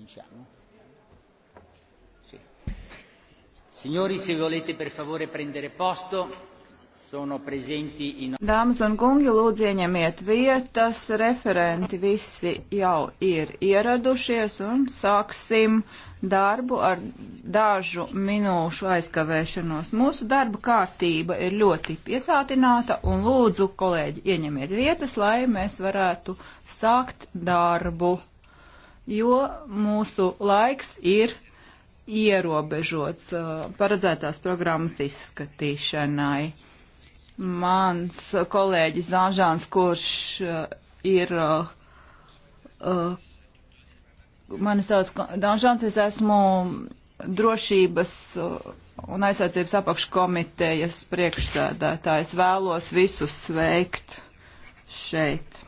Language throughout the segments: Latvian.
diciamo. Sì. Signori, se volete per favore prendere posto. In... Dāmas un kungi, lūdzu ieņemiet vietas, referenti visi jau ir ieradušies un sāksim darbu ar dažu minūšu aizkavēšanos. Mūsu darba kārtība ir ļoti piesātināta un lūdzu, kolēģi, ieņemiet vietas, lai mēs varētu sākt darbu jo mūsu laiks ir ierobežots uh, paredzētās programmas izskatīšanai. Mans kolēģis Zāžāns, kurš uh, ir uh, mani sauc Danžāns, es esmu drošības un aizsardzības apakškomitejas priekšsēdētājs. Vēlos visus sveikt šeit.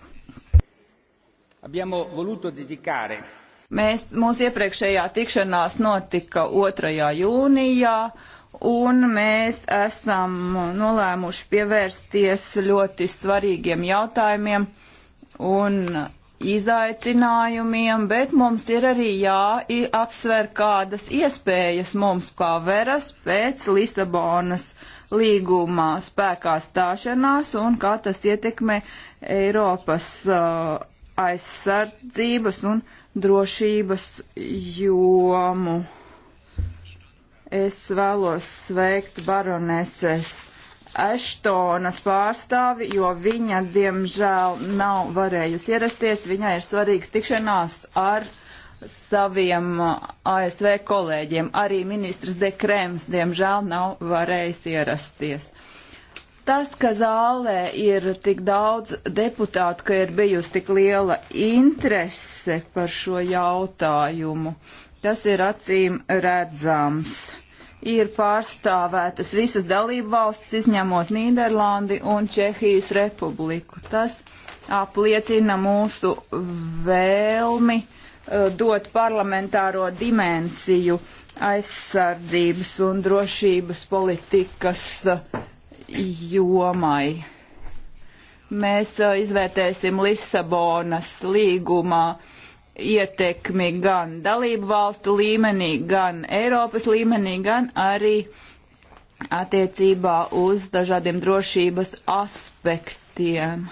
Abbiamo voluto dedicare. Mēs, mūsu iepriekšējā tikšanās notika 2. jūnijā, un mēs esam nolēmuši pievērsties ļoti svarīgiem jautājumiem un izaicinājumiem, bet mums ir arī jāapsver, kādas iespējas mums paveras pēc Lisabonas līgumā spēkā stāšanās un kā tas ietekmē Eiropas uh, aizsardzības un drošības jomu. Es vēlos sveikt baroneses Eštonas pārstāvi, jo viņa, diemžēl, nav varējusi ierasties. Viņai ir svarīga tikšanās ar saviem ASV kolēģiem. Arī ministrs Dekrēms, diemžēl, nav varējis ierasties. Tas, ka zālē ir tik daudz deputātu, ka ir bijusi tik liela interese par šo jautājumu, tas ir acīm redzams. Ir pārstāvētas visas dalību valsts, izņemot Nīderlandi un Čehijas republiku. Tas apliecina mūsu vēlmi eh, dot parlamentāro dimensiju aizsardzības un drošības politikas uh, jomai. Mēs izvērtēsim Lisabonas līgumā ietekmi gan dalību valstu līmenī, gan Eiropas līmenī, gan arī attiecībā uz dažādiem drošības aspektiem.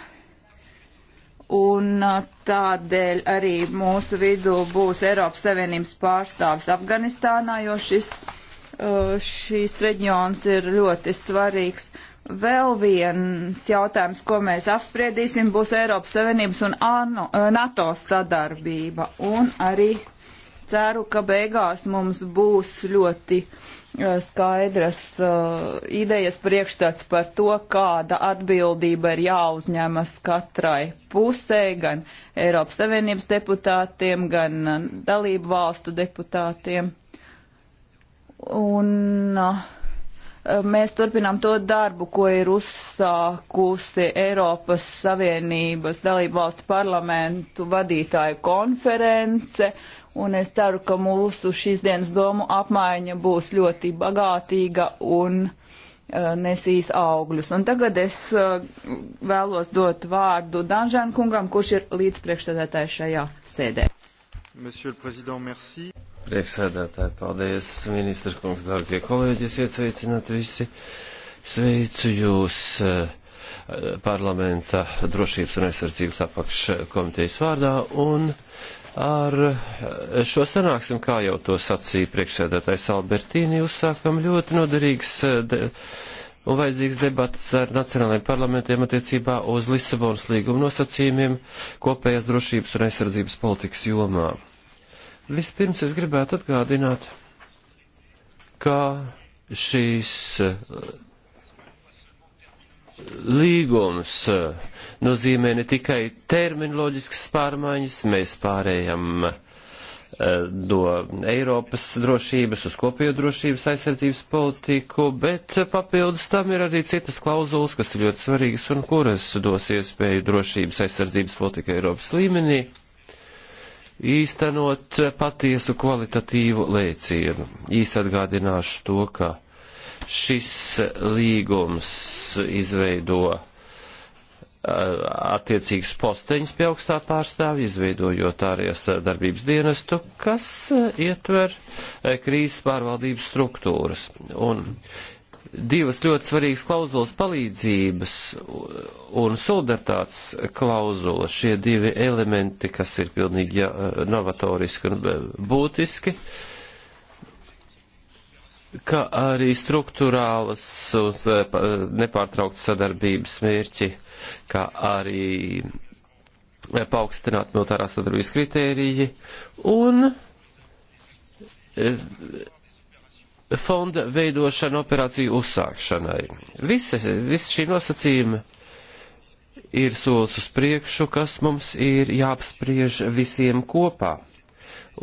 Un tādēļ arī mūsu vidū būs Eiropas Savienības pārstāvis Afganistānā, jo šis Uh, šīs reģions ir ļoti svarīgs. Vēl viens jautājums, ko mēs apspriedīsim, būs Eiropas Savienības un ANO, uh, NATO sadarbība. Un arī ceru, ka beigās mums būs ļoti uh, skaidras uh, idejas priekšstats par to, kāda atbildība ir jāuzņemas katrai pusē, gan Eiropas Savienības deputātiem, gan dalību valstu deputātiem. Un eh, mēs turpinām to darbu, ko ir uzsākusi Eiropas Savienības dalību valstu parlamentu vadītāju konference. Un es ceru, ka mūsu šīs dienas domu apmaiņa būs ļoti bagātīga un eh, nesīs augļus. Un tagad es eh, vēlos dot vārdu Danžēn kungam, kurš ir līdzpriekšsēdētājs šajā sēdē. Monsieur le Président, merci. Priekšsēdētāji, paldies, ministrs kungs, dārgie kolēģi, es iesveicināt visi. Sveicu jūs eh, parlamenta drošības un aizsardzības apakškomitejas vārdā un ar eh, šo sanāksim, kā jau to sacīja priekšsēdētājs Albertīni, uzsākam ļoti noderīgs eh, de, un vajadzīgs debats ar nacionālajiem parlamentiem attiecībā uz Lisabonas līguma nosacījumiem kopējās drošības un aizsardzības politikas jomā. Vispirms es gribētu atgādināt, ka šīs eh, līgums eh, nozīmē ne tikai terminoloģiskas pārmaiņas, mēs pārējām no eh, Eiropas drošības uz kopējo drošības aizsardzības politiku, bet papildus tam ir arī citas klauzulas, kas ir ļoti svarīgas un kuras dos iespēju drošības aizsardzības politika Eiropas līmenī īstenot patiesu kvalitatīvu lēcienu. Īs atgādināšu to, ka šis līgums izveido eh, attiecīgus posteņus pie augstā pārstāvja, izveidojot ārējās darbības dienestu, kas eh, ietver eh, krīzes pārvaldības struktūras. Un divas ļoti svarīgas klauzulas palīdzības un solidaritātes klauzula. Šie divi elementi, kas ir pilnīgi ja, novatoriski un e, būtiski, kā arī struktūrālas un e, nepārtrauktas sadarbības mērķi, kā arī e, paaugstināt militārās sadarbības kritēriji un fonda veidošana operāciju uzsākšanai. Visi, visi šī nosacījuma ir solis uz priekšu, kas mums ir jāapspriež visiem kopā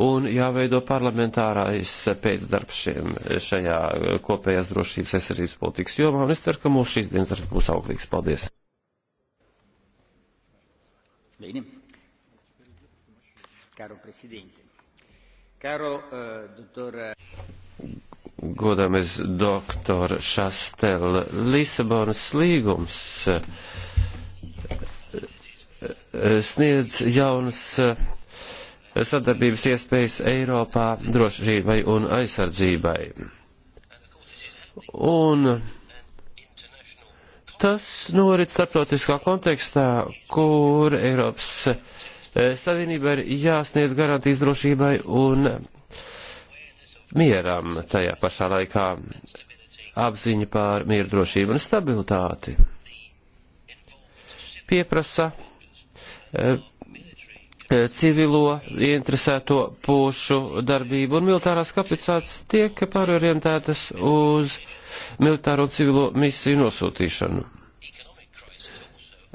un jāveido parlamentārais pēcdarbs šiem, šajā kopējās drošības aizsardzības politikas jomā, un es ceru, ka mūsu šīs dienas darbs būs auglīgs. Paldies! Bene. Caro Presidente, caro uh, dottor godāmies doktor Šastel, Lisabonas līgums eh, eh, sniedz jaunas eh, sadarbības iespējas Eiropā drošībai un aizsardzībai. Un tas norit starptautiskā kontekstā, kur Eiropas Savienība ir jāsniedz garantijas drošībai un mieram tajā pašā laikā apziņa pār mieru drošību un stabilitāti pieprasa e, e, civilo ieinteresēto pušu darbību, un militārās kapacitātes tiek pārorientētas uz militāro un civilo misiju nosūtīšanu.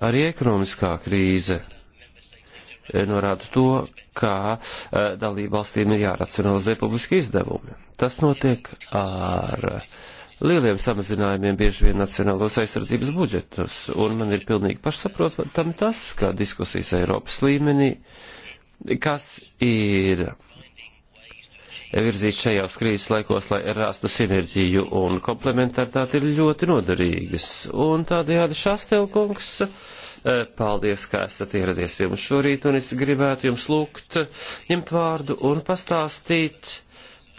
Arī ekonomiskā krīze e, norāda to, kā eh, dalību valstīm ir jāracionalizē publiski izdevumi. Tas notiek ar eh, lieliem samazinājumiem bieži vien nacionālos aizsardzības budžetus, un man ir pilnīgi pašsaprotami tas, ka diskusijas Eiropas līmenī, kas ir virzīt šajos krīzes laikos, lai rastu sinerģiju un komplementaritāti ir ļoti noderīgas. Un tādējādi Šastelkungs. kungs Eh, paldies, ka esat ieradies pie mums šorīt, un es gribētu jums lūgt eh, ņemt vārdu un pastāstīt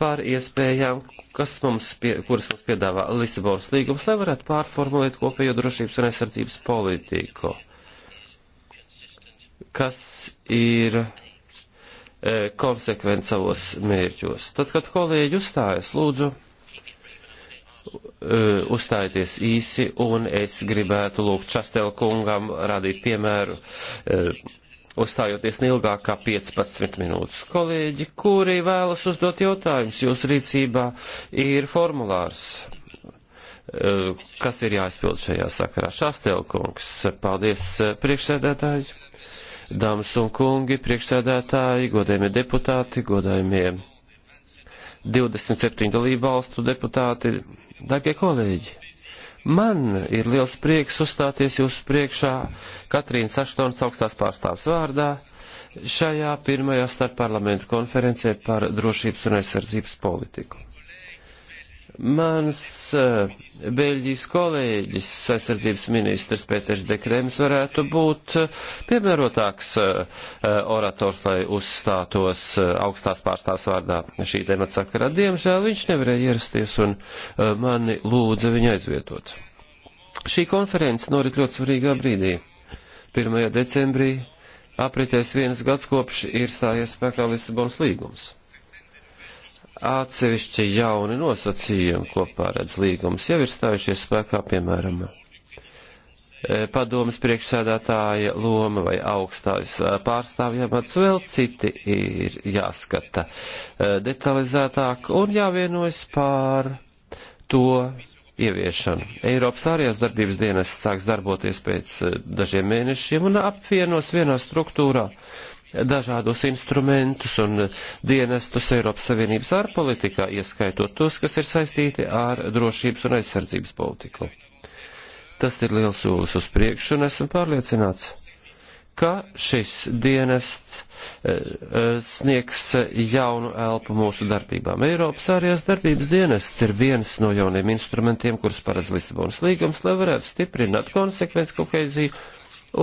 par iespējām, kas mums, pie, kuras mums piedāvā Lisabonas līgums, lai varētu pārformulēt kopējo drošības un aizsardzības politiku, kas ir e, konsekvent savos mērķos. Tad, kad kolēģi uzstājas, lūdzu. Eh, uzstājieties īsi, un es gribētu lūgt Častel kungam radīt piemēru, eh, uzstājoties neilgāk kā 15 minūtes. Kolēģi, kuri vēlas uzdot jautājumus, jūsu rīcībā ir formulārs, eh, kas ir jāizpild šajā sakarā. Častel kungs, paldies priekšsēdētāji, dāmas un kungi, priekšsēdētāji, godējumie deputāti, godējumie 27 dalību valstu deputāti Darbie kolēģi, man ir liels prieks uzstāties jūsu priekšā Katrīnas Aštons augstās pārstāvs vārdā šajā pirmajā starpparlamentu konferencē par drošības un aizsardzības politiku. Mans uh, beļģijas kolēģis, aizsardzības ministrs Pēters Dekrēms, varētu būt uh, piemērotāks uh, orators, lai uzstātos augstās pārstāvs vārdā šī temata sakarā. Diemžēl viņš nevarēja ierasties un mani lūdza viņu aizvietot. Šī konference norit ļoti svarīgā brīdī. 1. decembrī apritēs viens gads kopš ir stājies spēkā Lisabonas līgums atsevišķi jauni nosacījumi, ko pārēdz līgums, jau ir stājušies spēkā, piemēram, e, padomas priekšsēdētāja loma vai augstās e, pārstāvjamats, vēl citi ir jāskata e, detalizētāk un jāvienojas pār to ieviešanu. Eiropas ārējās darbības dienas sāks darboties pēc dažiem mēnešiem un apvienos vienā struktūrā dažādos instrumentus un dienestus Eiropas Savienības ārpolitikā, ieskaitot tos, kas ir saistīti ar drošības un aizsardzības politiku. Tas ir liels solis uz priekšu, un esmu pārliecināts, ka šis dienests eh, eh, sniegs jaunu elpu mūsu darbībām. Eiropas ārējās darbības dienests ir viens no jauniem instrumentiem, kurus paredz Lisabonas līgums, lai varētu stiprināt konsekvences kohēziju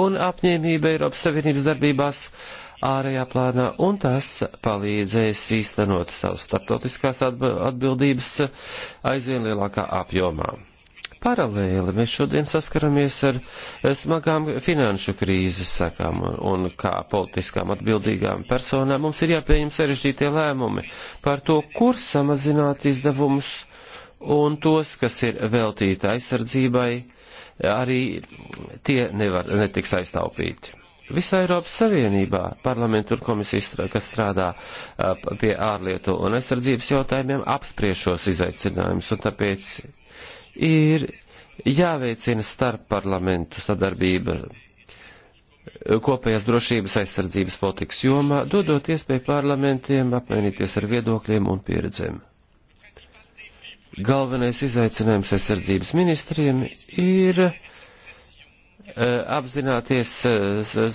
un apņēmību Eiropas Savienības darbībās uh, ārējā plānā, un tas palīdzēs īstenot savas starptautiskās atbildības aizvien lielākā apjomā. Paralēli mēs šodien saskaramies ar smagām finanšu krīzes sakām, un kā politiskām atbildīgām personām mums ir jāpieņem sarežģītie lēmumi par to, kur samazināt izdevumus un tos, kas ir veltīti aizsardzībai, arī tie nevar, netiks aiztaupīti visā Eiropas Savienībā parlamentu un komisijas, kas strādā pie ārlietu un aizsardzības jautājumiem, apspriež šos izaicinājumus, un tāpēc ir jāveicina starp parlamentu sadarbība kopējās drošības aizsardzības politikas jomā, dodot iespēju parlamentiem apmainīties ar viedokļiem un pieredzēm. Galvenais izaicinājums aizsardzības ministriem ir Eh, apzināties eh,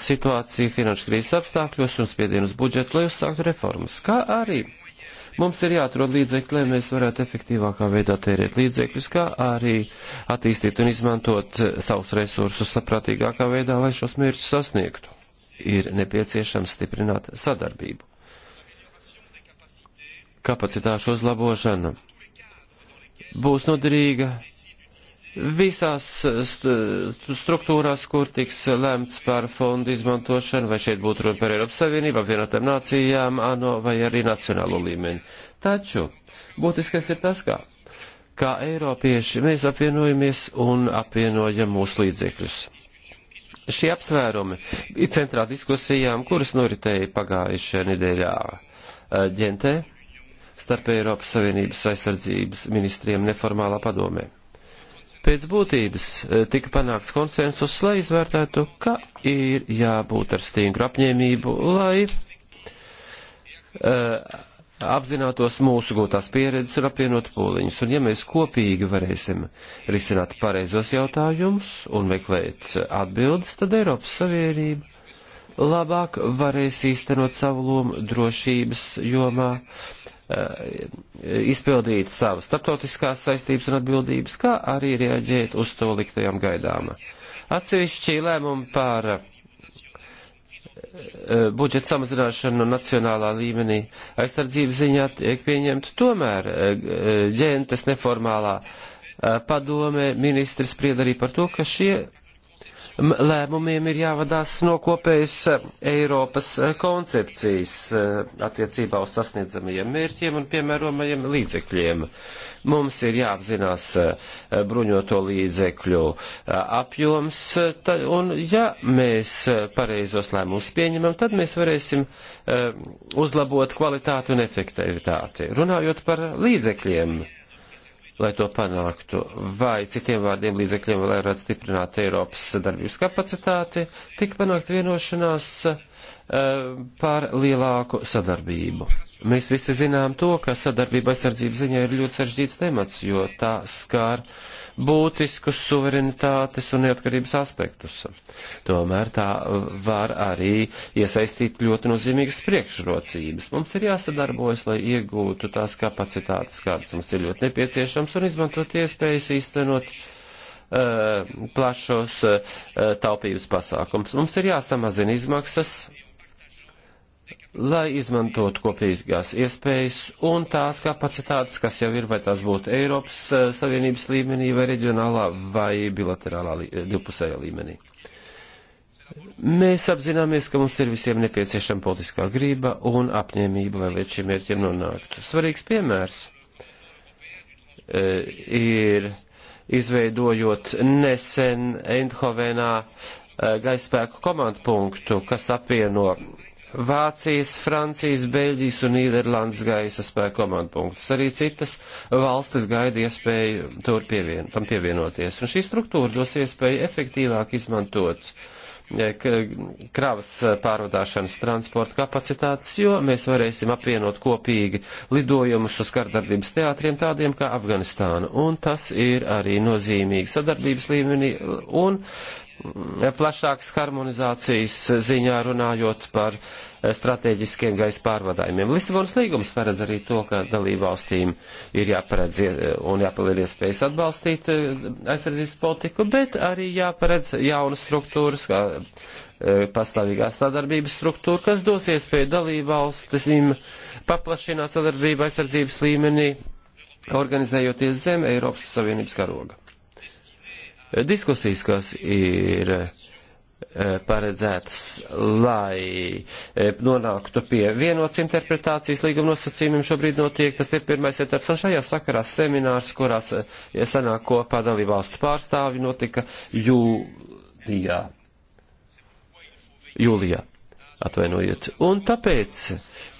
situāciju finanšu krīzes apstākļos un spiedienus budžetu, lai uzsāktu reformas. Kā arī mums ir jāatrod līdzekļi, lai mēs varētu efektīvākā veidā tērēt līdzekļus, kā arī attīstīt un izmantot eh, savus resursus saprātīgākā veidā, lai šos mērķus sasniegtu. Ir nepieciešams stiprināt sadarbību. Kapacitāšu uzlabošana būs noderīga visās eh, eh, struktūrās, kur tiks lemts par fondu izmantošanu, vai šeit būtu runa par Eiropas Savienību, apvienotām nācijām, ANO vai arī nacionālo līmeni. Taču būtiskais ir tas, kā, kā Eiropieši mēs apvienojamies un apvienojam mūsu līdzekļus. Šie apsvērumi ir centrā diskusijām, kuras noritēja pagājušajā nedēļā eh, ģentē starp Eiropas Savienības aizsardzības ministriem neformālā padomē. Pēc būtības e, tika panākts konsensus, lai izvērtētu, ka ir jābūt ar stingru apņēmību, lai uh, apzinātos mūsu gūtās pieredzes un apvienot pūliņus. Un ja mēs kopīgi varēsim risināt pareizos jautājumus un meklēt atbildes, tad Eiropas Savienība labāk varēs īstenot savu lomu drošības jomā Uh, izpildīt savas starptautiskās saistības un atbildības, kā arī reaģēt uz to liktajām gaidām. Atsevišķi lēmumi par uh, budžeta samazināšanu nacionālā līmenī aizsardzības ziņā tiek pieņemta. Tomēr uh, ģentes neformālā padomē ministrs spried arī par to, ka šie lēmumiem ir jāvadās no kopējas eh, Eiropas eh, koncepcijas eh, attiecībā uz sasniedzamajiem mērķiem un piemēromajiem līdzekļiem. Mums ir jāapzinās bruņoto līdzekļu apjoms, un ja mēs pareizos lēmumus pieņemam, tad mēs varēsim uzlabot kvalitāti un efektivitāti. Runājot par līdzekļiem, lai to panāktu, vai citiem vārdiem līdzekļiem vēl varētu stiprināt Eiropas sadarbības kapacitāti, tik panākt vienošanās Eh, par lielāku sadarbību. Mēs visi zinām to, ka sadarbība aizsardzības ziņā ir ļoti sarežģīts temats, jo tā skār būtiskus suverenitātes un neatkarības aspektus. Tomēr tā var arī iesaistīt ļoti nozīmīgas priekšrocības. Mums ir jāsadarbojas, lai iegūtu tās kapacitātes, kādas mums ir ļoti nepieciešams, un izmantot iespējas īstenot uh, plašos uh, taupības pasākums. Mums ir jāsamazina izmaksas lai izmantotu kopīgās iespējas un tās kapacitātes, kas jau ir, vai tās būtu Eiropas eh, Savienības līmenī, vai reģionālā, vai bilaterālā eh, divpusējā līmenī. Mēs apzināmies, ka mums ir visiem nepieciešama politiskā grība un apņēmība, lai līdz šiem mērķiem nonāktu. Svarīgs piemērs e, ir izveidojot nesen Eindhovenā e, gaisa spēku komandu punktu, kas apvieno Vācijas, Francijas, Beļģijas un Nīderlandes gaisa spēku komandpunktus. Arī citas valstis gaida iespēju tur pievien, tam pievienoties. Un šī struktūra dos iespēju efektīvāk izmantot eh, kravas pārvadāšanas transporta kapacitātes, jo mēs varēsim apvienot kopīgi lidojumus uz kardarbības teātriem tādiem kā Afganistāna. Un tas ir arī nozīmīgi sadarbības līmenī un uh, Mm, plašākas harmonizācijas ziņā runājot par eh, strateģiskiem gaisa pārvadājumiem. Lisabonas līgums paredz arī to, ka dalībvalstīm ir jāparedz un jāpaliek iespējas atbalstīt eh, aizsardzības politiku, bet arī jāparedz jaunas struktūras, kā eh, pastāvīgā sadarbības struktūra, kas dos iespēju dalībvalstīm paplašināt sadarbību aizsardzības līmenī, organizējoties zem Eiropas Savienības karoga. Diskusijas, kas ir eh, paredzētas, lai eh, nonāktu pie vienotas interpretācijas līguma nosacījumiem šobrīd notiek. Tas ir pirmais etaps, un šajā sakarā seminārs, kurās eh, sanāk kopā dalībvalstu pārstāvi, notika jūlijā. jūlijā. Atvainojiet. Un tāpēc,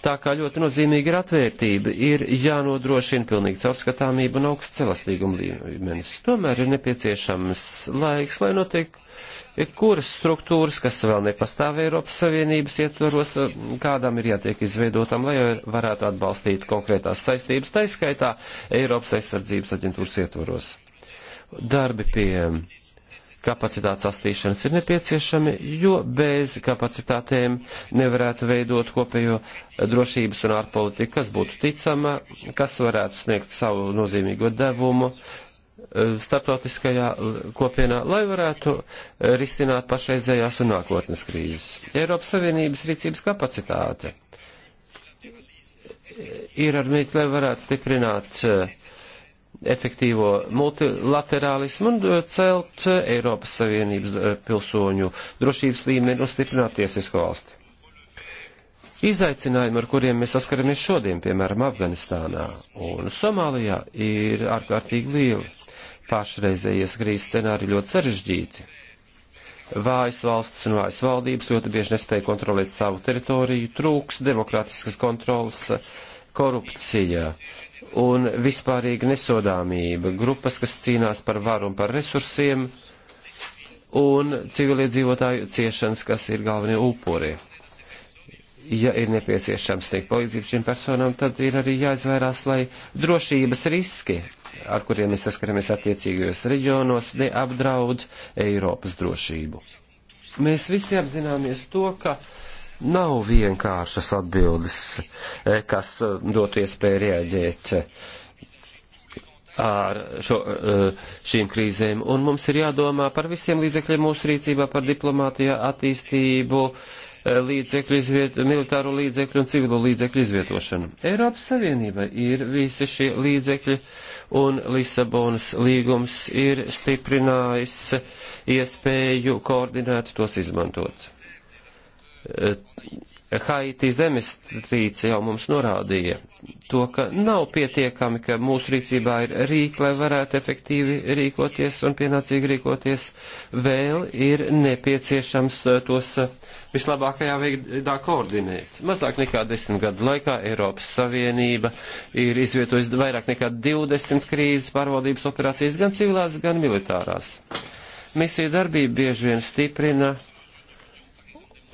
tā kā ļoti nozīmīga ir atvērtība, ir jānodrošina pilnīga caurskatāmība un augsts celastīguma līmenis. Tomēr ir nepieciešams laiks, lai notiek kuras struktūras, kas vēl nepastāv Eiropas Savienības ietvaros, kādam ir jātiek izveidotam, lai varētu atbalstīt konkrētās saistības, taiskaitā Eiropas aizsardzības aģentūras ietvaros. Darbi pie kapacitātes astīšanas ir nepieciešami, jo bez kapacitātēm nevarētu veidot kopējo drošības un ārpolitiku, kas būtu ticama, kas varētu sniegt savu nozīmīgo devumu eh, starptautiskajā kopienā, lai varētu eh, risināt pašreizējās un nākotnes krīzes. Eiropas Savienības rīcības kapacitāte eh, ir ar mērķi, lai varētu stiprināt uh, efektīvo multilaterālismu un eh, celt eh, Eiropas Savienības eh, pilsoņu drošības līmeni un stiprināt tiesisko valsti. Izaicinājumi, ar kuriem mēs saskaramies šodien, piemēram, Afganistānā un Somālijā, ir ārkārtīgi lieli. Pašreizējies grīz scenāri ļoti sarežģīti. Vājas valstis un vājas valdības ļoti bieži nespēja kontrolēt savu teritoriju, trūks demokrātiskas kontrolas, korupcija, uh, un vispārīga nesodāmība, grupas, kas cīnās par varu un par resursiem, un civiliedzīvotāju ciešanas, kas ir galvenie upuri. Ja ir nepieciešams sniegt palīdzību šīm personām, tad ir arī jāizvairās, lai drošības riski, ar kuriem mēs saskaramies attiecīgajos reģionos, neapdraud Eiropas drošību. Mēs visi apzināmies to, ka uh, Nav vienkāršas atbildes, e, kas e, dotu iespēju rēģēt e, ar šo, šīm krīzēm, un mums ir jādomā par visiem līdzekļiem mūsu rīcībā, par diplomātiju, attīstību, līdzekļu izviet, militāru līdzekļu un civilo līdzekļu izvietošanu. Eiropas Savienība ir visi šie līdzekļi, un Lisabonas līgums ir stiprinājis iespēju koordinēt tos izmantot. Eh, Haiti zemestrīce jau mums norādīja to, ka nav pietiekami, ka mūsu rīcībā ir rīki, lai varētu efektīvi rīkoties un pienācīgi rīkoties. Vēl ir nepieciešams eh, tos eh, vislabākajā veidā koordinēt. Mazāk nekā desmit gadu laikā Eiropas Savienība ir izvietojusi vairāk nekā 20 krīzes pārvaldības operācijas, gan civilās, gan militārās. Misija darbība bieži vien stiprina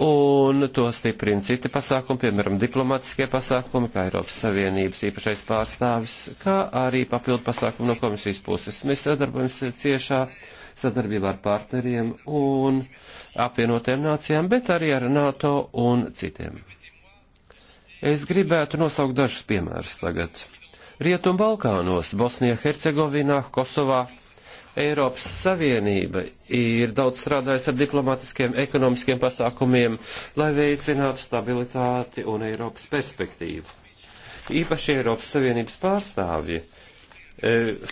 un to stiprina citi pasākumi, piemēram, diplomatiskie pasākumi, kā Eiropas Savienības īpašais pārstāvis, kā arī papildu pasākumi no komisijas puses. Mēs sadarbojamies ciešā sadarbībā ar partneriem un apvienotiem nācijām, bet arī ar NATO un citiem. Es gribētu nosaukt dažus piemērus tagad. Rietum Balkānos, Bosnijā, Hercegovinā, Kosovā, Eiropas Savienība ir daudz strādājusi ar diplomātiskiem, ekonomiskiem pasākumiem, lai veicinātu stabilitāti un Eiropas perspektīvu. Īpaši Eiropas Savienības pārstāvji e,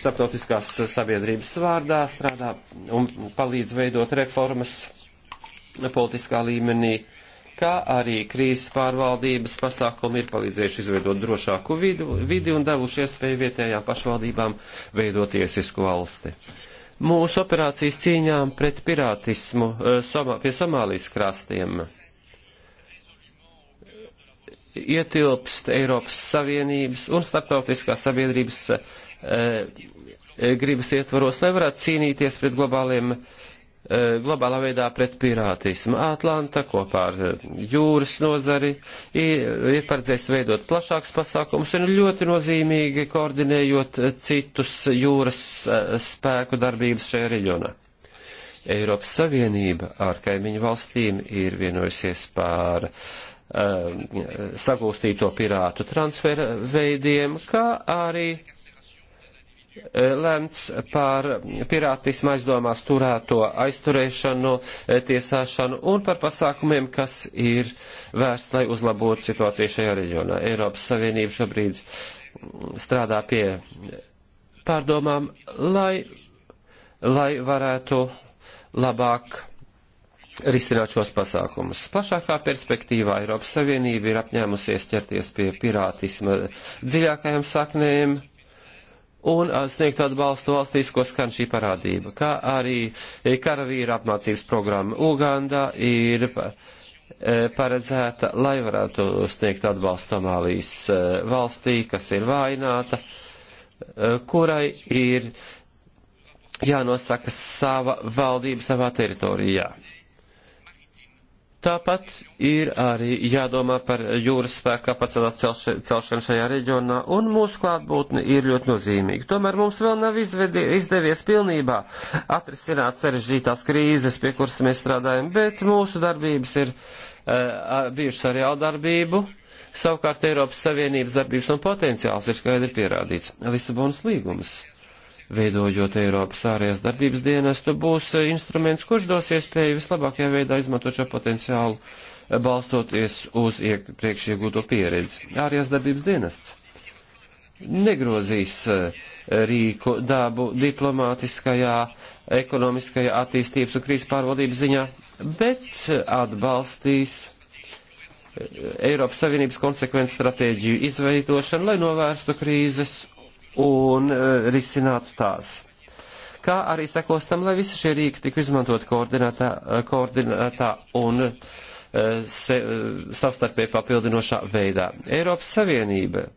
starptautiskās sabiedrības vārdā strādā un palīdz veidot reformas politiskā līmenī, kā arī krīzes pārvaldības pasākumi ir palīdzējuši izveidot drošāku vidu, vidi un devuši iespēju vietējām pašvaldībām veidot tiesisku valsti. Uh, mūsu operācijas cīņām pret pirātismu eh, Somā, pie Somālijas krastiem ietilpst Eiropas Savienības un starptautiskās sabiedrības e, gribas ietvaros nevarētu cīnīties pret globāliem E, globālā veidā pret pirātismu. Atlanta kopā ar e, jūras nozari ir, e, ir paredzējis veidot plašāks pasākums un ļoti nozīmīgi koordinējot citus jūras spēku darbības šajā reģionā. Eiropas Savienība ar kaimiņu valstīm ir vienojusies par um, sagūstīto pirātu transfera veidiem, kā arī Eh, lemts par pirātismu aizdomās turēto aizturēšanu, eh, tiesāšanu un par pasākumiem, kas ir vērsts, lai uzlabotu situāciju šajā reģionā. Eiropas Savienība šobrīd strādā pie pārdomām, lai, lai varētu labāk risināt šos pasākumus. Plašākā perspektīvā Eiropas Savienība ir apņēmusies ķerties pie pirātisma dziļākajām saknēm un sniegt atbalstu valstīs, ko skan šī parādība. Kā arī karavīra apmācības programma Ugandā ir paredzēta, lai varētu sniegt atbalstu Somālijas valstī, kas ir vājināta, kurai ir jānosaka sava valdība savā teritorijā. Tāpat ir arī jādomā par jūras spēku kapacitātes celšanu šajā reģionā, un mūsu klātbūtne ir ļoti nozīmīga. Tomēr mums vēl nav izvedi, izdevies pilnībā atrisināt sarežģītās krīzes, pie kuras mēs strādājam, bet mūsu darbības ir uh, bijušas ar jaudarbību. Savukārt Eiropas Savienības darbības un potenciāls ir skaidri pierādīts. Lisabonas līgums veidojot Eiropas ārējās darbības dienestu, būs eh, instruments, kurš dos iespēju vislabākajā veidā izmantot šo potenciālu, eh, balstoties uz iepriekš iegūto pieredzi. Ārējās darbības dienests negrozīs eh, rīku dabu diplomātiskajā, ekonomiskajā attīstības un krīzes pārvaldības ziņā, bet atbalstīs Eiropas Savienības konsekventu stratēģiju izveidošanu, lai novērstu krīzes un e, risinātu tās kā arī sekos tam, lai visi šie rīki tik izmantot koordinētā, e, koordinētā un e, se, savstarpēji papildinošā veidā. Eiropas Savienība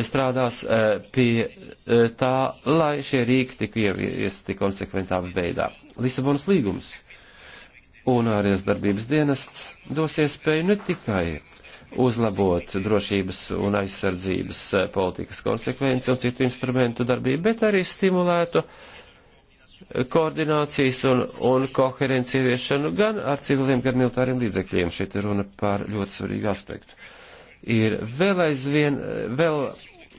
strādās pie tā, lai šie rīki tik ieviesti konsekventā veidā. Lisabonas līgums un ārējās darbības dienests dos iespēju ne tikai uzlabot drošības un aizsardzības eh, politikas konsekvenci un citu instrumentu darbību, bet arī stimulētu eh, koordinācijas un, un koherenci ieviešanu gan ar civiliem, gan militāriem līdzekļiem. Šeit ir runa par ļoti svarīgu aspektu. Ir vēl aizvien, eh, vēl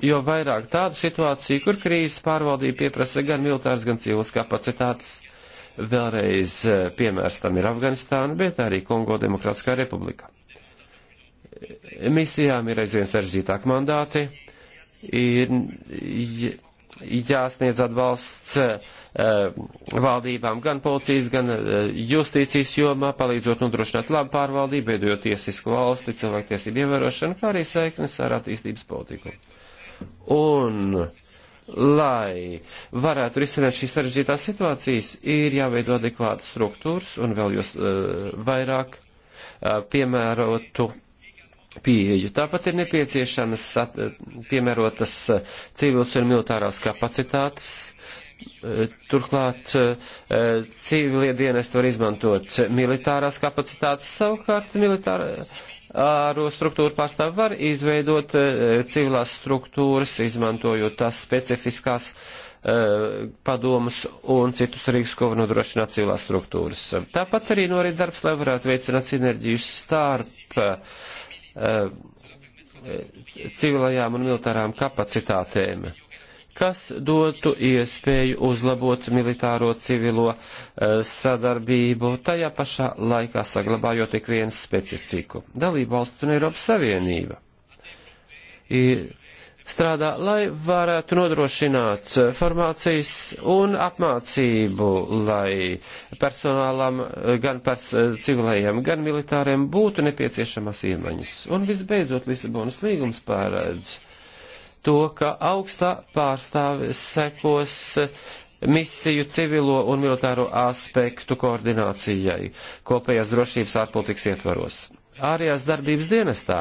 jo vairāk tādu situāciju, kur krīzes pārvaldība pieprasa gan militāras, gan civilas kapacitātes. Vēlreiz piemērs tam ir Afganistāna, bet arī Kongo Demokrātiskā republika misijām ir aizvien sarežģītāk mandāti, ir jāsniedz atbalsts eh, valdībām gan policijas, gan eh, justīcijas jomā, palīdzot nodrošināt labu pārvaldību, veidojot tiesisku valsti, cilvēktiesību ievērošanu, kā arī saiknes ar attīstības politiku. Un, lai varētu risināt šīs sarežģītās situācijas, ir jāveido adekvātas struktūras un vēl jūs uh, vairāk uh, piemērotu pieeju. Tāpat ir nepieciešamas piemērotas eh, civilas un militārās kapacitātes. Eh, turklāt eh, civilie dienesti var izmantot militārās kapacitātes, savukārt militāro struktūru pārstāvi var izveidot civilās struktūras, izmantojot tās specifiskās padomus un citus rīks, ko var nodrošināt civilās struktūras. Tāpat arī norit darbs, lai varētu veicināt sinerģiju starp uh, Eh, civilajām un militārām kapacitātēm, kas dotu iespēju uzlabot militāro civilo eh, sadarbību, tajā pašā laikā saglabājot ik viens specifiku. Dalību valsts un Eiropas Savienība ir strādā, lai varētu nodrošināt eh, formācijas un apmācību, lai personālam, eh, gan pers eh, civilējiem, gan militāriem būtu nepieciešamas iemaņas. Un visbeidzot, Lisabonas līgums pārēdz to, ka augstā pārstāve sekos misiju civilo un militāro aspektu koordinācijai kopējās drošības ārpolitikas ietvaros ārējās darbības dienestā,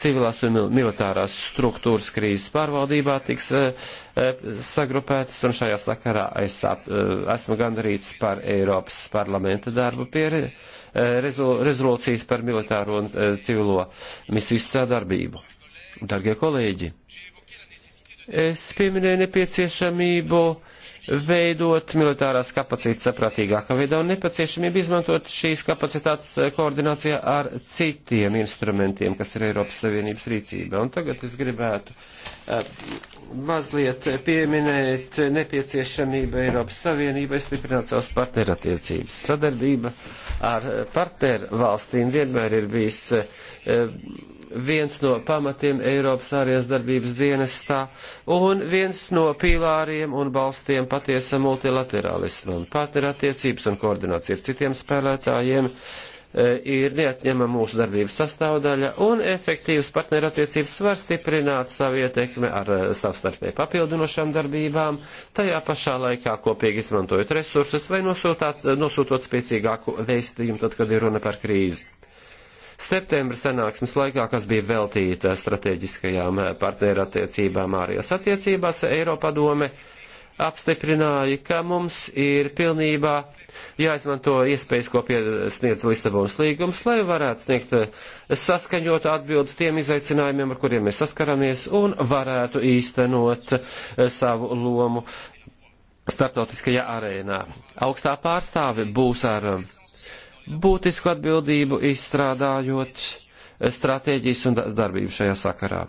civilās un militārās struktūras krīzes pārvaldībā tiks e, sagrupētas, un šajā sakarā es ap, e, esmu gandarīts par Eiropas parlamenta darbu pie re, rezo, rezolūcijas par militāro un e, civilo misiju sadarbību. Dargie kolēģi, es pieminēju nepieciešamību veidot militārās kapacitātes saprātīgākā veidā un nepieciešamību izmantot šīs kapacitātes eh, koordinācijā ar citiem instrumentiem, kas ir Eiropas Savienības rīcībā. Un tagad es gribētu eh, mazliet pieminēt nepieciešamību Eiropas Savienībai stiprināt savas partnerattiecības. Sadarbība ar eh, partneru valstīm vienmēr ir bijis viens no pamatiem Eiropas ārējās darbības dienestā un viens no pīlāriem un balstiem patiesam multilaterālismam. Partnerattiecības un koordinācija ar citiem spēlētājiem e, ir neatņema mūsu darbības sastāvdaļa, un efektīvas partnerattiecības var stiprināt savu ietekmi ar e, savstarpēji papildinošām darbībām, tajā pašā laikā kopīgi izmantojot resursus vai nosūtāt, e, nosūtot spēcīgāku vēstījumu, tad, kad ir runa par krīzi septembra sanāksmes laikā, kas bija veltīta strateģiskajām eh, partnerattiecībām ārējās attiecībās, Eiropadome apstiprināja, ka mums ir pilnībā jāizmanto iespējas, ko piesniedz Lisabonas līgums, lai varētu sniegt eh, saskaņot atbildes tiem izaicinājumiem, ar kuriem mēs saskaramies, un varētu īstenot eh, savu lomu starptautiskajā arēnā. Augstā pārstāve būs ar būtisku atbildību izstrādājot stratēģijas un darbību šajā sakarā.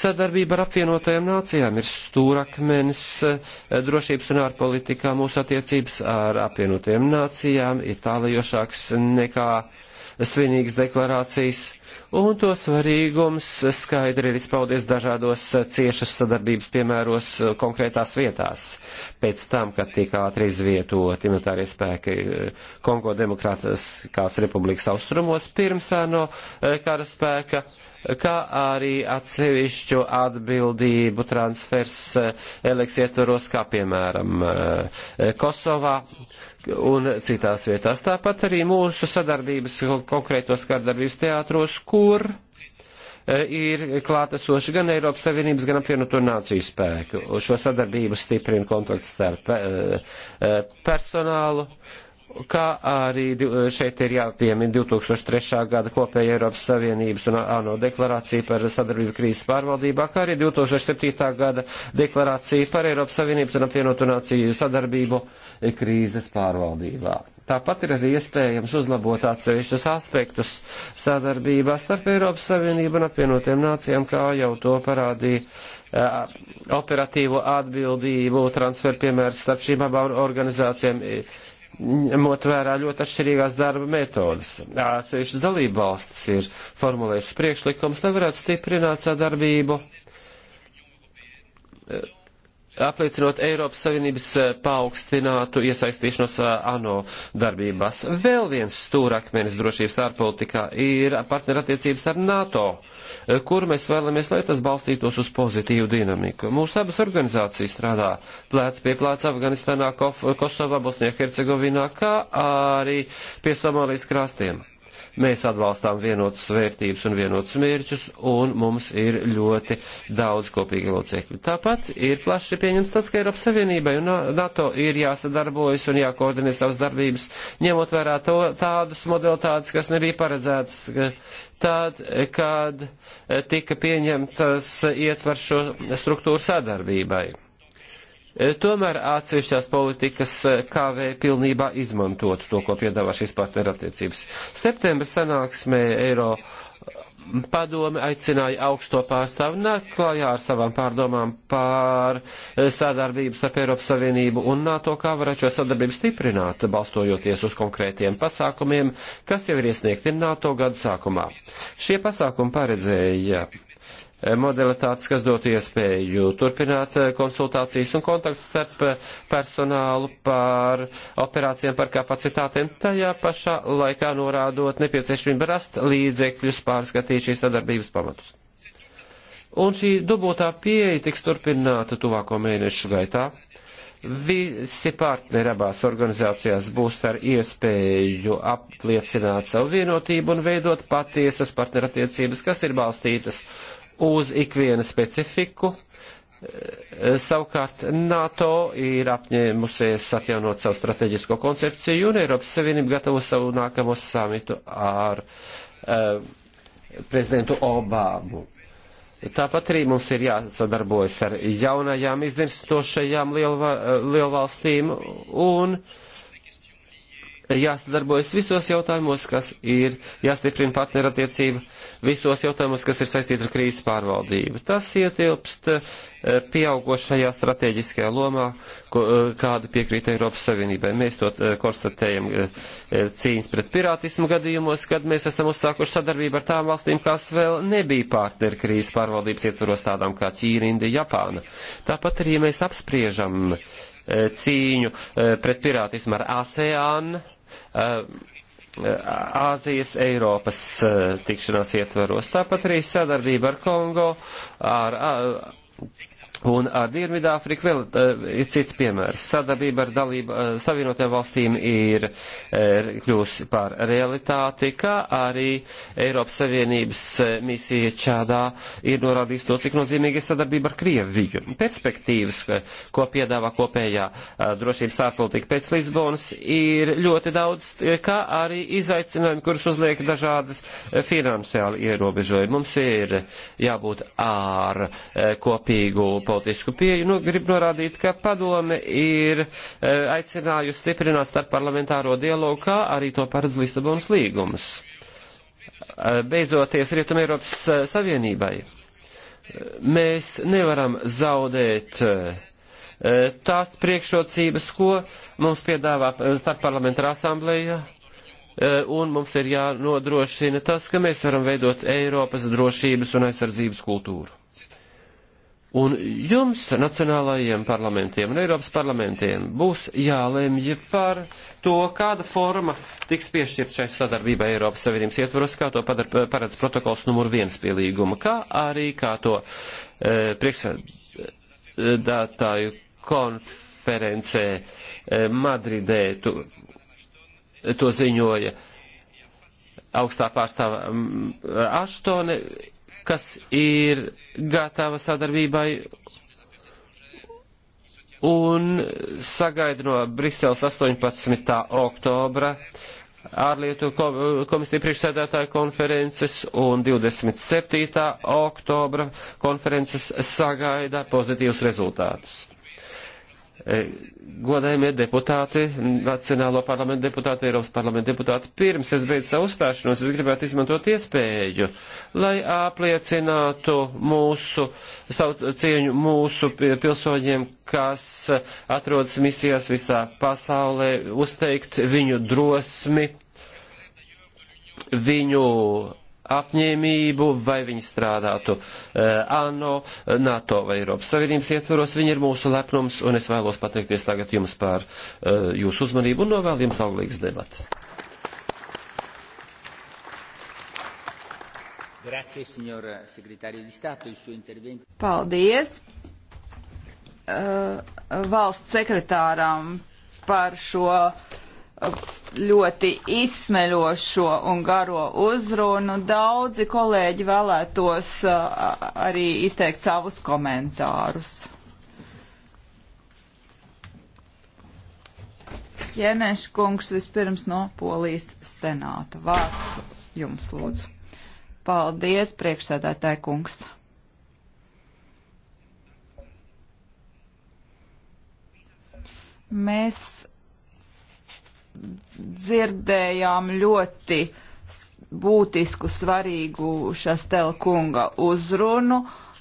Sadarbība ar apvienotajām nācijām ir stūrakmenis eh, drošības un ārpolitikā mūsu attiecības ar apvienotajām nācijām ir tālajošāks nekā uh, svinīgas deklarācijas, un to svarīgums skaidri ir izpaudies dažādos ciešas sadarbības piemēros konkrētās vietās. Pēc tam, kad tika ātri izvietoti militārie spēki eh, Kongo Demokrātiskās republikas austrumos pirms ANO eh, kara spēka, uh, kā arī atsevišķu atbildību transfers eh, eliks ietvaros, kā piemēram eh, Kosovā un citās vietās. Tāpat arī mūsu sadarbības konkrētos kārdarbības teātros, kur eh, ir klātesoši gan Eiropas Savienības, gan apvienoto nāciju spēku. Šo sadarbību stiprina kontakts starp personālu kā arī šeit ir jāpiemina 2003. gada kopēja Eiropas Savienības un ANO deklarācija par sadarbību krīzes pārvaldībā, kā arī 2007. gada deklarācija par Eiropas Savienības un apvienotu nāciju sadarbību krīzes pārvaldībā. Tāpat ir arī iespējams uzlabot atsevišķus aspektus sadarbībā starp Eiropas Savienību un apvienotiem nācijām, kā jau to parādīja uh, operatīvo atbildību transfer piemērs starp šīm abām organizācijām ņemot vērā ļoti atšķirīgās darba metodas. Atsevišķas dalībvalstis ir formulējušas priekšlikums, lai varētu stiprināt sadarbību apliecinot Eiropas Savienības eh, paaugstinātu iesaistīšanos eh, ANO darbībās. Vēl viens stūrakmenis drošības ārpolitikā ir partnerattiecības ar NATO, eh, kur mēs vēlamies, lai tas balstītos uz pozitīvu dinamiku. Mūsu abas organizācijas strādā plēc pie plēc Afganistānā, Kosovā, Bosnijā, Hercegovinā, kā arī pie Somālijas krastiem. Mēs atbalstām vienotas vērtības un vienotas mērķus, un mums ir ļoti daudz kopīgi locekļi. Tāpat ir plaši pieņems tas, ka Eiropas Savienībai un NATO ir jāsadarbojas un jākoordinē savas darbības, ņemot vērā to, tādas modalitātes, kas nebija paredzētas tad, kad tika pieņemtas ietvar šo struktūru sadarbībai. E, tomēr atsevišķās politikas e, KV pilnībā izmantot to, ko piedāvā šīs partnerattiecības. Septembra sanāksmē Eiro padome aicināja augsto pārstāvu nākt klājā ar savām pārdomām pār e, sadarbības ap Eiropas Savienību un NATO, kā varētu šo sadarbību stiprināt, balstojoties uz konkrētiem pasākumiem, kas jau ir iesniegti NATO gada sākumā. Šie pasākumi paredzēja Eh, modalitātes, kas dotu iespēju turpināt eh, konsultācijas un kontaktus starp eh, personālu par operācijām par kapacitātēm, tajā pašā laikā norādot nepieciešamību rast līdzekļus pārskatīt šīs sadarbības pamatus. Un šī dubultā pieeja tiks turpināta tuvāko mēnešu gaitā. Visi partneri abās organizācijās būs ar iespēju apliecināt savu vienotību un veidot patiesas partnerattiecības, kas ir balstītas uz ikvienu specifiku. Eh, savukārt NATO ir apņēmusies atjaunot savu strateģisko koncepciju un Eiropas Savienība gatavo savu nākamo samitu ar uh, prezidentu Obāmu. Tāpat arī mums ir jāsadarbojas ar jaunajām izvirstošajām lielva, eh, lielvalstīm un uh, jāsadarbojas visos jautājumos, kas ir jāstiprina partnerattiecība, visos jautājumos, kas ir saistīti ar krīzes pārvaldību. Tas ietilpst eh, pieaugošajā strateģiskajā lomā, ko, eh, kādu piekrīt Eiropas Savienībai. Mēs to eh, konstatējam cīņas pret pirātismu gadījumos, kad mēs esam uzsākuši sadarbību ar tām valstīm, kas vēl nebija partneri krīzes pārvaldības ietvaros tādām kā Ķīna, Indija, Japāna. Tāpat arī, ja mēs apspriežam cīņu pret pirātismu ar ASEAN, Uh, Āzijas Eiropas uh, tikšanās ietvaros. Tāpat arī sadarbība ar Kongo, ar uh, Un ar Dienvidāfriku vēl uh, ir cits piemērs. Sadarbība ar dalību uh, savienotajām valstīm ir uh, kļūsi par realitāti, kā arī Eiropas Savienības uh, misija Čādā ir norādījusi to, cik nozīmīga ir sadarbība ar Krieviju. Perspektīvas, ko piedāvā kopējā uh, drošības ārpolitika pēc Lisbonas, ir ļoti daudz, kā arī izaicinājumi, kurus uzliek dažādas uh, finansiāli ierobežojumi. Mums ir jābūt ar uh, kopīgu politisku pieeju, nu, grib norādīt, ka padome ir e, aicinājusi stiprināt starp parlamentāro dialogu, kā arī to paredz Lisabonas līgums. E, beidzoties Rietum Eiropas e, Savienībai, mēs nevaram zaudēt tās priekšrocības, ko mums piedāvā starpparlamentāra asambleja, un mums ir jānodrošina tas, ka mēs varam veidot Eiropas drošības un aizsardzības kultūru. Un jums, nacionālajiem parlamentiem un Eiropas parlamentiem, būs jālemj par to, kāda forma tiks piešķirt šai sadarbībai Eiropas Savienības ietvaros, kā to padar, paredz protokols numur viens pie līguma, kā arī kā to e, priekšsēdētāju konferencē e, Madridē tu, to ziņoja augstā pārstāva Aštone kas ir gatava sadarbībai un sagaida no Briseles 18. oktobra ārlietu komisiju priekšsēdētāju konferences un 27. oktobra konferences sagaida pozitīvus rezultātus. E, godējumie deputāti, Nacionālo parlamentu deputāti, Eiropas parlamentu deputāti, pirms es beidzu savu uzstāšanos, es gribētu izmantot iespēju, lai apliecinātu mūsu, savu cieņu mūsu pilsoņiem, kas atrodas misijās visā pasaulē, uzteikt viņu drosmi, viņu apņēmību, vai viņi strādātu uh, ANO, NATO vai Eiropas Savienības ietvaros. Viņi ir mūsu lepnums, un es vēlos pateikties tagad jums par uh, jūsu uzmanību un novēlu jums auglīgas debatas. Grazie, signor segretario di Stato, il suo intervento. Paldies uh, valsts sekretāram par šo uh, ļoti izsmeļošo un garo uzrunu. Daudzi kolēģi vēlētos uh, arī izteikt savus komentārus. Jēnēša kungs vispirms no Polijas senāta. Vārds jums lūdzu. Paldies, priekšsēdētāji kungs. Mēs dzirdējām ļoti būtisku, svarīgu Šastela kunga uzrunu,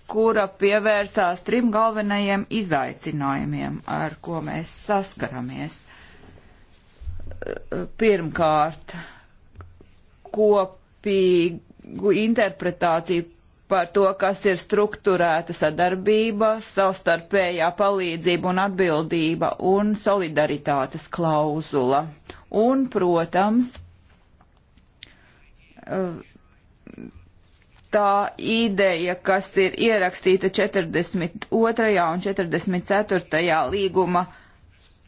kura pievērsās trim galvenajiem izaicinājumiem, ar ko mēs saskaramies. Pirmkārt, kopīgu interpretāciju par to, kas ir struktūrēta sadarbība, savstarpējā palīdzība un atbildība un solidaritātes klauzula un, protams, tā ideja, kas ir ierakstīta 42. un 44. līguma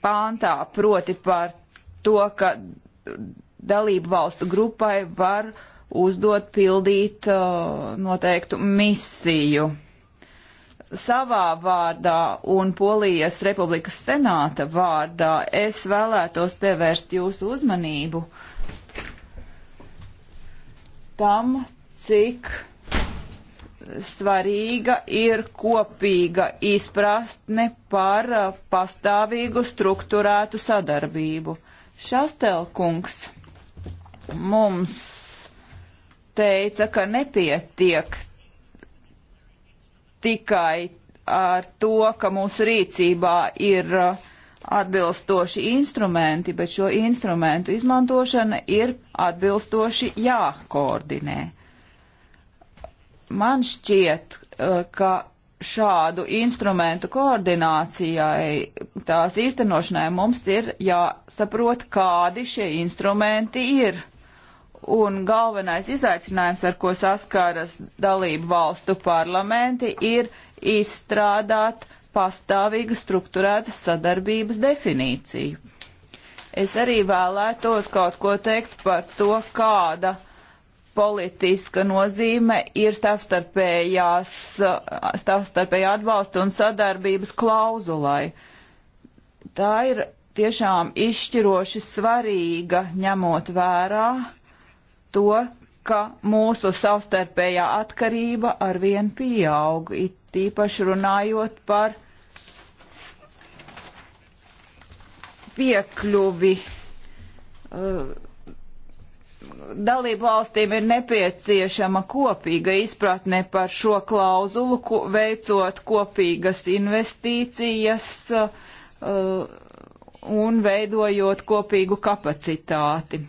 pāntā, proti par to, ka dalību valstu grupai var uzdot pildīt uh, noteiktu misiju savā vārdā un Polijas Republikas senāta vārdā es vēlētos pievērst jūsu uzmanību tam, cik svarīga ir kopīga izpratne par uh, pastāvīgu struktūrētu sadarbību. Šastelkungs mums teica, ka nepietiek tikai ar to, ka mūsu rīcībā ir uh, atbilstoši instrumenti, bet šo instrumentu izmantošana ir atbilstoši jākoordinē. Man šķiet, uh, ka šādu instrumentu koordinācijai, tās īstenošanai mums ir jāsaprot, kādi šie instrumenti ir un galvenais izaicinājums, ar ko saskaras dalību valstu parlamenti, ir izstrādāt pastāvīgu struktūrētas sadarbības definīciju. Es arī vēlētos kaut ko teikt par to, kāda politiska nozīme ir starpstarpējās, starpstarpējā atbalsta un sadarbības klauzulai. Tā ir tiešām izšķiroši svarīga, ņemot vērā to, ka mūsu savstarpējā atkarība arvien pieaug, it tīpaši runājot par piekļuvi. Uh, dalību valstīm ir nepieciešama kopīga izpratne par šo klauzulu, ko, veicot kopīgas investīcijas uh, un veidojot kopīgu kapacitāti.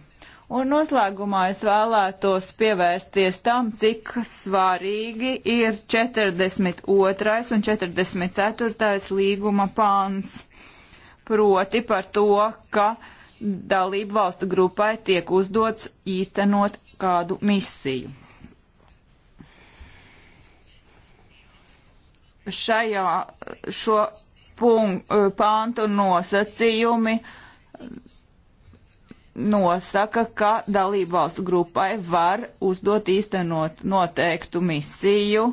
Un noslēgumā es vēlētos pievērsties tam, cik svarīgi ir 42. un 44. līguma pāns. Proti par to, ka dalību valstu grupai tiek uzdots īstenot kādu misiju. Šajā šo punk, pāntu nosacījumi nosaka, ka dalību valstu grupai var uzdot īstenot noteiktu misiju,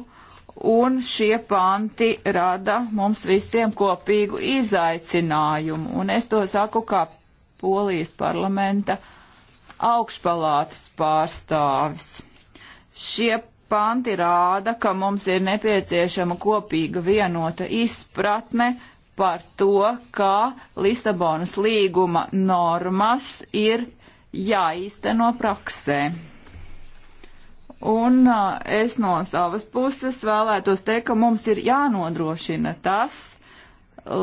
un šie panti rada mums visiem kopīgu izaicinājumu. Un es to saku kā Polijas parlamenta augšpalātas pārstāvis. Šie panti rāda, ka mums ir nepieciešama kopīga vienota izpratne par to, ka Lisabonas līguma normas ir jāīsteno praksē. Un es no savas puses vēlētos teikt, ka mums ir jānodrošina tas,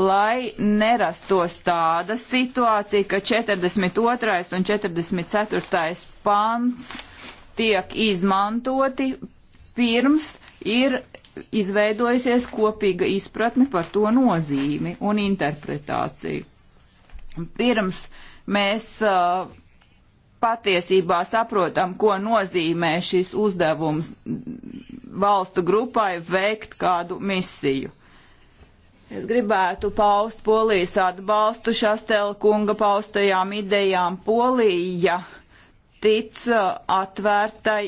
lai nerastos tāda situācija, ka 42. un 44. pants tiek izmantoti pirms ir izveidojusies kopīga izpratne par to nozīmi un interpretāciju. Pirms mēs uh, patiesībā saprotam, ko nozīmē šis uzdevums valstu grupai veikt kādu misiju. Es gribētu paust polijas atbalstu Šastela kunga paustajām idejām. Polija tic atvērtai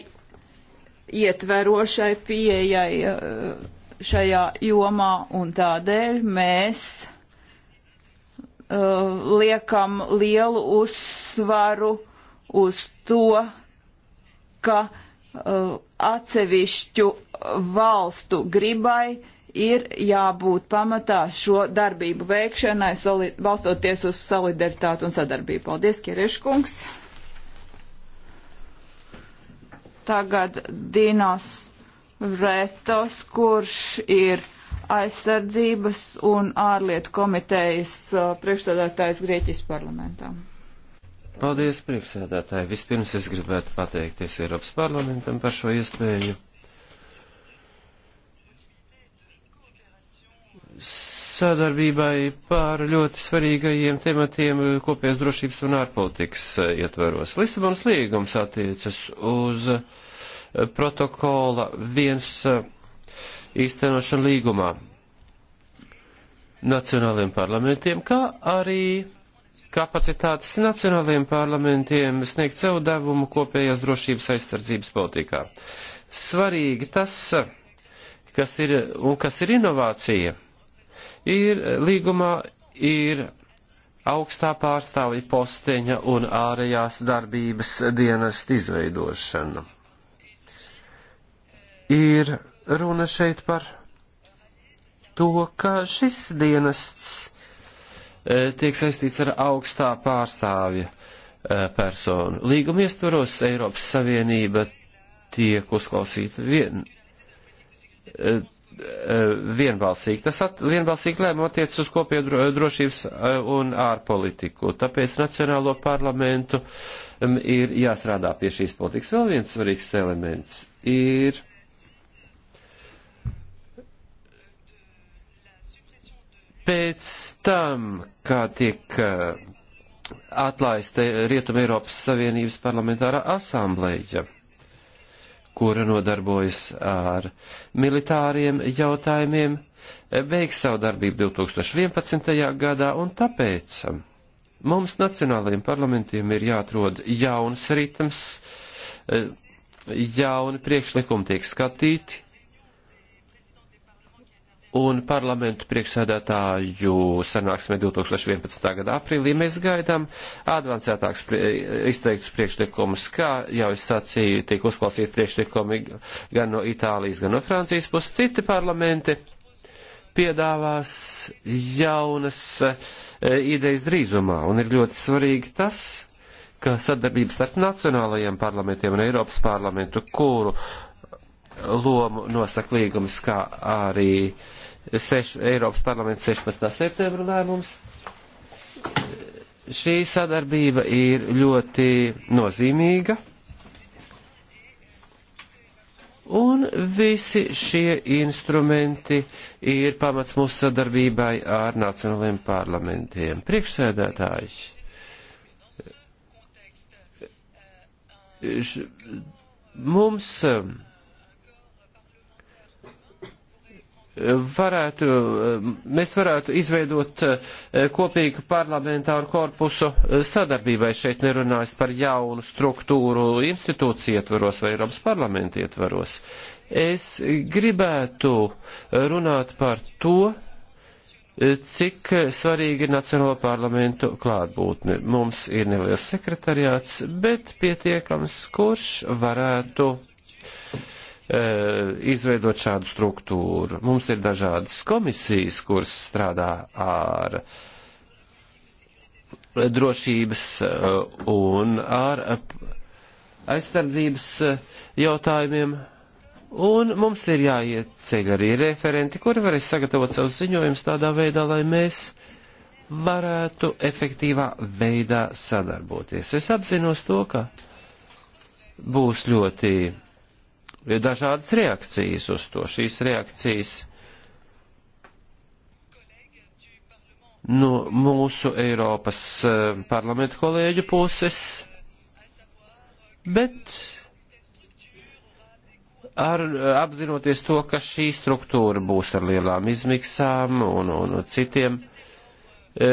ietverošai pieejai eh, šajā jomā, un tādēļ mēs uh, liekam lielu uzsvaru uz to, ka uh, atsevišķu valstu gribai ir jābūt pamatā šo darbību veikšanai, balstoties uz solidaritāti un sadarbību. Paldies, Kireškungs! tagad Dinos Vretos, kurš ir aizsardzības un ārlietu komitejas uh, priekšsēdētājs Grieķijas parlamentā. Paldies, priekšsēdētāji. Vispirms es gribētu pateikties Eiropas parlamentam par šo iespēju sadarbībai pār ļoti svarīgajiem tematiem kopējās drošības un ārpolitikas eh, ietveros. Lisabonas līgums attiecas uz eh, protokola viens eh, īstenošanu līgumā nacionāliem parlamentiem, kā arī kapacitātes nacionāliem parlamentiem sniegt savu devumu kopējās drošības aizsardzības politikā. Svarīgi tas, kas ir, un kas ir inovācija Ir līgumā ir augstā pārstāvja posteņa un ārējās darbības dienas izveidošana. Ir runa šeit par to, ka šis dienests e, tiek saistīts ar augstā pārstāvja e, personu. Līguma iestvaros Eiropas Savienība tiek uzklausīta vien, vienbalsīgi. Tas at, vienbalsīgi lēma attiec uz kopējo drošības eh, un ārpolitiku. Tāpēc Nacionālo parlamentu ir jāstrādā pie šīs politikas. Vēl viens svarīgs elements ir. Pēc tam, kā tiek eh, atlaista Rietuma Eiropas Savienības parlamentārā asambleja kura nodarbojas ar militāriem jautājumiem, beigs savu darbību 2011. gadā, un tāpēc um, mums nacionālajiem parlamentiem ir jāatrod jauns ritms, eh, jauni priekšlikumi tiek skatīti, un parlamentu priekšsēdētāju sanāksmē 2011. gada aprīlī mēs gaidām advancētāks izteiktus priekšlikumus, kā jau es sacīju, tiek uzklausīti priekšlikumi gan no Itālijas, gan no Francijas puses. Citi parlamenti piedāvās jaunas e, idejas drīzumā, un ir ļoti svarīgi tas, ka sadarbības starp nacionālajiem parlamentiem un Eiropas parlamentu, kuru uh, lomu nosaka līgums, kā arī seš, Eiropas parlaments 16. septembra lēmums. Šī sadarbība ir ļoti nozīmīga. Un visi šie instrumenti ir pamats mūsu sadarbībai ar nacionāliem parlamentiem. Priekšsēdētājs. Mums varētu, mēs varētu izveidot eh, kopīgu parlamentāru korpusu eh, sadarbībai. Šeit nerunājas par jaunu struktūru institūciju ietvaros vai Eiropas parlamentu ietvaros. Es gribētu eh, runāt par to, cik svarīgi ir Nacionālo parlamentu klātbūtne. Mums ir neliels sekretariāts, bet pietiekams, kurš varētu Eh, izveidot šādu struktūru. Mums ir dažādas komisijas, kuras strādā ar eh, drošības eh, un ar aizsardzības jautājumiem. Un mums ir jāiet ceļ arī referenti, kuri varēs sagatavot savus ziņojumus tādā veidā, lai mēs varētu efektīvā veidā sadarboties. Es apzinos to, ka būs ļoti dažādas reakcijas uz to. Šīs reakcijas no mūsu Eiropas eh, parlamenta kolēģu puses, bet ar, apzinoties to, ka šī struktūra būs ar lielām izmiksām un, un, un citiem, e,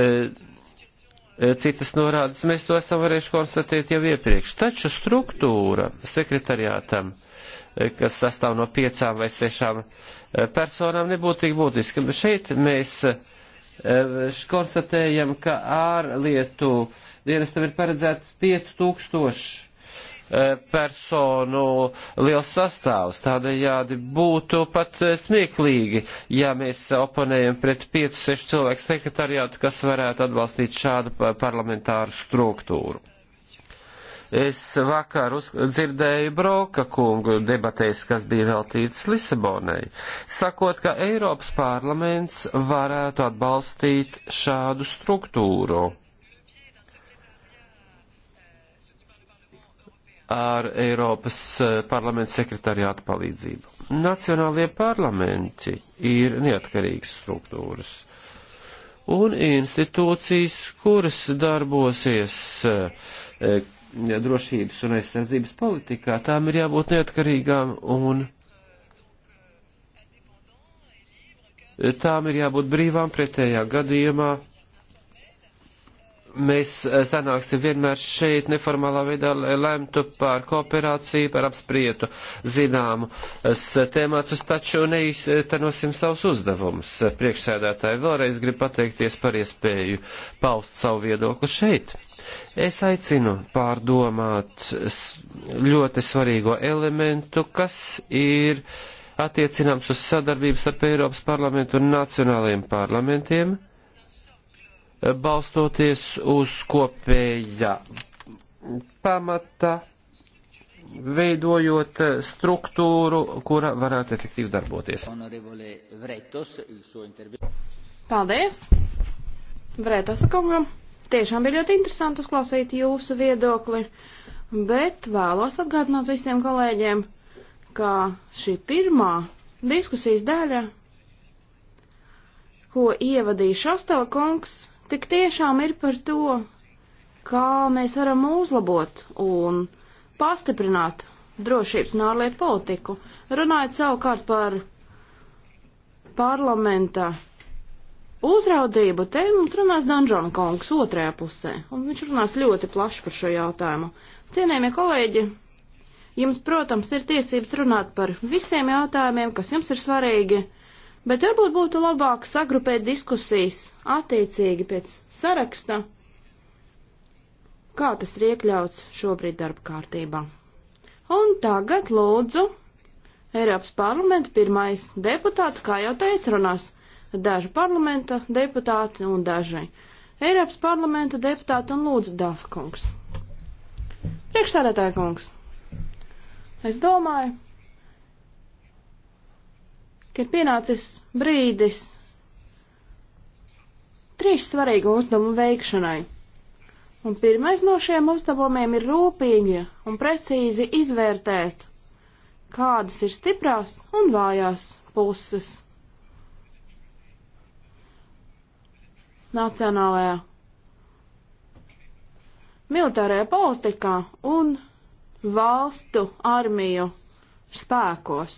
citas norādes, mēs to esam varējuši konstatēt jau iepriekš. Taču struktūra sekretariātam e, kas sastāv no piecām vai sešām eh, personām, nebūtu tik būtiski. Bet šeit mēs eh, konstatējam, ka ārlietu dienestam ir paredzēts 5000 eh, personu liels sastāvs. Tādējādi būtu pat smieklīgi, ja mēs oponējam pret 5-6 cilvēku sekretariātu, kas varētu atbalstīt šādu parlamentāru struktūru. Es vakar uz, dzirdēju Broka kungu debatēs, kas bija veltīts Lisabonai, sakot, ka Eiropas parlaments varētu atbalstīt šādu struktūru. ar Eiropas eh, parlamenta sekretariāta palīdzību. Nacionālie parlamenti ir neatkarīgas struktūras un institūcijas, kuras darbosies eh, drošības un aizsardzības politikā, tām ir jābūt neatkarīgām un tām ir jābūt brīvām pretējā gadījumā. Mēs eh, sanāksim vienmēr šeit neformālā veidā lemtu par kooperāciju, par apsprietu zināmu eh, tēmātus, taču neiztenosim savus uzdevumus. Priekšsēdētāji vēlreiz grib pateikties par iespēju paust savu viedokli šeit. Es aicinu pārdomāt ļoti svarīgo elementu, kas ir attiecināms uz sadarbības ar Eiropas parlamentu un nacionālajiem parlamentiem, balstoties uz kopēja pamata, veidojot struktūru, kura varētu efektīvi darboties. Paldies! Vrētos kungam! Tiešām bija ļoti interesanti uzklausīt jūsu viedokli, bet vēlos atgādināt visiem kolēģiem, ka šī pirmā diskusijas daļa, ko ievadīja Šostela kungs, tik tiešām ir par to, kā mēs varam uzlabot un pastiprināt drošības un ārlietu politiku, runājot savukārt par parlamenta uzraudzību te mums runās Danžona kungs otrajā pusē, un viņš runās ļoti plaši par šo jautājumu. Cienējamie kolēģi, jums, protams, ir tiesības runāt par visiem jautājumiem, kas jums ir svarīgi, bet varbūt būtu labāk sagrupēt diskusijas attiecīgi pēc saraksta, kā tas ir iekļauts šobrīd darba kārtībā. Un tagad lūdzu Eiropas parlamenta pirmais deputāts, kā jau teicu, runās daži parlamenta deputāti un daži Eiropas parlamenta deputāti un lūdzu Dafa kungs. Priekšstādātāja kungs, es domāju, ka ir pienācis brīdis trīs svarīgu uzdevumu veikšanai. Un pirmais no šiem uzdevumiem ir rūpīgi un precīzi izvērtēt, kādas ir stiprās un vājās puses nacionālajā militārajā politikā un valstu armiju spēkos.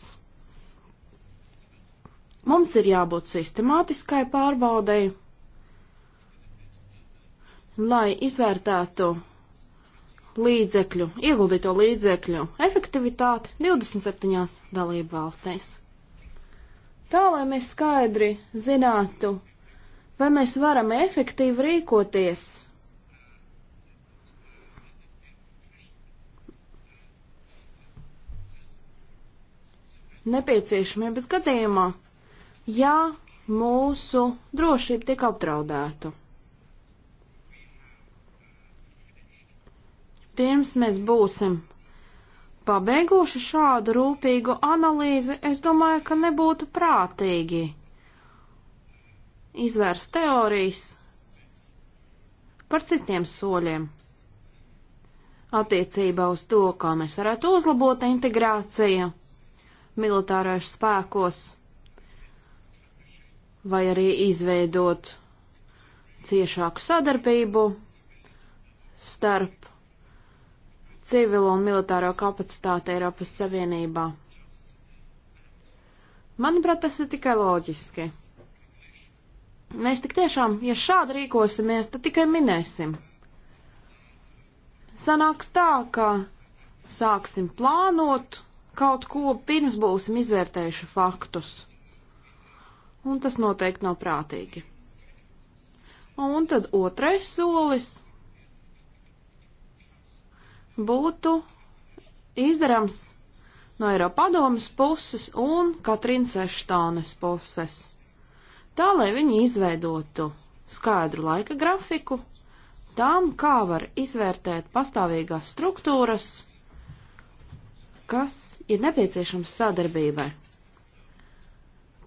Mums ir jābūt sistemātiskai pārbaudai, lai izvērtētu līdzekļu, ieguldīto līdzekļu efektivitāti 27 dalību valstīs. Tā, lai mēs skaidri zinātu, Vai mēs varam efektīvi rīkoties? Nepieciešamības gadījumā, ja mūsu drošība tiek apdraudēta. Pirms mēs būsim pabeiguši šādu rūpīgu analīzi, es domāju, ka nebūtu prātīgi izvērst teorijas par citiem soļiem attiecībā uz to, kā mēs varētu uzlabot integrāciju militārais spēkos vai arī izveidot ciešāku sadarbību starp civilo un militāro kapacitāti Eiropas Savienībā. Manuprāt, tas ir tikai loģiski. Mēs tik tiešām, ja šādi rīkosimies, tad tikai minēsim. Sanāks tā, ka sāksim plānot kaut ko pirms būsim izvērtējuši faktus. Un tas noteikti nav prātīgi. Un tad otrais solis būtu izdarams no Eiropadomas puses un Katrīnas Eštānes puses tā lai viņi izveidotu skaidru laika grafiku tam, kā var izvērtēt pastāvīgās struktūras, kas ir nepieciešams sadarbībai.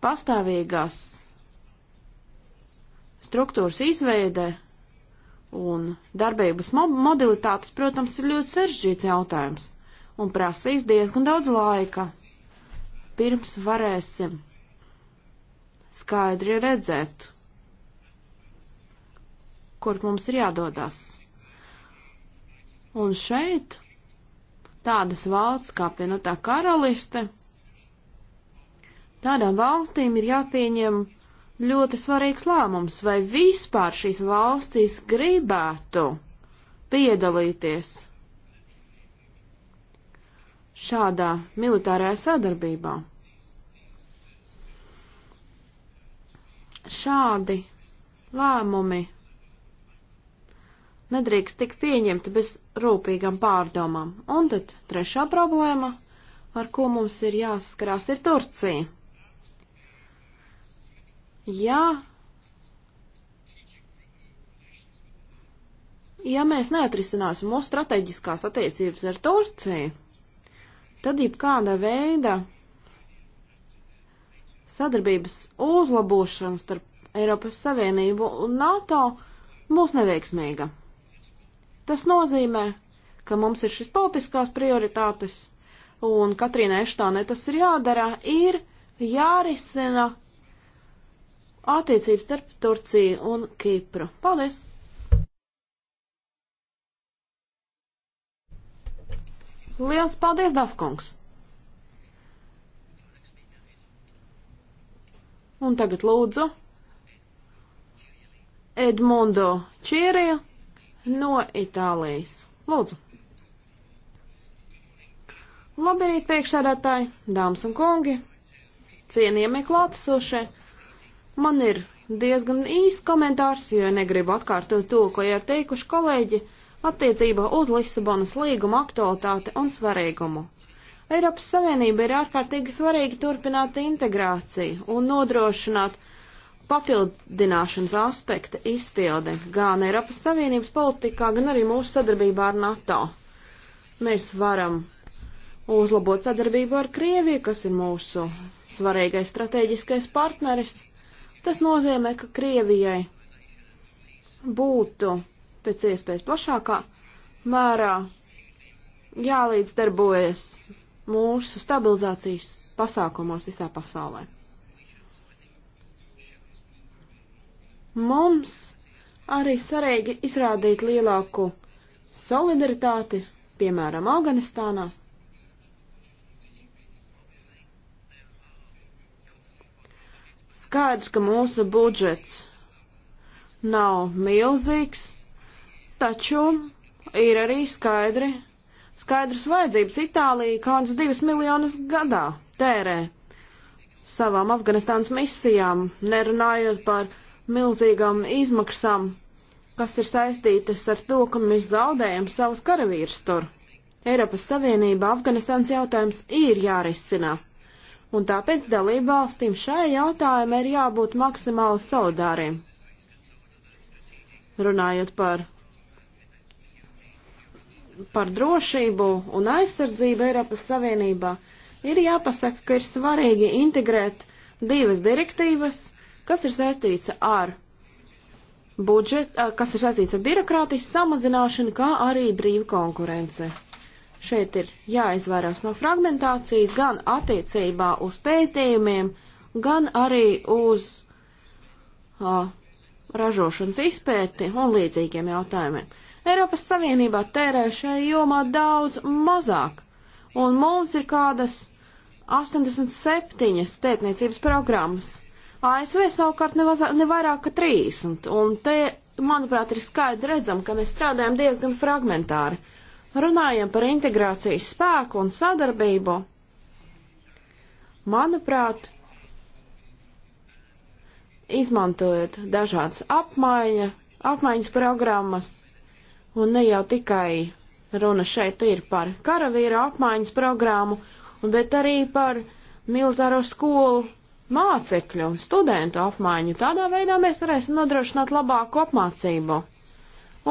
Pastāvīgās struktūras izveide un darbības modalitātes, protams, ir ļoti sarežģīts jautājums un prasīs diezgan daudz laika, pirms varēsim skaidri redzēt, kur mums ir jādodas. Un šeit tādas valsts kā pienotā karaliste, tādām valstīm ir jāpieņem ļoti svarīgs lēmums, vai vispār šīs valstīs gribētu piedalīties šādā militārajā sadarbībā. šādi lēmumi nedrīkst tik pieņemti bez rūpīgām pārdomām. Un tad trešā problēma, ar ko mums ir jāsaskarās, ir Turcija. Ja, ja mēs neatrisināsim mūsu strateģiskās attiecības ar Turciju, tad jebkāda veida sadarbības uzlabošana starp Eiropas Savienību un NATO būs neveiksmīga. Tas nozīmē, ka mums ir šis politiskās prioritātes, un Katrīna Eštāne tas ir jādara, ir jārisina attiecības starp Turciju un Kipru. Paldies! Liels paldies, Dafkungs! Un tagad lūdzu Edmondo Čierija no Itālijas. Lūdzu. Labrīt, priekšsēdētāji, dāmas un kungi, cienījamie klātesošie. Man ir diezgan īsts komentārs, jo negribu atkārtot to, ko jau ir teikuši kolēģi attiecībā uz Lisabonas līguma aktualitāti un svarīgumu. Eiropas Savienība ir ārkārtīgi svarīgi turpināt integrāciju un nodrošināt papildināšanas aspekta izpildi gan Eiropas Savienības politikā, gan arī mūsu sadarbībā ar NATO. Mēs varam uzlabot sadarbību ar Krieviju, kas ir mūsu svarīgais strateģiskais partneris. Tas nozīmē, ka Krievijai būtu pēc iespējas plašākā mērā jālīdzdarbojas mūsu stabilizācijas pasākumos visā pasaulē. Mums arī svarīgi izrādīt lielāku solidaritāti, piemēram, Afganistānā. Skaidrs, ka mūsu budžets nav milzīgs, taču ir arī skaidri skaidrs vajadzības. Itālija kādus divus miljonus gadā tērē savām Afganistānas misijām, nerunājot par milzīgām izmaksām, kas ir saistītas ar to, ka mēs zaudējam savus karavīrus tur. Eiropas Savienība Afganistāns jautājums ir jārisina, un tāpēc dalību valstīm šai jautājumā ir jābūt maksimāli solidāriem. Runājot par par drošību un aizsardzību Eiropas Savienībā, ir jāpasaka, ka ir svarīgi integrēt divas direktīvas, kas ir saistīts ar budžetu, kas ir saistīts ar birokrātijas samazināšanu, kā arī brīvu konkurenci. Šeit ir jāizvairās no fragmentācijas gan attiecībā uz pētījumiem, gan arī uz uh, ražošanas izpēti un līdzīgiem jautājumiem. Eiropas Savienībā tērē šai jomā daudz mazāk, un mums ir kādas 87 pētniecības programmas. ASV savukārt nevairāk kā 30, un te, manuprāt, ir skaidri redzam, ka mēs strādājam diezgan fragmentāri. Runājam par integrācijas spēku un sadarbību. Manuprāt, izmantojot dažādas apmaiņa, apmaiņas programmas, Un ne jau tikai runa šeit ir par karavīru apmaiņas programmu, bet arī par militāro skolu mācekļu un studentu apmaiņu. Tādā veidā mēs varēsim nodrošināt labāku apmācību.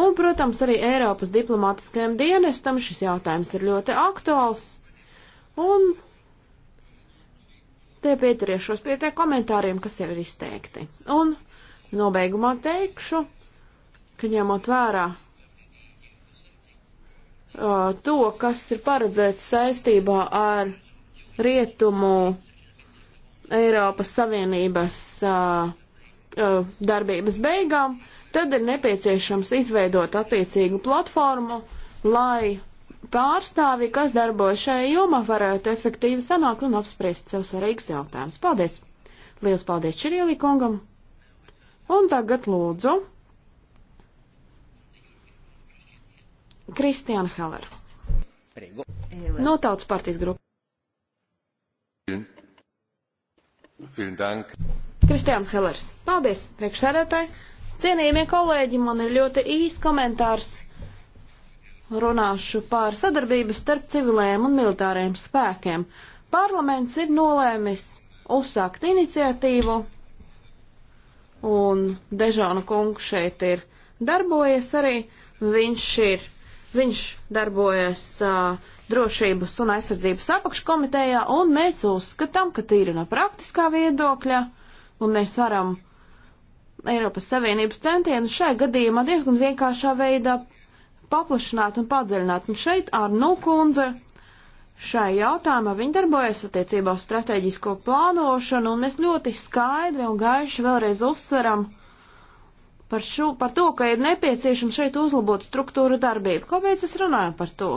Un, protams, arī Eiropas diplomātiskajam dienestam šis jautājums ir ļoti aktuāls. Un te pieturiešos pie tie komentāriem, kas jau ir izteikti. Un nobeigumā teikšu, ka ņemot vērā uh, to, kas ir paredzēts saistībā ar rietumu Eiropas Savienības uh, uh, darbības beigām, tad ir nepieciešams izveidot attiecīgu platformu, lai pārstāvi, kas darbojas šajā jomā, varētu efektīvi sanākt un apspriest sev svarīgus jautājumus. Paldies! Lielas paldies Čirīlī kungam! Un tagad lūdzu Kristiāna Heller. No tautas partijas grupas. Kristiāns Helers. Paldies, priekšsēdētāji. Cienījamie kolēģi, man ir ļoti īsts komentārs. Runāšu par sadarbību starp civilējiem un militāriem spēkiem. Parlaments ir nolēmis uzsākt iniciatīvu, un Dežona kungs šeit ir darbojies arī. Viņš ir Viņš darbojas uh, drošības un aizsardzības apakškomitejā, un mēs uzskatām, ka tīri no praktiskā viedokļa, un mēs varam Eiropas Savienības centienu šajā gadījumā diezgan vienkāršā veidā paplašināt un padziļināt. Un šeit Arnu kundze šai jautājumā viņa darbojas attiecībā uz strateģisko plānošanu, un mēs ļoti skaidri un gaiši vēlreiz uzsveram, par, šo, par to, ka ir nepieciešams šeit uzlabot struktūru darbību. Kāpēc es runāju par to?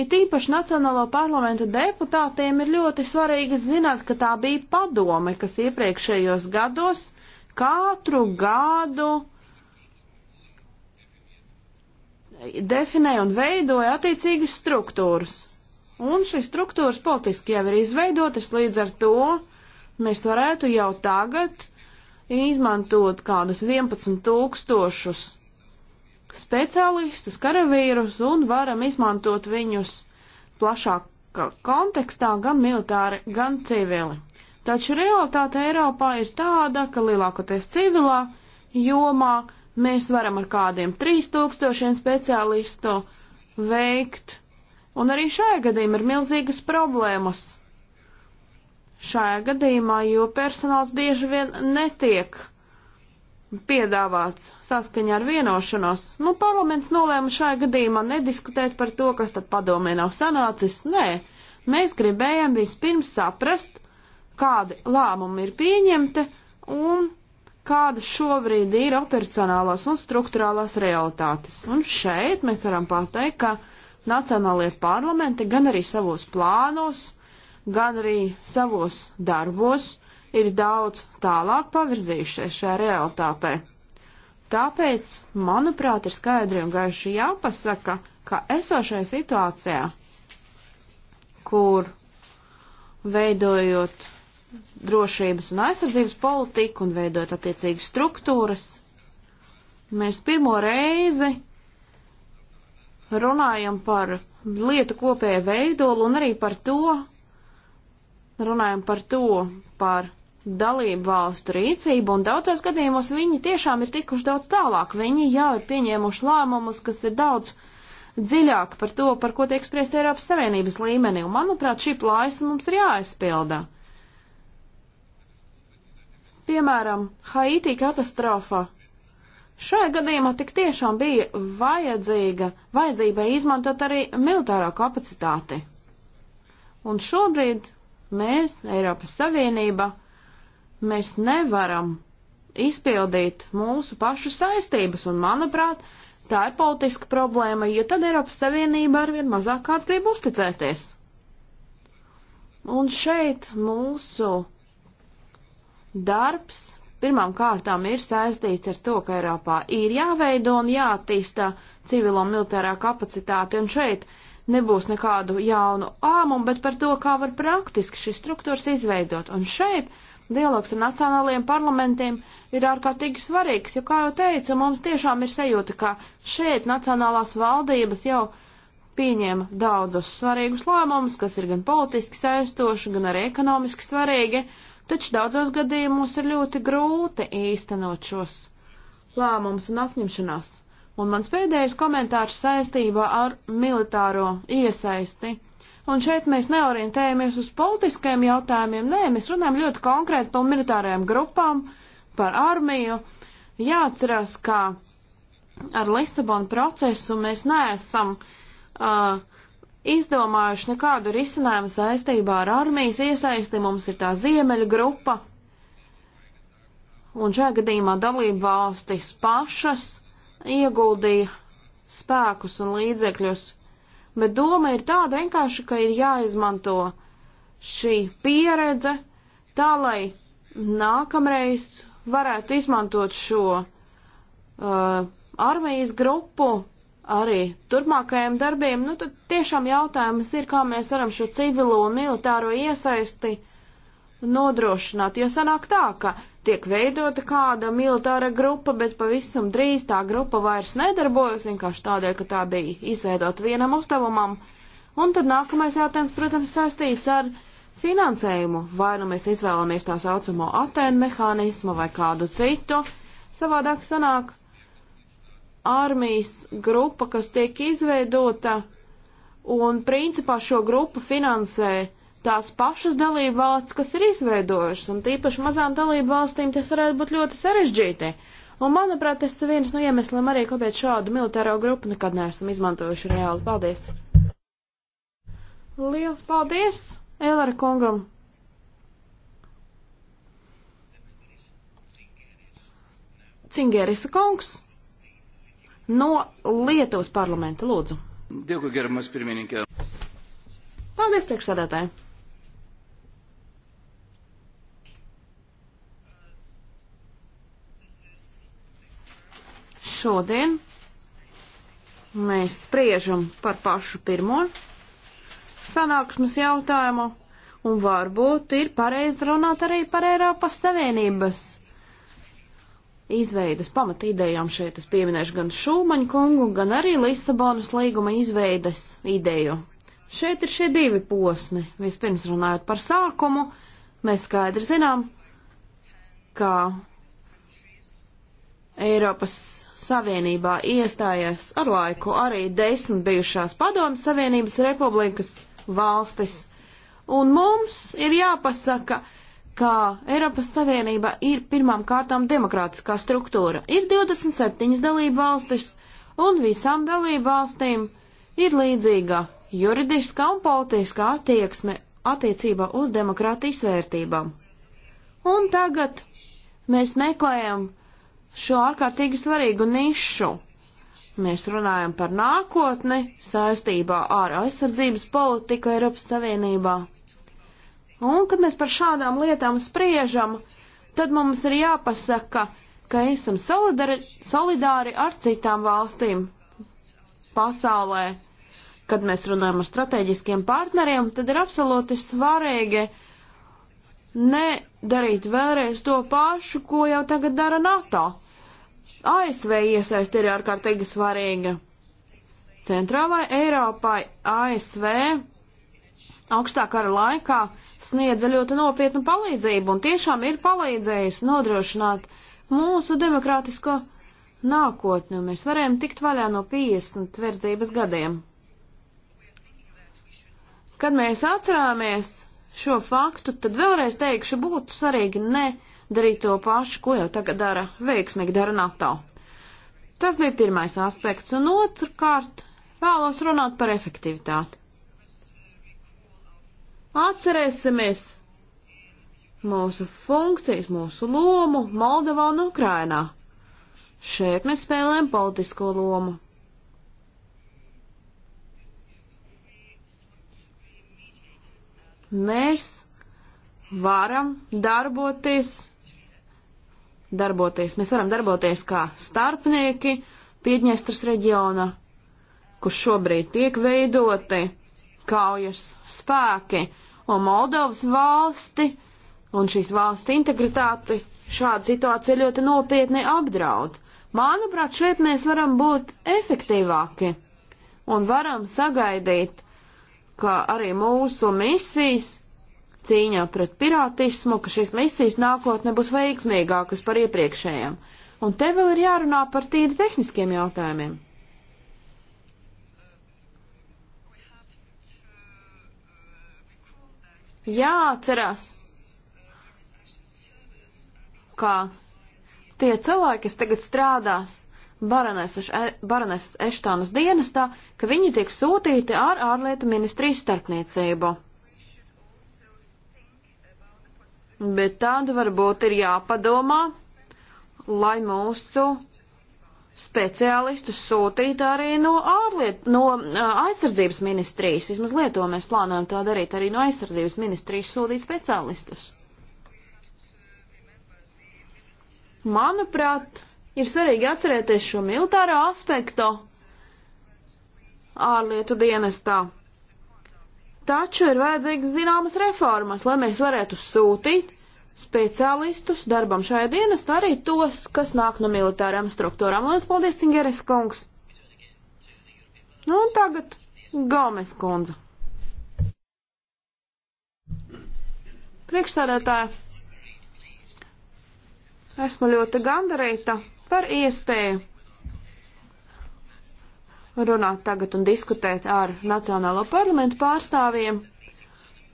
It ja īpaši Nacionālo parlamentu deputātiem ir ļoti svarīgi zināt, ka tā bija padome, kas iepriekšējos gados katru gadu definēja un veidoja attiecīgas struktūras. Un šīs struktūras politiski jau ir izveidotas, līdz ar to mēs varētu jau tagad uh, izmantot kādus 11 tūkstošus speciālistus, karavīrus un varam izmantot viņus plašākā kontekstā gan militāri, gan civili. Taču realitāte Eiropā ir tāda, ka lielākoties civilā jomā mēs varam ar kādiem 3000 speciālistu veikt, un arī šajā gadījumā ir milzīgas problēmas šajā gadījumā, jo personāls bieži vien netiek piedāvāts saskaņā ar vienošanos. Nu, parlaments nolēma šajā gadījumā nediskutēt par to, kas tad padomē nav sanācis. Nē, mēs gribējām vispirms saprast, kādi lēmumi ir pieņemti un kādas šobrīd ir operacionālās un struktūrālās realitātes. Un šeit mēs varam pateikt, ka nacionālajie parlamenti gan arī savos plānos gan arī savos darbos ir daudz tālāk pavirzījušies šajā realitātē. Tāpēc, manuprāt, ir skaidri un gaiši jāpasaka, ka esošajā situācijā, kur veidojot drošības un aizsardzības politiku un veidojot attiecīgas struktūras, mēs pirmo reizi runājam par lietu kopēju veidolu un arī par to, runājam par to, par dalību valstu rīcību, un daudzos gadījumos viņi tiešām ir tikuši daudz tālāk. Viņi jau ir pieņēmuši lēmumus, kas ir daudz dziļāk par to, par ko tiek spriest Eiropas Savienības līmenī, un manuprāt, šī plājas mums ir jāaizpilda. Piemēram, Haiti katastrofa. Šajā gadījumā tik tiešām bija vajadzīga, vajadzībai izmantot arī militāro kapacitāti. Un šobrīd Mēs, Eiropas Savienība, mēs nevaram izpildīt mūsu pašu saistības, un, manuprāt, tā ir politiska problēma, jo tad Eiropas Savienība arvien mazāk kāds grib uzticēties. Un šeit mūsu darbs pirmām kārtām ir saistīts ar to, ka Eiropā ir jāveido un jāattīsta civilo un militārā kapacitāte, un šeit nebūs nekādu jaunu āmumu, bet par to, kā var praktiski šīs struktūras izveidot. Un šeit dialogs ar nacionālajiem parlamentiem ir ārkārtīgi svarīgs, jo, kā jau teicu, mums tiešām ir sajūta, ka šeit nacionālās valdības jau pieņēma daudzus svarīgus lēmumus, kas ir gan politiski saistoši, gan arī ekonomiski svarīgi, taču daudzos gadījumos ir ļoti grūti īstenot šos lēmumus un apņemšanās. Un mans pēdējais komentārs saistībā ar militāro iesaisti. Un šeit mēs neorientējamies uz politiskiem jautājumiem, nē, mēs runājam ļoti konkrēti par militārajām grupām, par armiju. Jāatcerās, ka ar Lisabonu procesu mēs neesam uh, izdomājuši nekādu risinājumu saistībā ar armijas iesaisti. Mums ir tā ziemeļa grupa, un šajā gadījumā dalību valstis pašas ieguldīja spēkus un līdzekļus, bet doma ir tāda vienkārši, ka ir jāizmanto šī pieredze tā, lai nākamreiz varētu izmantot šo uh, armijas grupu arī turpmākajiem darbiem, nu tad tiešām jautājums ir, kā mēs varam šo civilo un militāro iesaisti nodrošināt, jo sanāk tā, ka tiek veidota kāda militāra grupa, bet pavisam drīz tā grupa vairs nedarbojas, vienkārši tādēļ, ka tā bija izveidota vienam uzdevumam. Un tad nākamais jautājums, protams, saistīts ar finansējumu. Vai nu mēs izvēlamies tā saucamo atēnu mehānismu vai kādu citu, savādāk sanāk armijas grupa, kas tiek izveidota, un principā šo grupu finansē tās pašas dalību valsts, kas ir izveidojušas, un tīpaši mazām dalību valstīm tas varētu būt ļoti sarežģīti. Un, manuprāt, tas ir viens no iemesliem arī, kāpēc šādu militāro grupu nekad neesam izmantojuši reāli. Paldies! Liels paldies Elara kungam! Cingeris kungs no Lietuvas parlamenta, lūdzu. Dievu, garamas pirmininkē. Paldies, priekšsādātāji! Šodien mēs spriežam par pašu pirmo sanāksmes jautājumu, un varbūt ir pareizi runāt arī par Eiropas Savienības izveidas pamatīdējām šeit. Es pieminēšu gan Šūmaņu kungu, gan arī Lisabonas līguma izveidas ideju. Šeit ir šie divi posmi. Vispirms runājot par sākumu, mēs skaidri zinām, ka Eiropas Savienībā iestājās ar laiku arī desmit bijušās padomas Savienības republikas valstis. Un mums ir jāpasaka, ka Eiropas Savienība ir pirmām kārtām demokrātiskā struktūra. Ir 27 dalība valstis, un visām dalību valstīm ir līdzīga juridiskā un politiskā attieksme attiecībā uz demokrātijas vērtībām. Un tagad mēs meklējam šo ārkārtīgi svarīgu nišu. Mēs runājam par nākotni saistībā ar aizsardzības politiku Eiropas Savienībā. Un, kad mēs par šādām lietām spriežam, tad mums ir jāpasaka, ka esam solidari, solidāri ar citām valstīm pasaulē. Kad mēs runājam ar strateģiskiem partneriem, tad ir absolūti svarīgi nedarīt vēlreiz to pašu, ko jau tagad dara NATO. ASV iesaist ir ārkārtīgi svarīga. Centrālai Eiropai ASV augstā kara laikā sniedza ļoti nopietnu palīdzību un tiešām ir palīdzējusi nodrošināt mūsu demokrātisko nākotni, un mēs varējām tikt vaļā no 50 verdzības gadiem. Kad mēs atcerāmies šo faktu, tad vēlreiz teikšu, būtu svarīgi ne darīt to pašu, ko jau tagad dara, veiksmīgi dara NATO. Tas bija pirmais aspekts, un otrkārt vēlos runāt par efektivitāti. Atcerēsimies mūsu funkcijas, mūsu lomu Moldovā un Ukrainā. Šeit mēs spēlējam politisko lomu. mēs varam darboties, darboties, mēs varam darboties kā starpnieki Piedņestras reģiona, kur šobrīd tiek veidoti kaujas spēki, un Moldovas valsti un šīs valsts integritāti šāda situācija ļoti nopietni apdraud. Manuprāt, šeit mēs varam būt efektīvāki un varam sagaidīt ka arī mūsu misijas cīņā pret pirātismu, ka šīs misijas nākotnē būs veiksmīgākas par iepriekšējām. Un te vēl ir jārunā par tīri tehniskiem jautājumiem. Jāatcerās, kā tie cilvēki, kas tagad strādās baroneses, e- baroneses Eštānas dienestā, ka viņi tiek sūtīti ar ārlietu ministrijas starpniecību. Bet tad varbūt ir jāpadomā, lai mūsu speciālistus sūtītu arī no, ārliet, no aizsardzības ministrijas. Vismaz Lietuvā mēs plānojam tā darīt arī no aizsardzības ministrijas sūtīt speciālistus. Manuprāt, ir svarīgi atcerēties šo militāro aspektu ārlietu dienestā. Taču ir vajadzīgas zināmas reformas, lai mēs varētu sūtīt speciālistus darbam šajā dienestā, arī tos, kas nāk no militārām struktūrām. Lielas paldies, Cingeres kungs! Nu, un tagad Gomes kundze. Priekšsēdētāja, esmu ļoti gandarīta par iespēju runāt tagad un diskutēt ar Nacionālo parlamentu pārstāvjiem.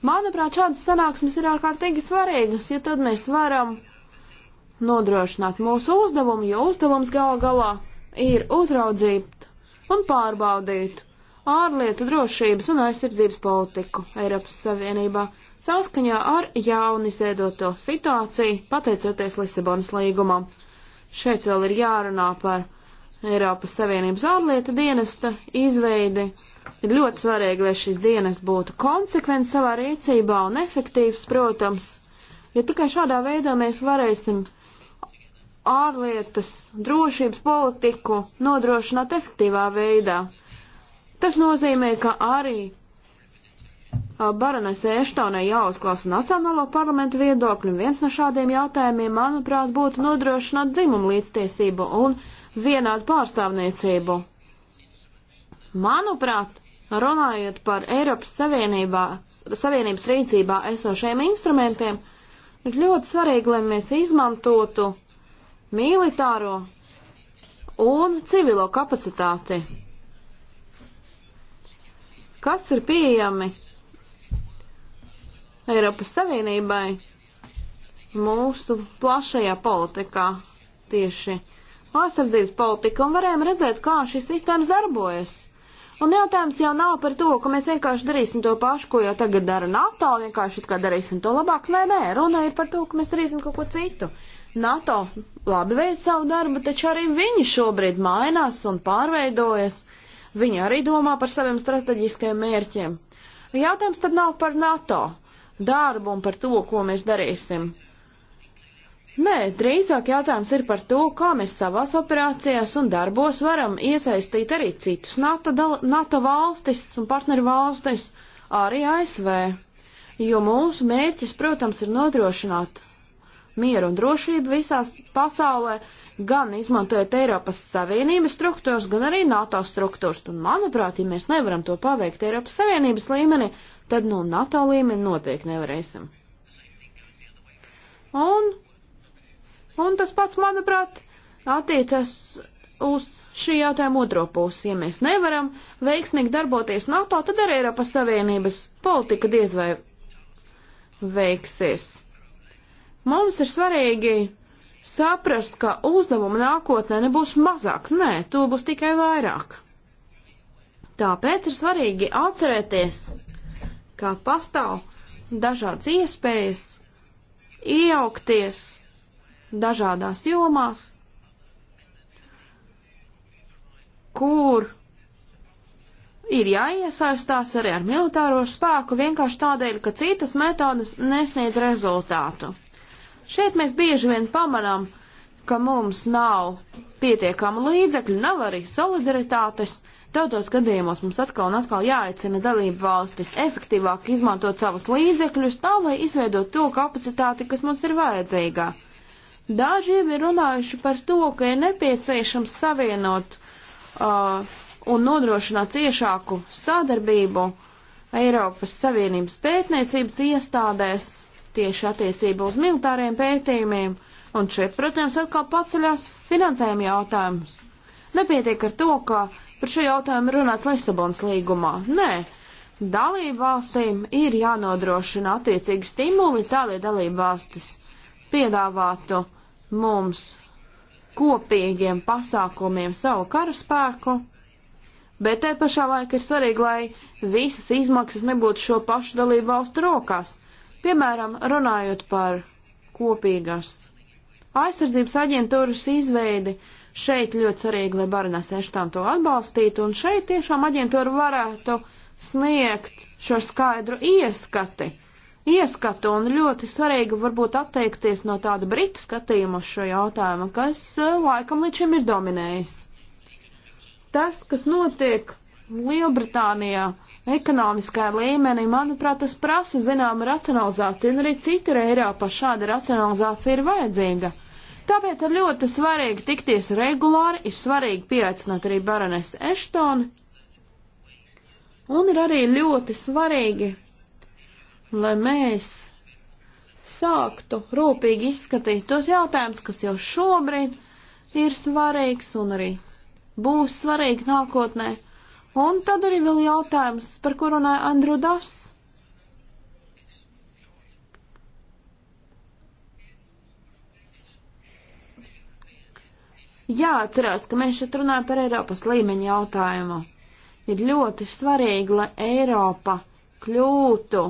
Manuprāt, šādas sanāksmes ir ārkārtīgi svarīgas, jo tad mēs varam nodrošināt mūsu uzdevumu, jo uzdevums gal galā ir uzraudzīt un pārbaudīt ārlietu drošības un aizsardzības politiku Eiropas Savienībā saskaņā ar jaunizēdoto situāciju, pateicoties Lisabonas līgumam. Šeit vēl ir jārunā par Eiropas Savienības ārlietu dienesta izveidi. Ir ļoti svarīgi, lai šis dienas būtu konsekvents savā rīcībā un efektīvs, protams, jo ja tikai šādā veidā mēs varēsim ārlietas, drošības politiku nodrošināt efektīvā veidā. Tas nozīmē, ka arī Baronese Eštonai jāuzklausa Nacionālo parlamentu viedokļu, un viens no šādiem jautājumiem, manuprāt, būtu nodrošināt dzimumu līdztiesību un vienādu pārstāvniecību. Manuprāt, runājot par Eiropas Savienībā, Savienības rīcībā esošiem instrumentiem, ir ļoti svarīgi, lai mēs izmantotu militāro un civilo kapacitāti, kas ir pieejami Eiropas Savienībai mūsu plašajā politikā tieši aizsardzības politika un varējām redzēt, kā šīs sistēmas darbojas. Un jautājums jau nav par to, ka mēs vienkārši darīsim to pašu, ko jau tagad dara NATO, vienkārši kā darīsim to labāk. Nē, nē, runa ir par to, ka mēs darīsim kaut ko citu. NATO labi veic savu darbu, taču arī viņi šobrīd mainās un pārveidojas. Viņi arī domā par saviem strateģiskajiem mērķiem. Jautājums tad nav par NATO darbu un par to, ko mēs darīsim. Nē, drīzāk jautājums ir par to, kā mēs savās operācijās un darbos varam iesaistīt arī citus NATO, NATO valstis un partneru valstis, arī ASV. Jo mūsu mērķis, protams, ir nodrošināt mieru un drošību visās pasaulē, gan izmantojot Eiropas Savienības struktūras, gan arī NATO struktūras. Un, manuprāt, ja mēs nevaram to paveikt Eiropas Savienības līmenī, tad no NATO līmeņa noteikti nevarēsim. Un, un tas pats, manuprāt, attiecas uz šī jautājuma otro pusi. Ja mēs nevaram veiksmīgi darboties NATO, tad arī Eiropas Savienības politika diez vai veiksies. Mums ir svarīgi saprast, ka uzdevumu nākotnē nebūs mazāk, nē, to būs tikai vairāk. Tāpēc ir svarīgi atcerēties, kā pastāv dažādas iespējas iejaukties dažādās jomās, kur ir jāiesaistās arī ar militāro spēku vienkārši tādēļ, ka citas metodas nesniedz rezultātu. Šeit mēs bieži vien pamanām, ka mums nav pietiekama līdzekļu, nav arī solidaritātes, Daudzos gadījumos mums atkal un atkal jāaicina dalību valstis efektīvāk izmantot savus līdzekļus tā, lai izveidot to kapacitāti, kas mums ir vajadzīgā. Daži jau ir runājuši par to, ka ir nepieciešams savienot uh, un nodrošināt ciešāku sadarbību Eiropas Savienības pētniecības iestādēs tieši attiecībā uz militāriem pētījumiem, un šeit, protams, atkal paceļās finansējuma jautājums. Nepietiek ar to, ka Par šo jautājumu runāts Lisabonas līgumā. Nē, dalību valstīm ir jānodrošina attiecīgi stimuli, tā lai dalību valstis piedāvātu mums kopīgiem pasākumiem savu karaspēku, bet te pašā laikā ir svarīgi, lai visas izmaksas nebūtu šo pašu dalību valstu rokās. Piemēram, runājot par kopīgās aizsardzības aģentūras izveidi, uh, Šeit ļoti svarīgi, lai Baronēs Eštām to atbalstītu, un šeit tiešām aģentūra varētu sniegt šo skaidru ieskati. Ieskatu un ļoti svarīgi varbūt atteikties no tāda britu skatījuma uz šo jautājumu, kas eh, laikam līdz šim ir dominējis. Tas, kas notiek Lielbritānijā ekonomiskā līmenī, manuprāt, tas prasa zināmu racionalizāciju, un arī citur Eiropā šāda racionalizācija ir vajadzīga. Tāpēc ir ļoti svarīgi tikties regulāri, ir svarīgi pieaicināt arī baronesi Eštoni, un ir arī ļoti svarīgi, lai mēs sāktu rūpīgi izskatīt tos jautājumus, kas jau šobrīd ir svarīgs un arī būs svarīgi nākotnē. Un tad arī vēl jautājums, par ko runāja Andru Dafs. jāatcerās, ka mēs šeit runājam par Eiropas līmeņa jautājumu. Ir ļoti svarīgi, lai Eiropa kļūtu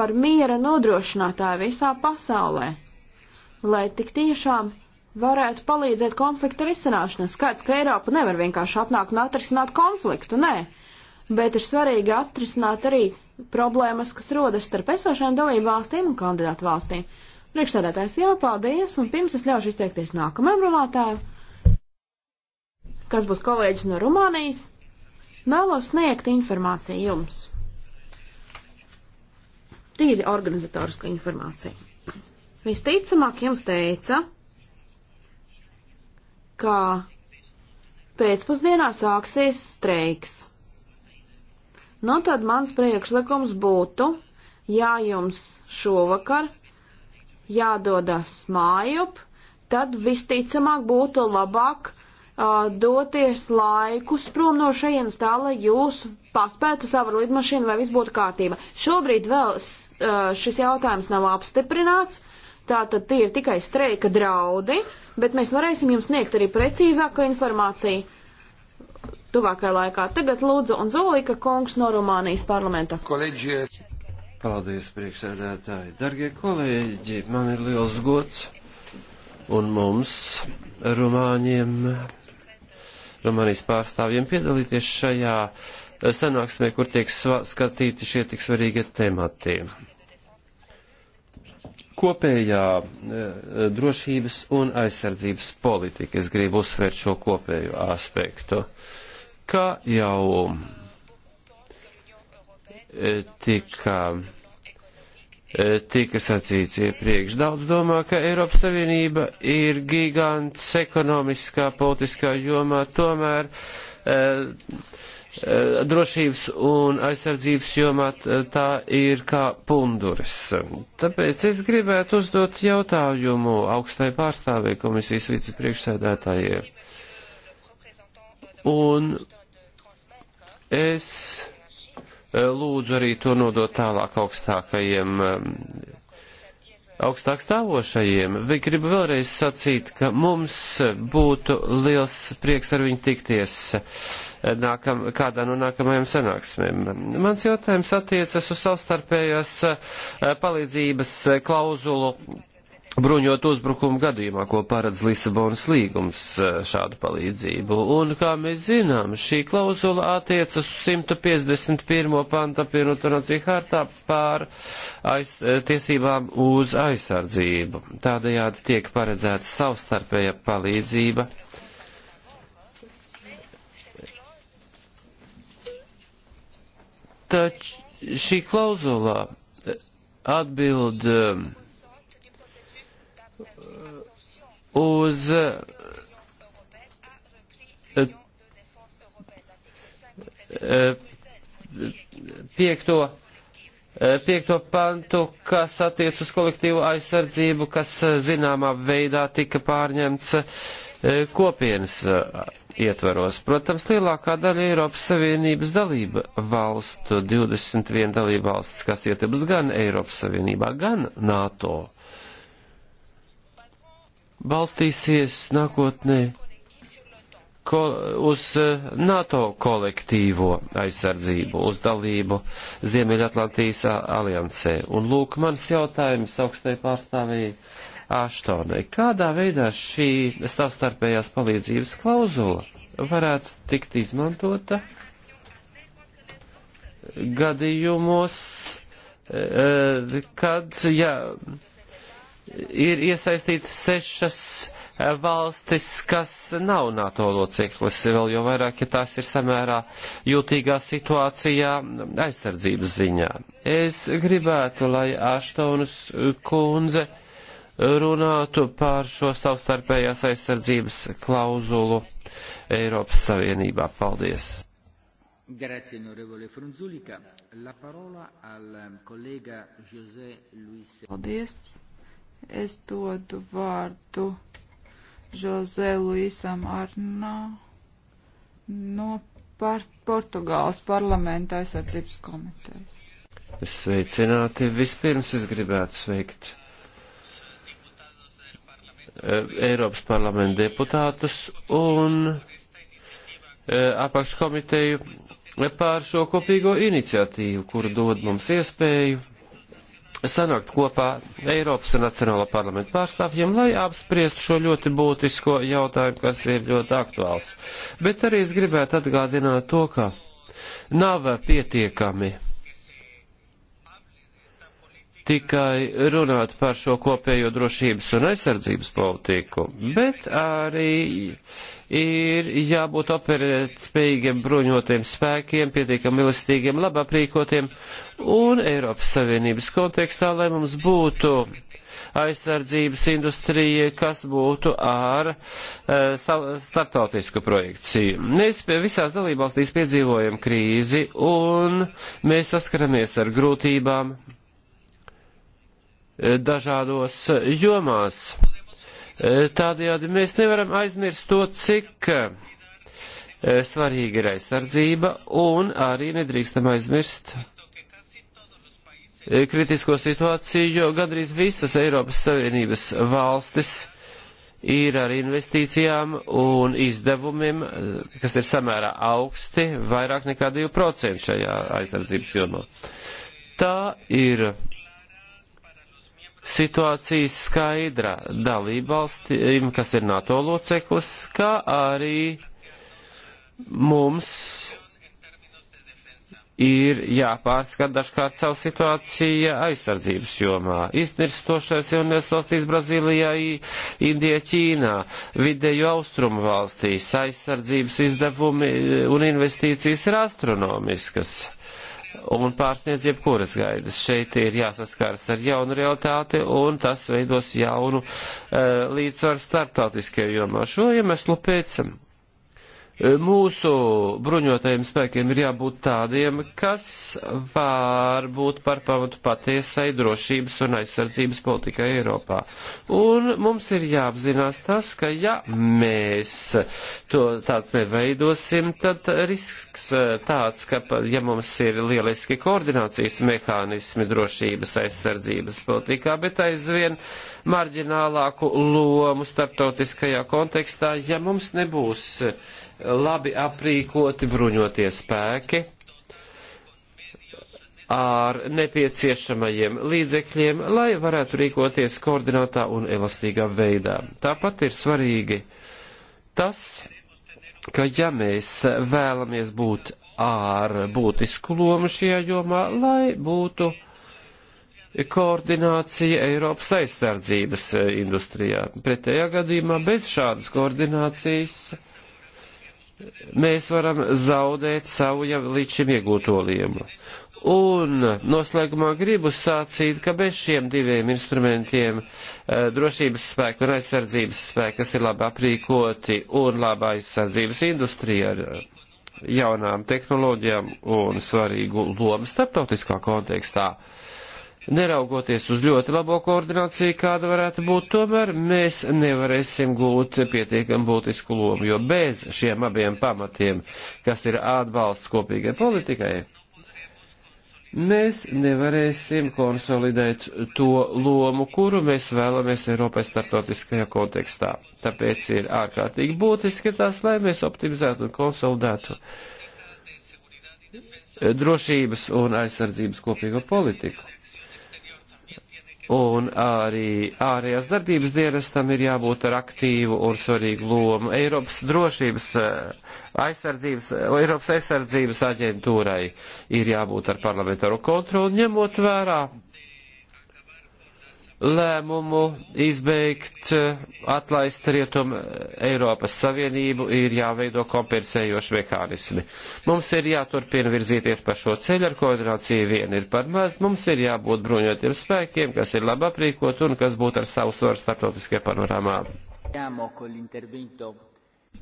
par miera nodrošinātāju visā pasaulē, lai tik tiešām varētu palīdzēt konfliktu risināšanā. Skaidrs, ka Eiropa nevar vienkārši atnākt un atrisināt konfliktu, nē, bet ir svarīgi atrisināt arī problēmas, kas rodas starp esošajām dalību valstīm un kandidātu valstīm. Priekšsēdētājs jau paldies, un pirms es ļaušu izteikties nākamajam runātājam kas būs kolēģis no Rumānijas, vēlos sniegt informāciju jums. Tīri organizatoriska informācija. Visticamāk jums teica, ka pēcpusdienā sāksies streiks. Nu tad mans priekšlikums būtu, ja jums šovakar jādodas mājup, tad visticamāk būtu labāk uh, doties laikus prom no šejienes tā, lai jūs paspētu savu lidmašīnu, lai viss būtu kārtība. Šobrīd vēl uh, šis jautājums nav apstiprināts, tātad tie ir tikai streika draudi, bet mēs varēsim jums sniegt arī precīzāku informāciju tuvākajā laikā. Tagad lūdzu un Zolika kungs no Rumānijas parlamenta. Kolēģies. Paldies, priekšsēdētāji. Dargie kolēģi, man ir liels gods un mums, Rumāņiem, Rumānijas pārstāvjiem piedalīties šajā eh, sanāksmē, kur tiek skatīti šie tik svarīgie temati. Kopējā eh, drošības un aizsardzības politika. Es gribu uzsvērt šo kopējo aspektu. Kā jau eh, tika E, tika sacīts iepriekš. Daudz domā, ka Eiropas Savienība ir gigants ekonomiskā, politiskā jomā, tomēr eh, eh, drošības un aizsardzības jomā tā ir kā punduris. Tāpēc es gribētu uzdot jautājumu augstai pārstāvē komisijas vicepriekšsēdētājiem. Un es Eh, lūdzu arī to nodot tālāk augstākajiem, eh, augstāk stāvošajiem. Viņi grib vēlreiz sacīt, ka mums būtu liels prieks ar viņu tikties eh, nākam, kādā no nākamajām sanāksmēm. Mans jautājums attiecas uz savstarpējās palīdzības klauzulu bruņot uzbrukumu gadījumā, ko paredz Lisabonas līgums e, šādu palīdzību. Un, kā mēs zinām, šī klauzula attiecas uz 151. panta pienotu nāciju hartā pār aiz, e, tiesībām uz aizsardzību. Tādējādi tiek paredzēta savstarpēja palīdzība. Taču šī klauzula e, atbild uz eh, eh, piekto, eh, piekto pantu, kas attiec uz kolektīvu aizsardzību, kas zināmā veidā tika pārņemts kopienas ietvaros. Protams, lielākā daļa Eiropas Savienības dalība valstu, 21 dalība valsts, kas ietilpst gan Eiropas Savienībā, gan NATO balstīsies nākotnē ko, uz eh, NATO kolektīvo aizsardzību, uz dalību Ziemeļatlantijas aliansē. Un lūk, mans jautājums augstai pārstāvēji Aštonai. Kādā veidā šī savstarpējās palīdzības klauzula varētu tikt izmantota gadījumos, eh, eh, kad, ja ir iesaistītas sešas eh, valstis, kas nav NATO loceklis, vēl jau vairāk, ja tās ir samērā jūtīgā situācijā aizsardzības ziņā. Es gribētu, lai Aštaunas kundze runātu pār šo savstarpējās aizsardzības klauzulu Eiropas Savienībā. Paldies! Grazie onorevole Frunzulika. La parola al collega José Luis. Paldies. Es dodu vārdu Jose Luisam Arnā no par Portugāles parlamenta aizsardzības komitejas. Sveicināti! Vispirms es gribētu sveikt e, Eiropas parlamenta deputātus un e, apakškomiteju pār šo kopīgo iniciatīvu, kuru dod mums iespēju sanākt kopā Eiropas un Nacionālo parlamentu pārstāvjiem, lai apspriestu šo ļoti būtisko jautājumu, kas ir ļoti aktuāls. Bet arī es gribētu atgādināt to, ka nav pietiekami tikai runāt par šo kopējo drošības un aizsardzības politiku, bet arī ir jābūt operēt spējīgiem bruņotiem spēkiem, pietiekami elastīgiem, labaprīkotiem un Eiropas Savienības kontekstā, lai mums būtu aizsardzības industrija, kas būtu ar e, startautisku projekciju. Mēs visās dalībvalstīs piedzīvojam krīzi un mēs saskaramies ar grūtībām Eh, dažādos eh, jomās. Eh, tādējādi mēs nevaram aizmirst to, cik svarīga ir aizsardzība, un arī nedrīkstam aizmirst kritisko situāciju, jo gandrīz visas Eiropas Savienības valstis ir ar investīcijām un izdevumiem, kas ir samērā augsti, vairāk nekā 2% šajā aizsardzības jomā. Tā ir situācija skaidra dalībvalstīm, kas ir NATO loceklis, kā arī mums ir jāpārskat dažkārt savu situāciju aizsardzības jomā. Iznirstošais jaunies valstīs Brazīlijā, Indijā, Ķīnā, vidēju austrumu valstīs aizsardzības izdevumi un investīcijas ir astronomiskas un pārsniedz jebkuras gaidas. Šeit ir jāsaskaras ar jaunu realitāti, un tas veidos jaunu uh, līdzsvaru starptautiskajā jomā. Šo iemeslu pēc. Um, Mūsu bruņotajiem spēkiem ir jābūt tādiem, kas var būt par pamatu patiesai drošības un aizsardzības politikai Eiropā. Un mums ir jāapzinās tas, ka ja mēs to tāds neveidosim, tad risks eh, tāds, ka ja mums ir lieliski koordinācijas mehānismi drošības aizsardzības politikā, bet aizvien marģinālāku lomu starptautiskajā kontekstā, ja mums nebūs labi aprīkoti bruņotie spēki ar nepieciešamajiem līdzekļiem, lai varētu rīkoties koordinātā un elastīgā veidā. Tāpat ir svarīgi tas, ka ja mēs vēlamies būt ar būtisku lomu šajā jomā, lai būtu koordinācija Eiropas aizsardzības industrijā. Pretējā gadījumā bez šādas koordinācijas mēs varam zaudēt savu jau līdz šim iegūto liemu. Un noslēgumā gribu sācīt, ka bez šiem diviem instrumentiem eh, drošības spēka un aizsardzības spēka, kas ir labi aprīkoti un laba aizsardzības industrija ar eh, jaunām tehnoloģijām un svarīgu lomu starptautiskā kontekstā, uh, neraugoties uz ļoti labo koordināciju, kāda varētu būt, tomēr mēs nevarēsim gūt pietiekam būtisku lomu, jo bez šiem abiem pamatiem, kas ir atbalsts kopīgai politikai, mēs nevarēsim konsolidēt to lomu, kuru mēs vēlamies Eiropai starptautiskajā kontekstā. Tāpēc ir ārkārtīgi būtiski tās, lai mēs optimizētu un konsolidētu drošības un aizsardzības kopīgo politiku un arī ārējās darbības dienestam ir jābūt ar aktīvu un svarīgu lomu. Eiropas drošības eh, aizsardzības, Eiropas aizsardzības aģentūrai ir jābūt ar parlamentāro kontroli, ņemot vērā lēmumu izbeigt atlaist rietumu Eiropas Savienību ir jāveido kompensējoši mehānismi. Mums ir jāturpina virzīties pa šo ceļu, ar koordināciju vien ir par maz, mums ir jābūt bruņotiem spēkiem, kas ir labi aprīkot un kas būtu ar savu svaru starptautiskajā panorāmā.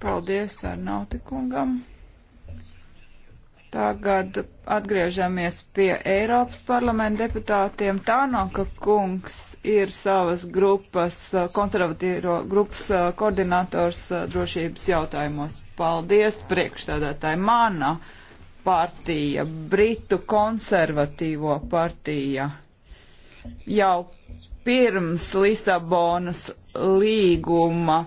Paldies ar nautikungam. Tagad atgriežamies pie Eiropas parlamenta deputātiem. Tānoka kungs ir savas grupas, eh, konservatīvo grupas eh, koordinators eh, drošības jautājumos. Paldies priekšstādātāji. Mana partija, Britu konservatīvo partija, jau pirms Lisabonas līguma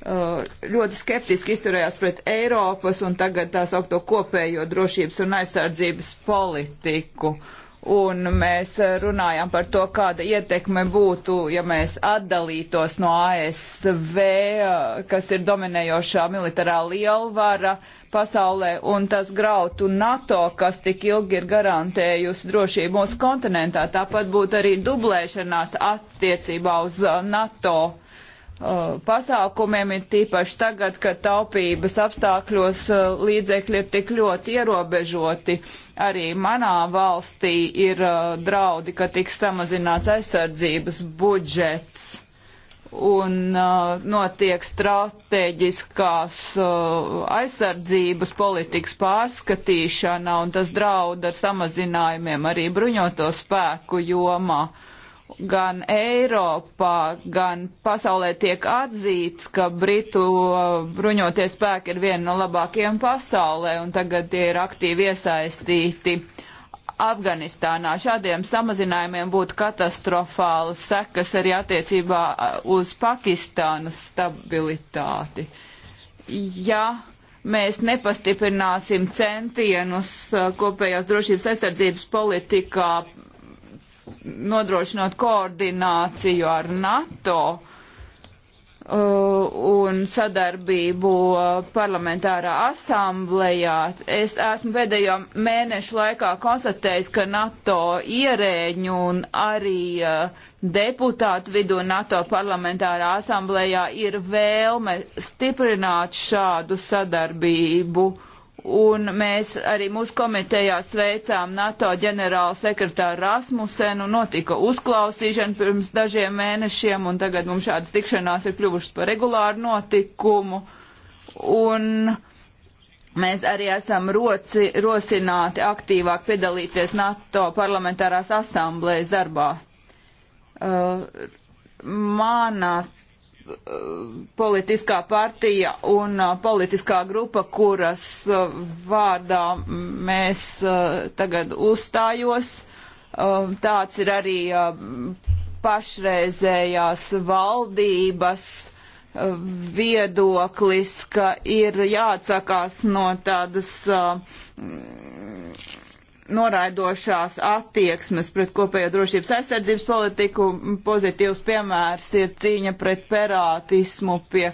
ļoti skeptiski izturējās pret Eiropas un tagad tā saukto kopējo drošības un aizsardzības politiku. Uh, un mēs runājām par to, kāda ietekme būtu, ja mēs atdalītos no ASV, kas ir dominējošā militārā lielvara pasaulē, un tas grautu NATO, kas tik ilgi ir garantējusi drošību mūsu kontinentā. Tāpat būtu arī dublēšanās attiecībā uz uh, NATO Uh, pasākumiem, ir tīpaši tagad, kad taupības apstākļos uh, līdzekļi ir tik ļoti ierobežoti. Arī manā valstī ir uh, draudi, ka tiks samazināts aizsardzības budžets un notiek strateģiskās aizsardzības politikas pārskatīšana, un tas draud ar samazinājumiem arī bruņoto spēku jomā. Uh, gan Eiropā, gan pasaulē tiek atzīts, ka Britu uh, bruņotie spēki ir viena no labākajiem pasaulē, un tagad tie ir aktīvi iesaistīti Afganistānā. Šādiem samazinājumiem būtu katastrofālas sekas arī attiecībā uh, uz Pakistānas stabilitāti. Ja mēs nepastiprināsim centienus uh, kopējās drošības aizsardzības politikā nodrošinot koordināciju ar NATO uh, un sadarbību uh, parlamentārā asamblējā. Es esmu pēdējo mēnešu laikā konstatējis, ka NATO ierēģu un arī uh, deputātu vidū NATO parlamentārā asamblējā ir vēlme stiprināt šādu sadarbību. Uh, Un mēs arī mūsu komitejā sveicām NATO ģenerālu sekretāru Rasmusenu, notika uzklausīšana pirms dažiem mēnešiem, un tagad mums šādas tikšanās ir kļuvušas par regulāru notikumu. Un mēs arī esam roci, rosināti aktīvāk piedalīties NATO parlamentārās asamblējas darbā. Uh, manas politiskā partija un uh, politiskā grupa, kuras uh, vārdā mēs uh, tagad uzstājos. Um, tāds ir arī um, pašreizējās valdības um, viedoklis, ka ir jāatsakās no tādas noraidošās attieksmes pret kopējo drošības aizsardzības politiku. Pozitīvs piemērs ir cīņa pret perātismu pie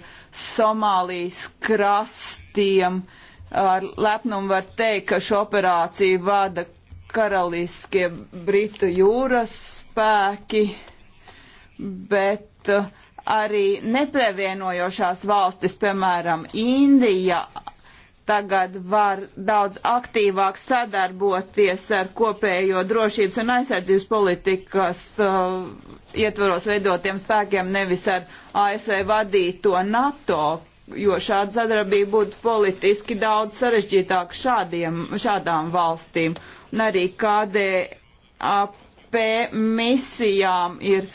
Somālijas krastiem. Ar lepnumu var teikt, ka šo operāciju vada karaliskie Britu jūras spēki, bet uh, arī nepievienojošās valstis, piemēram, Indija, tagad var daudz aktīvāk sadarboties ar kopējo drošības un aizsardzības politikas uh, ietvaros veidotiem spēkiem, nevis ar ASV vadīto NATO, jo šāda sadarbība būtu politiski daudz sarežģītāk šādiem, šādām valstīm. Un arī KDAP misijām ir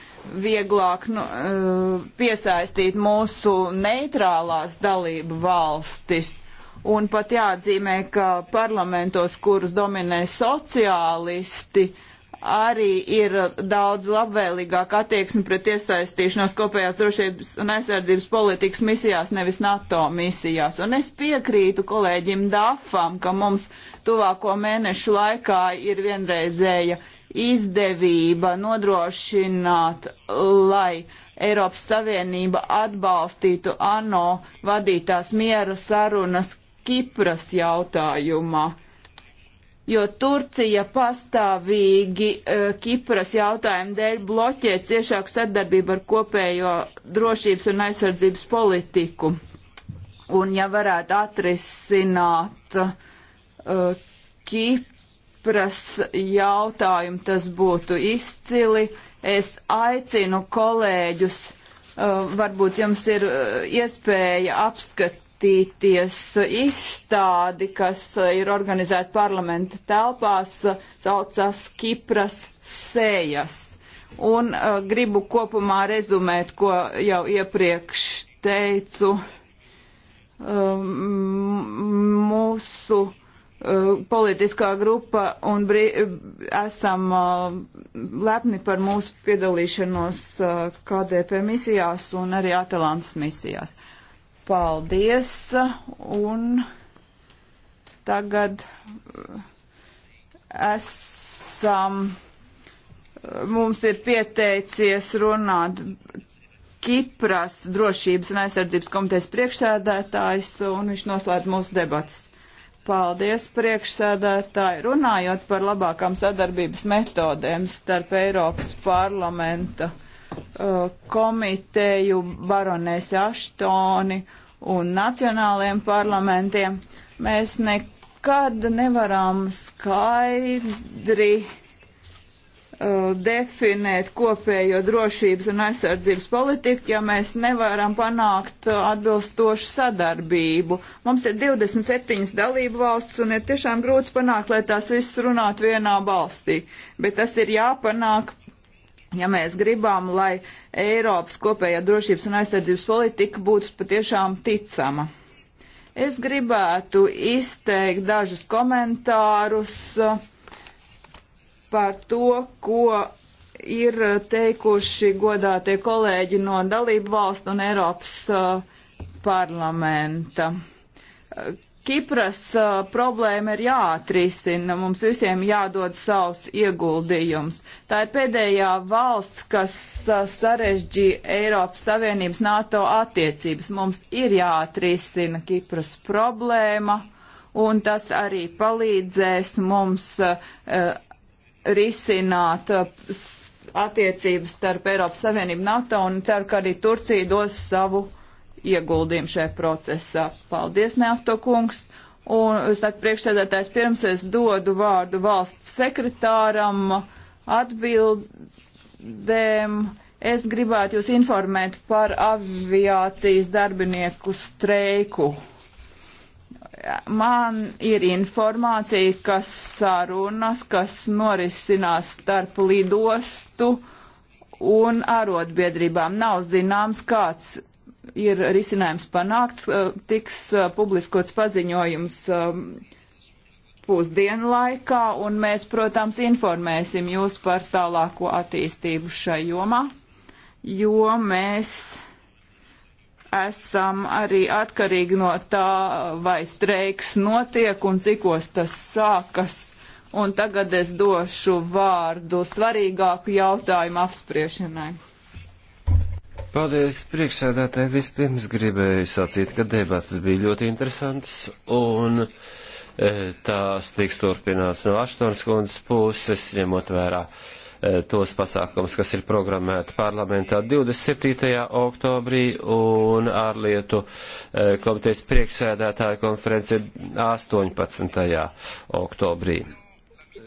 vieglāk nu, uh, piesaistīt mūsu neitrālās dalību valstis Un pat jāatzīmē, ka parlamentos, kurus dominē sociālisti, arī ir daudz labvēlīgāka attieksme pret iesaistīšanos kopējās drošības un aizsardzības politikas misijās, nevis NATO misijās. Un es piekrītu kolēģim Dafam, ka mums tuvāko mēnešu laikā ir vienreizēja izdevība nodrošināt, lai Eiropas Savienība atbalstītu ANO vadītās miera sarunas, Kipras jautājumā, jo Turcija pastāvīgi e, Kipras jautājumu dēļ bloķē ciešāku sadarbību ar kopējo drošības un aizsardzības politiku. Un ja varētu atrisināt uh, Kipras jautājumu, tas būtu izcili. Es aicinu kolēģus Uh, varbūt jums ir uh, iespēja apskat, skatīties izstādi, kas uh, ir organizēta parlamenta telpās, uh, saucās Kipras sējas. Un uh, gribu kopumā rezumēt, ko jau iepriekš teicu. Um, mūsu uh, politiskā grupa un brī, esam uh, lepni par mūsu piedalīšanos uh, KDP misijās un arī Atalantas misijās. Paldies! Un tagad eh, esam, eh, mums ir pieteicies runāt Kipras drošības un aizsardzības komitejas priekšsēdētājs, un viņš noslēdz mūsu debatas. Paldies, priekšsēdētāji! Runājot par labākām sadarbības metodēm starp Eiropas parlamenta Uh, komiteju baronēsi Aštoni un nacionāliem parlamentiem. Mēs nekad nevaram skaidri uh, definēt kopējo drošības un aizsardzības politiku, ja mēs nevaram panākt uh, atbilstošu sadarbību. Mums ir 27 dalību valsts un ir tiešām grūti panākt, lai tās visas runātu vienā balstī, bet tas ir jāpanāk Ja mēs gribam, lai Eiropas kopējā drošības un aizsardzības politika būtu patiešām ticama. Es gribētu izteikt dažus komentārus uh, par to, ko ir teikuši godātie kolēģi no dalību valstu un Eiropas uh, parlamenta uh, Kipras uh, problēma ir jāatrisina, mums visiem jādod savs ieguldījums. Tā ir pēdējā valsts, kas uh, sarežģīja Eiropas Savienības NATO attiecības. Mums ir jāatrisina Kipras problēma, un tas arī palīdzēs mums uh, risināt attiecības starp Eiropas Savienību NATO, un ceru, ka arī Turcija dos savu ieguldījumu ieguldījumu šajā procesā. Paldies, Neafto kungs! Un, saka, priekšsēdētājs, pirms es dodu vārdu valsts sekretāram atbildēm, es gribētu jūs informēt par aviācijas darbinieku streiku. Man ir informācija, ka sarunas, kas norisinās starp lidostu un arotbiedrībām, nav zināms, kāds ir risinājums panākts, uh, tiks uh, publiskots paziņojums um, pusdienu laikā, un mēs, protams, informēsim jūs par tālāko attīstību šai jomā, jo mēs esam arī atkarīgi no tā, vai streiks notiek un cikos tas sākas. Un tagad es došu vārdu svarīgāku jautājumu apspriešanai. Paldies, priekšsēdētāji. Vispirms gribēju sacīt, ka debatas bija ļoti interesantas un e, tās tiks turpināts no Aštons kundzes puses, ņemot vērā e, tos pasākums, kas ir programmēti parlamentā 27. oktobrī un ārlietu e, komitejas priekšsēdētāja konference 18. oktobrī.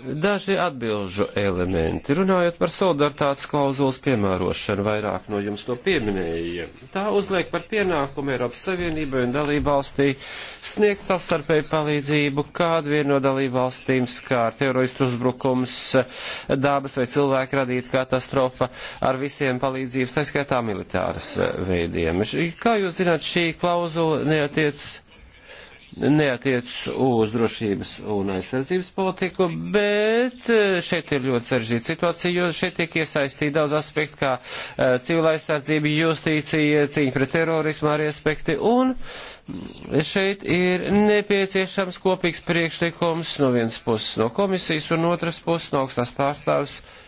Daži atbilžu elementi. Runājot par solidaritātes klauzulas piemērošanu, vairāk no jums to pieminēja. Tā uzliek par pienākumu Eiropas Savienībai un dalībvalstī sniegt savstarpēju palīdzību, kādu vienu no dalībvalstīm skār teroristu uzbrukums, dabas vai cilvēku radīta katastrofa ar visiem palīdzības, taiskaitā militāras veidiem. Kā jūs zināt, šī klauzula neatiec neatiec uz drošības un aizsardzības politiku, bet eh, šeit ir ļoti sarežģīta situācija, jo šeit tiek iesaistīti daudz aspektu, kā uh, civila aizsardzība, justīcija, cīņa pret terorismu arī aspekti, un šeit ir nepieciešams kopīgs priekšlikums no vienas puses no komisijas un otras puses no augstās pārstāvs. Uh,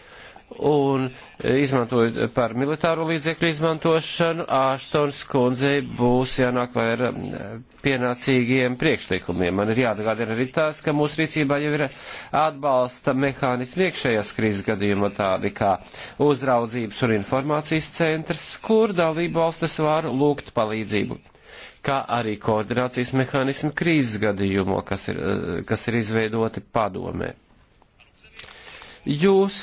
un e, izmantojot par militāro līdzekļu izmantošanu, Āštons kundzei būs jānāk vai ar pienācīgiem priekšteikumiem. Man ir jāatgādina arī tās, ka mūsu rīcībā jau ir atbalsta mehānismi iekšējās krīzes gadījumā tādi kā uzraudzības un informācijas centrs, kur dalību valstis var lūgt palīdzību kā arī koordinācijas mehānismi krīzes gadījumā, kas ir, e, kas ir izveidoti padomē. Jūs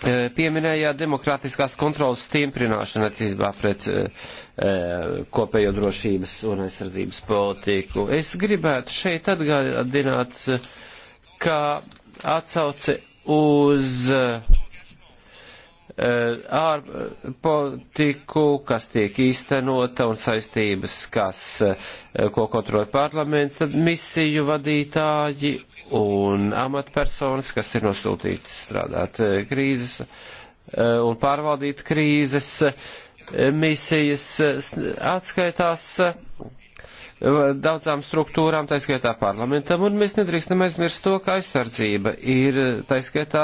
Eh, pieminējāt demokrātiskās kontrolas stiprināšanu attiecībā pret e, kopējo drošības un aizsardzības politiku. Es gribētu šeit atgādināt, ka atsauce uz e, ārpolitiku, kas tiek īstenota un saistības, kas, e, ko kontrolē parlaments, tad misiju vadītāji un amatpersonas, kas ir nosūtītas strādāt eh, krīzes eh, un pārvaldīt krīzes eh, misijas, atskaitās daudzām struktūrām, tā skaitā parlamentam, un mēs nedrīkstam aizmirst to, ka aizsardzība ir tā skaitā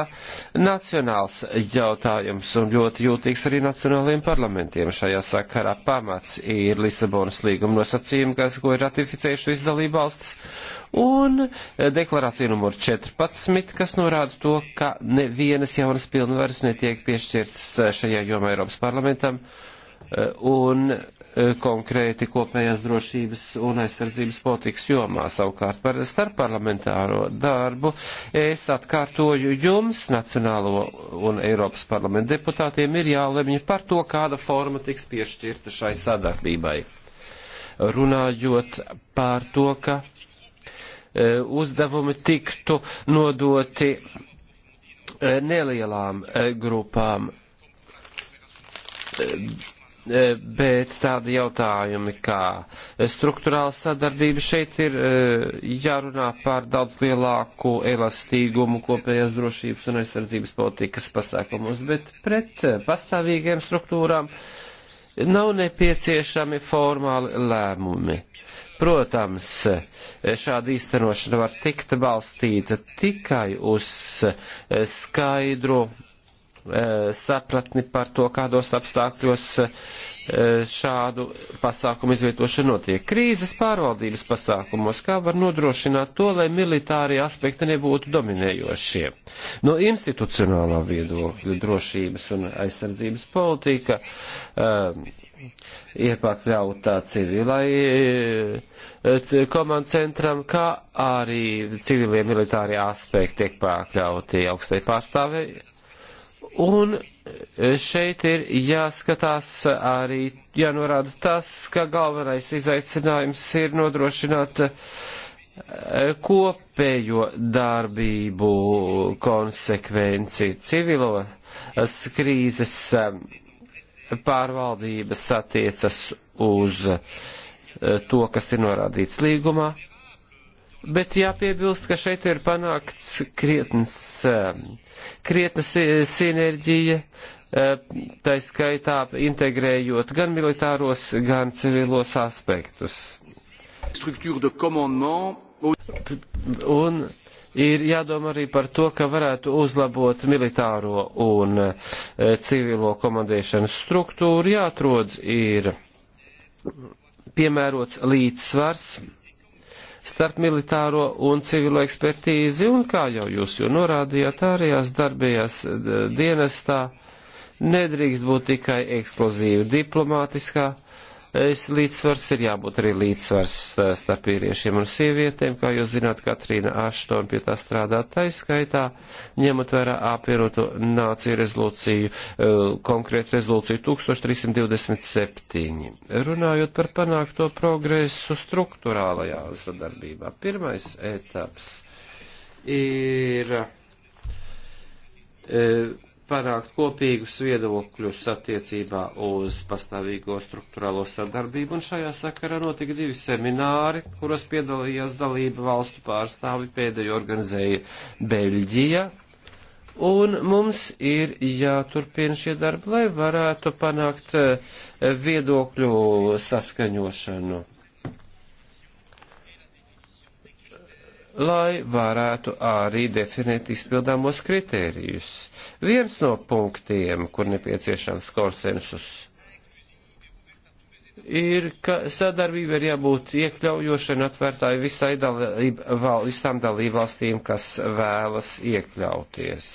nacionāls jautājums un ļoti jūtīgs arī nacionālajiem parlamentiem. Šajā sakarā pamats ir Lisabonas līguma nosacījumi, kas, ko ir ratificējuši visas dalībvalstis, un deklarācija numur 14, kas norāda to, ka nevienas jaunas pilnvaras netiek piešķirtas šajā jomā Eiropas parlamentam. Un Eh, konkrēti kopējās drošības un aizsardzības politikas jomā. Savukārt par starpparlamentāro darbu es atkārtoju jums, Nacionālo un Eiropas parlamentu deputātiem, ir jālemj par to, kāda forma tiks piešķirta šai sadarbībai. Runājot par to, ka eh, uzdevumi tiktu nodoti eh, nelielām grupām E, bet tādi jautājumi kā struktūrāla sadarbība šeit ir e, jārunā par daudz lielāku elastīgumu kopējās drošības un aizsardzības politikas pasākumus, bet pret pastāvīgiem struktūrām nav nepieciešami formāli lēmumi. Protams, šāda īstenošana var tikt balstīta tikai uz skaidru Eh, sapratni par to, kādos apstākļos eh, šādu pasākumu izvietošana notiek. Krīzes pārvaldības pasākumos, kā var nodrošināt to, lai militārie aspekti nebūtu dominējošie. No institucionālā viedokļa drošības un aizsardzības politika um, eh, ir pakļautā civilai komandu centram, kā arī civilie militārie aspekti tiek pakļauti augstai pārstāvēji Un šeit ir jāskatās arī, jānorāda tas, ka galvenais izaicinājums ir nodrošināt eh, kopējo darbību konsekvenci civilo eh, krīzes eh, pārvaldības attiecas uz to, kas ir norādīts līgumā, Bet jāpiebilst, ka šeit ir panākts krietnes, eh, krietna sinerģija, eh, tā skaitā integrējot gan militāros, gan civilos aspektus. Un ir jādomā arī par to, ka varētu uzlabot militāro un eh, civilo komandēšanas struktūru. Jāatrod ir piemērots līdzsvars starp militāro un civilo ekspertīzi, un kā jau jūs jau norādījāt, ārējās darbējās eh, dienestā nedrīkst būt tikai ekskluzīva diplomātiskā Es līdzsvars ir jābūt arī līdzsvars starp vīriešiem un sievietēm, kā jūs zināt, Katrīna Aštona pie tā strādā taiskaitā, ņemot vērā apvienoto nāciju rezolūciju, konkrētu rezolūciju 1327. Runājot par panākto progresu struktūrālajā sadarbībā, pirmais etaps ir. E, panākt kopīgus viedokļus attiecībā uz pastāvīgo struktūrālo sadarbību, un šajā sakarā notika divi semināri, kuros piedalījās dalība valstu pārstāvi, pēdējo organizēja Beļģija, un mums ir jāturpina šie darbi, lai varētu panākt eh, viedokļu saskaņošanu. lai varētu arī definēt izpildāmos kritērijus. Viens no punktiem, kur nepieciešams konsensus, ir, ka sadarbība ir jābūt iekļaujošai un atvērtāji visai dalība, val, visām dalībvalstīm, kas vēlas iekļauties.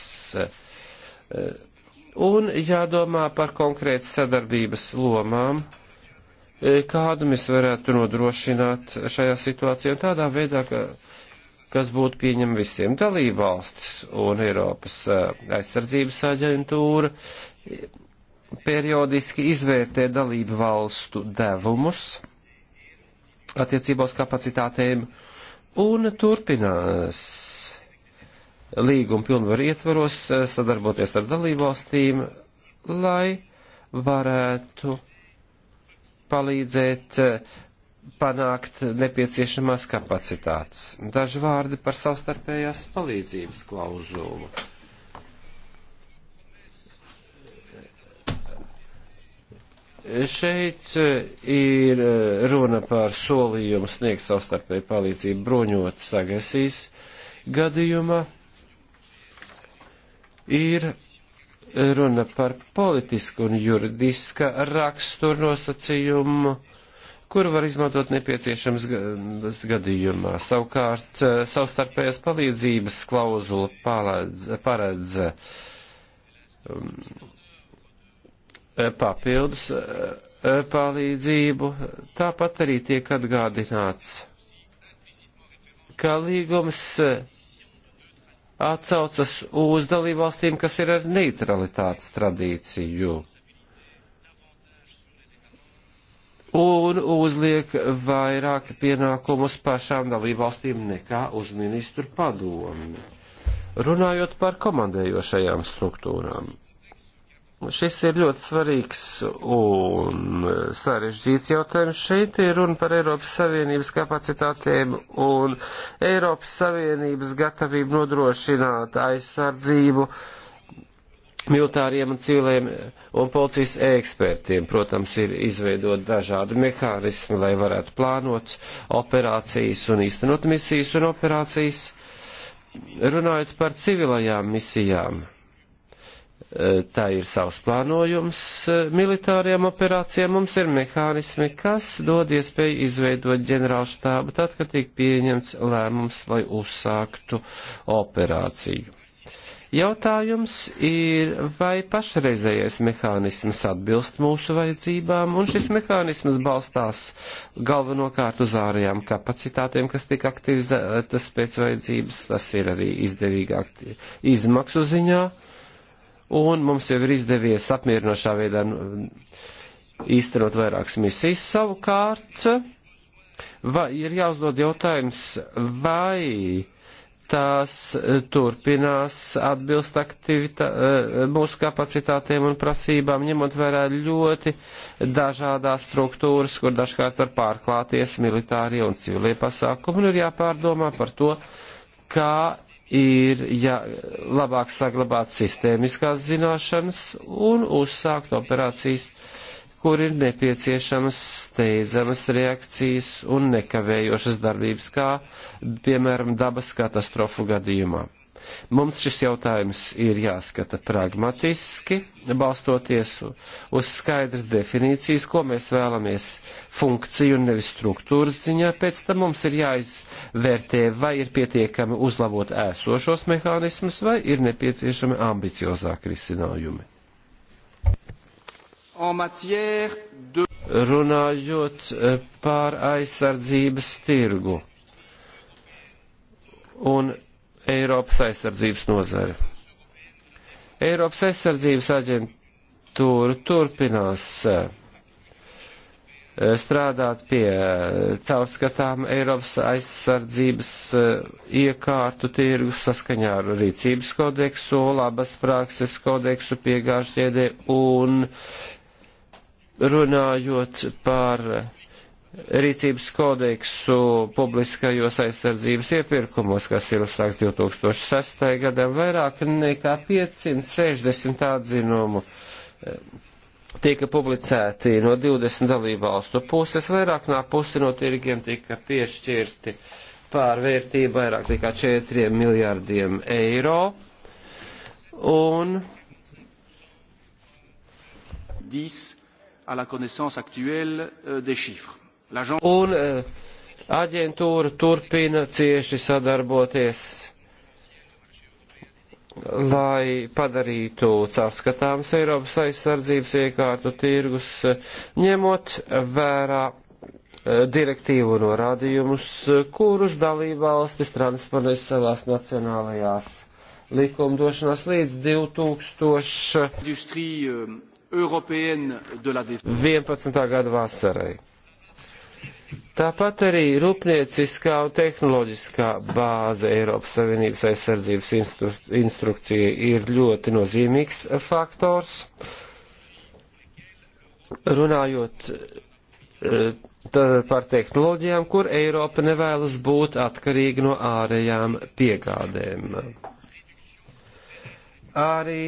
Un jādomā par konkrētas sadarbības lomām, kādu mēs varētu nodrošināt šajā situācijā, un tādā veidā, ka kas būtu pieņem visiem dalībvalstis un Eiropas eh, aizsardzības aģentūra periodiski izvērtē dalību valstu devumus attiecībā uz kapacitātēm un turpinās līguma pilnvaru ietvaros eh, sadarboties ar dalībvalstīm, lai varētu palīdzēt eh, panākt nepieciešamās kapacitātes. Daži vārdi par savstarpējās palīdzības klauzulu. Šeit e, ir e, runa par solījumu sniegt savstarpēju palīdzību bruņotas agresijas gadījumā. Ir runa par politisku un juridiska raksturu nosacījumu uh, kuru var izmantot nepieciešams gadījumā. Savukārt, eh, savstarpējās palīdzības klauzula paredz, paredz um, papildus eh, palīdzību. Tāpat arī tiek atgādināts, ka līgums eh, atsaucas uz dalībvalstīm, kas ir ar neutralitātes tradīciju. un uzliek vairāk pienākumus pašām dalībvalstīm nekā uz ministru padomi. Runājot par komandējošajām struktūrām. Šis ir ļoti svarīgs un sarežģīts jautājums. Šeit ir runa par Eiropas Savienības kapacitātēm un Eiropas Savienības gatavību nodrošināt aizsardzību uh, militāriem un civiliem eh, un policijas ekspertiem. Protams, ir izveidot dažādi mehānismi, lai varētu plānot operācijas un īstenot misijas un operācijas. Runājot par civilajām misijām, eh, tā ir savs plānojums. Eh, militārajām operācijām mums ir mehānismi, kas dod iespēju izveidot ģenerālštābu tad, kad tiek pieņemts lēmums, lai uzsāktu operāciju Jautājums ir, vai pašreizējais mehānisms atbilst mūsu vajadzībām, un šis mehānisms balstās galvenokārt uz ārējām kapacitātēm, kas tika aktivizētas pēc vajadzības, tas ir arī izdevīgāk izmaksu ziņā, un mums jau ir izdevies apmierinošā veidā nu, īstenot vairākas misijas savukārt. Vai ir jāuzdod jautājums, vai tās eh, turpinās atbilst aktivitā, eh, mūsu kapacitātiem un prasībām, ņemot vērā ļoti dažādās struktūras, kur dažkārt var pārklāties militārie un civilie pasākumi, un ir jāpārdomā par to, kā ir ja, labāk saglabāt sistēmiskās zināšanas un uzsākt operācijas uh, kur ir nepieciešamas steidzamas reakcijas un nekavējošas darbības, kā piemēram dabas katastrofu gadījumā. Mums šis jautājums ir jāskata pragmatiski, balstoties uz skaidras definīcijas, ko mēs vēlamies funkciju un nevis struktūras ziņā. Pēc tam mums ir jāizvērtē, vai ir pietiekami uzlabot esošos mehānismus, vai ir nepieciešami ambiciozāki risinājumi de... Runājot eh, par aizsardzības tirgu un Eiropas aizsardzības nozari. Eiropas aizsardzības aģentūra turpinās eh, strādāt pie eh, caurskatām Eiropas aizsardzības iekārtu tirgus saskaņā ar rīcības kodeksu, labas prakses kodeksu piegāžķiedē un runājot par rīcības kodeksu publiskajos aizsardzības iepirkumos, kas ir uzsāks 2006. gadam, vairāk nekā 560 atzinumu eh, tika publicēti no 20 dalībvalstu puses, vairāk nā pusi no tirgiem tika piešķirti pārvērtība vairāk nekā 4 miljārdiem eiro. Un 10 à la connaissance actuelle euh, des chiffres. Un euh, aģentūra turpina cieši sadarboties, lai padarītu caurskatāms Eiropas aizsardzības iekārtu tirgus, ņemot vērā eh, direktīvu norādījumus, kurus dalībvalstis transponēs savās nacionālajās likumdošanās līdz 2000. Industrija euh, européenne de la défense. 11. gada vasarai. Tāpat arī rūpnieciskā un tehnoloģiskā bāze Eiropas Savienības aizsardzības instru instrukcija ir ļoti nozīmīgs faktors. Runājot eh, par tehnoloģijām, kur Eiropa nevēlas būt atkarīga no ārējām piegādēm. Arī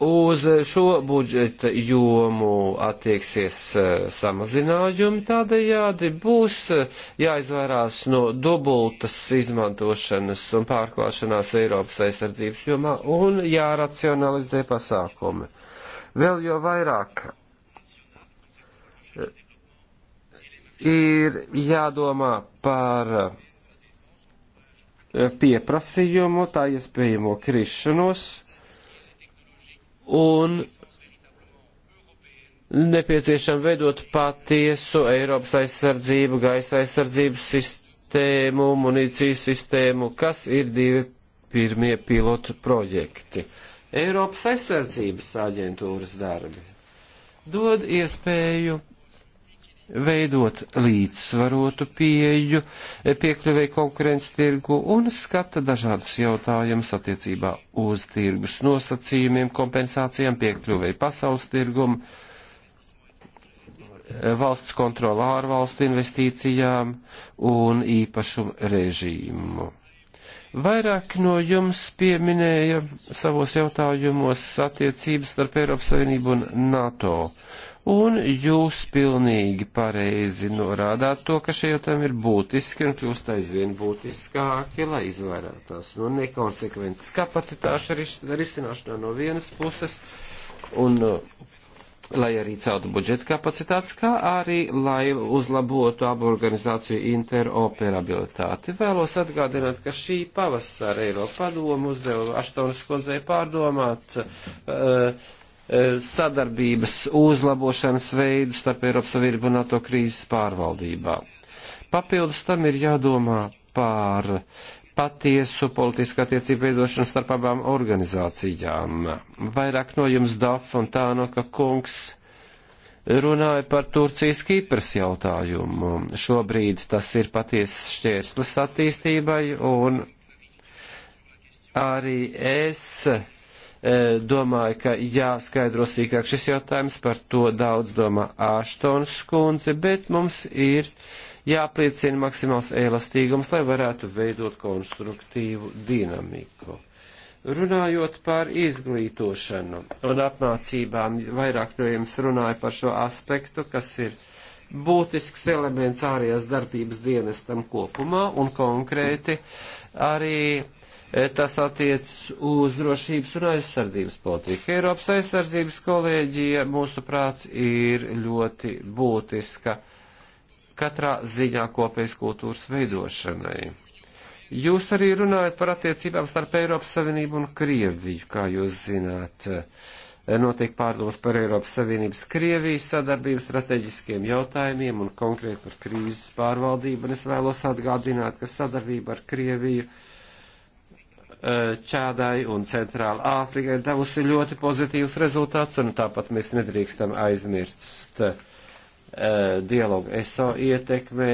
Uz šo budžeta jomu attieksies e, samazinājumi, tādējādi būs e, jāizvairās no dubultas izmantošanas un pārklāšanās Eiropas aizsardzības jomā un jāracionalizē pasākumi. Vēl jo vairāk e, ir jādomā par pieprasījumu, tā iespējamo krišanos un nepieciešam veidot patiesu Eiropas aizsardzību, gaisa aizsardzības sistēmu, munīcijas sistēmu, kas ir divi pirmie pilotu projekti. Eiropas aizsardzības aģentūras darbi dod iespēju veidot līdzsvarotu pieeju piekļuvēju konkurences tirgu un skata dažādus jautājumus attiecībā uz tirgus nosacījumiem, kompensācijām, piekļuvēju pasaules tirgumu, valsts kontrola ārvalstu investīcijām un īpašumu režīmu. Vairāk no jums pieminēja savos jautājumos attiecības starp Eiropas Savienību un NATO Un jūs pilnīgi pareizi norādāt to, ka šie jautājumi ir būtiski un kļūst aizvien būtiskāki, lai izvairētās no nekonsekvences kapacitāšu risināšanā no vienas puses un uh, lai arī celtu budžeta kapacitātes, kā arī lai uzlabotu abu organizāciju interoperabilitāti. Vēlos atgādināt, ka šī pavasara Eiropa padomu uzdeva Aštonas kundzei pārdomāt. Uh, Eh, sadarbības uzlabošanas veidu starp Eiropas Savienību un NATO krīzes pārvaldībā. Papildus tam ir jādomā par patiesu politisku attiecību veidošanu starp abām organizācijām. Vairāk no jums, Daf un Tānoka kungs, runāja par Turcijas Kīpras jautājumu. Šobrīd tas ir patiesas šķērslis attīstībai, un arī es E, domāju, ka jāskaidro sīkāk šis jautājums, par to daudz domā Āštons kundze, bet mums ir jāpliecina maksimāls elastīgums, lai varētu veidot konstruktīvu dinamiku. Runājot par izglītošanu un apmācībām, vairāk no jums runāja par šo aspektu, kas ir būtisks elements ārējās darbības dienestam kopumā un konkrēti arī E, tas attiec uz drošības un aizsardzības politiku. Eiropas aizsardzības kolēģija, mūsuprāt, ir ļoti būtiska katrā ziņā kopējas kultūras veidošanai. Jūs arī runājat par attiecībām starp Eiropas Savienību un Krieviju, kā jūs zināt. E, notiek pārdomas par Eiropas Savienības Krievijas sadarbības strateģiskiem jautājumiem un konkrēti par krīzes pārvaldību, un es vēlos atgādināt, ka sadarbība ar Krieviju Eh, Čādai un Centrāla Āfrikai devusi ļoti pozitīvus rezultātus, un tāpat mēs nedrīkstam aizmirst uh, dialogu ESO ietekmē,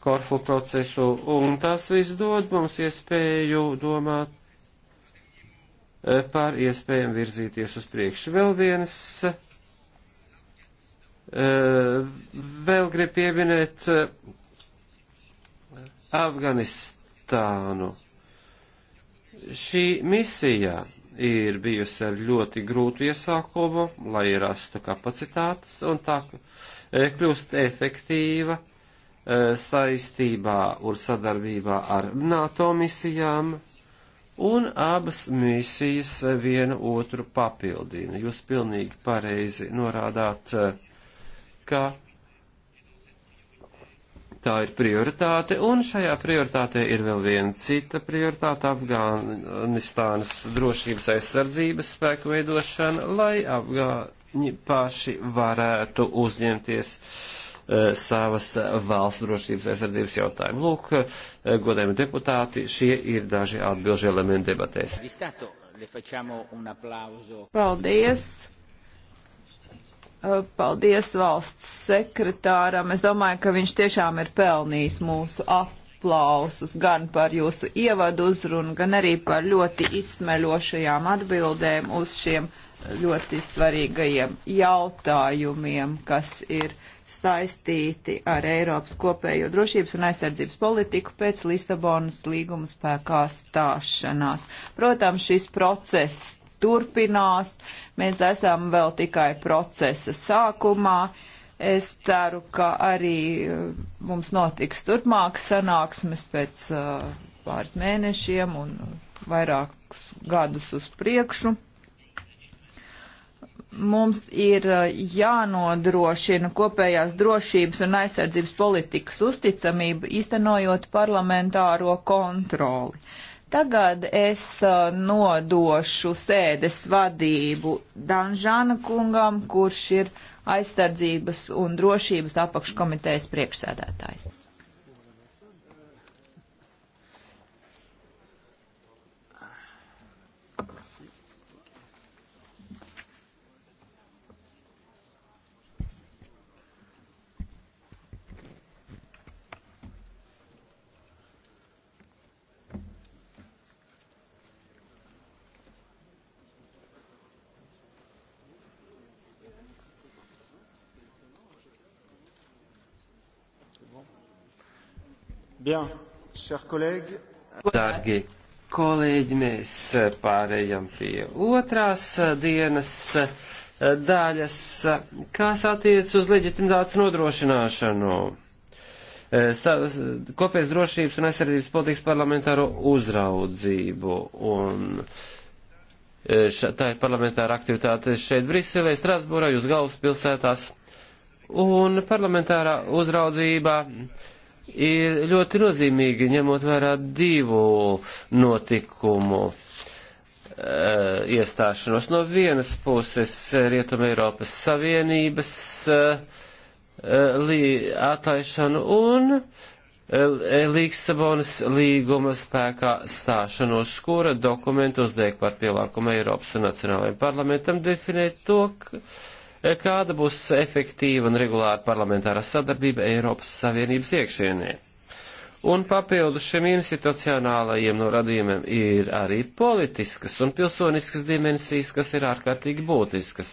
Korfu procesu, un tas viss dod mums iespēju domāt uh, par iespējām virzīties uz priekšu. Vēl viens, uh, vēl grib pieminēt Afganistānu Šī misija ir bijusi ar ļoti grūtu iesākumu, lai rastu kapacitātes un tā e, kļūst efektīva e, saistībā un sadarbībā ar NATO misijām, un abas misijas viena otru papildina. Jūs pilnīgi pareizi norādāt, e, ka Tā ir prioritāte, un šajā prioritātē ir vēl viena cita prioritāte - Afganistānas drošības aizsardzības spēku veidošana, lai Afgāņi paši varētu uzņemties uh, savas valsts drošības aizsardzības jautājumu. Lūk, uh, e, godējumi deputāti, šie ir daži atbilžu elementi debatēs. Paldies! Eh, paldies valsts sekretāram. Es domāju, ka viņš tiešām ir pelnījis mūsu aplausus gan par jūsu ievadu uzrunu, gan arī par ļoti izsmeļošajām atbildēm uz šiem ļoti svarīgajiem jautājumiem, kas ir saistīti ar Eiropas kopējo drošības un aizsardzības politiku pēc Lisabonas līguma spēkā stāšanās. Protams, šis process turpinās. Mēs esam vēl tikai procesa sākumā. Es ceru, ka arī uh, mums notiks turpmāk sanāksmes pēc uh, pāris mēnešiem un vairākus gadus uz priekšu mums ir uh, jānodrošina kopējās drošības un aizsardzības politikas uzticamība, iztenojot parlamentāro kontroli. Tagad es uh, nodošu sēdes vadību Danžāna kungam, kurš ir aizsardzības un drošības apakškomitejas priekšsēdētājs. Dārgie kolēģi, mēs pārējām pie otrās dienas daļas, kas attiec uz leģitimitātes nodrošināšanu. Kopējas drošības un aizsardzības politikas parlamentāro uzraudzību. Un e, tā ir parlamentāra aktivitāte šeit Briselē, Strasbūrā, jūs galvaspilsētās. Un parlamentārā uzraudzībā uh, ir ļoti nozīmīgi, ņemot vērā divu notikumu e, iestāšanos. No vienas puses eh, Rietuma Eiropas Savienības e, lī, atlaišanu un Līksabonas līguma spēkā stāšanos, kura dokumentu uzliek par pielākumu Eiropas un Nacionālajiem parlamentam definēt to, ka kāda būs efektīva un regulāra parlamentārā sadarbība Eiropas Savienības iekšienē. Un papildus šiem institucionālajiem norādījumiem ir arī politiskas un pilsoniskas dimensijas, kas ir ārkārtīgi būtiskas.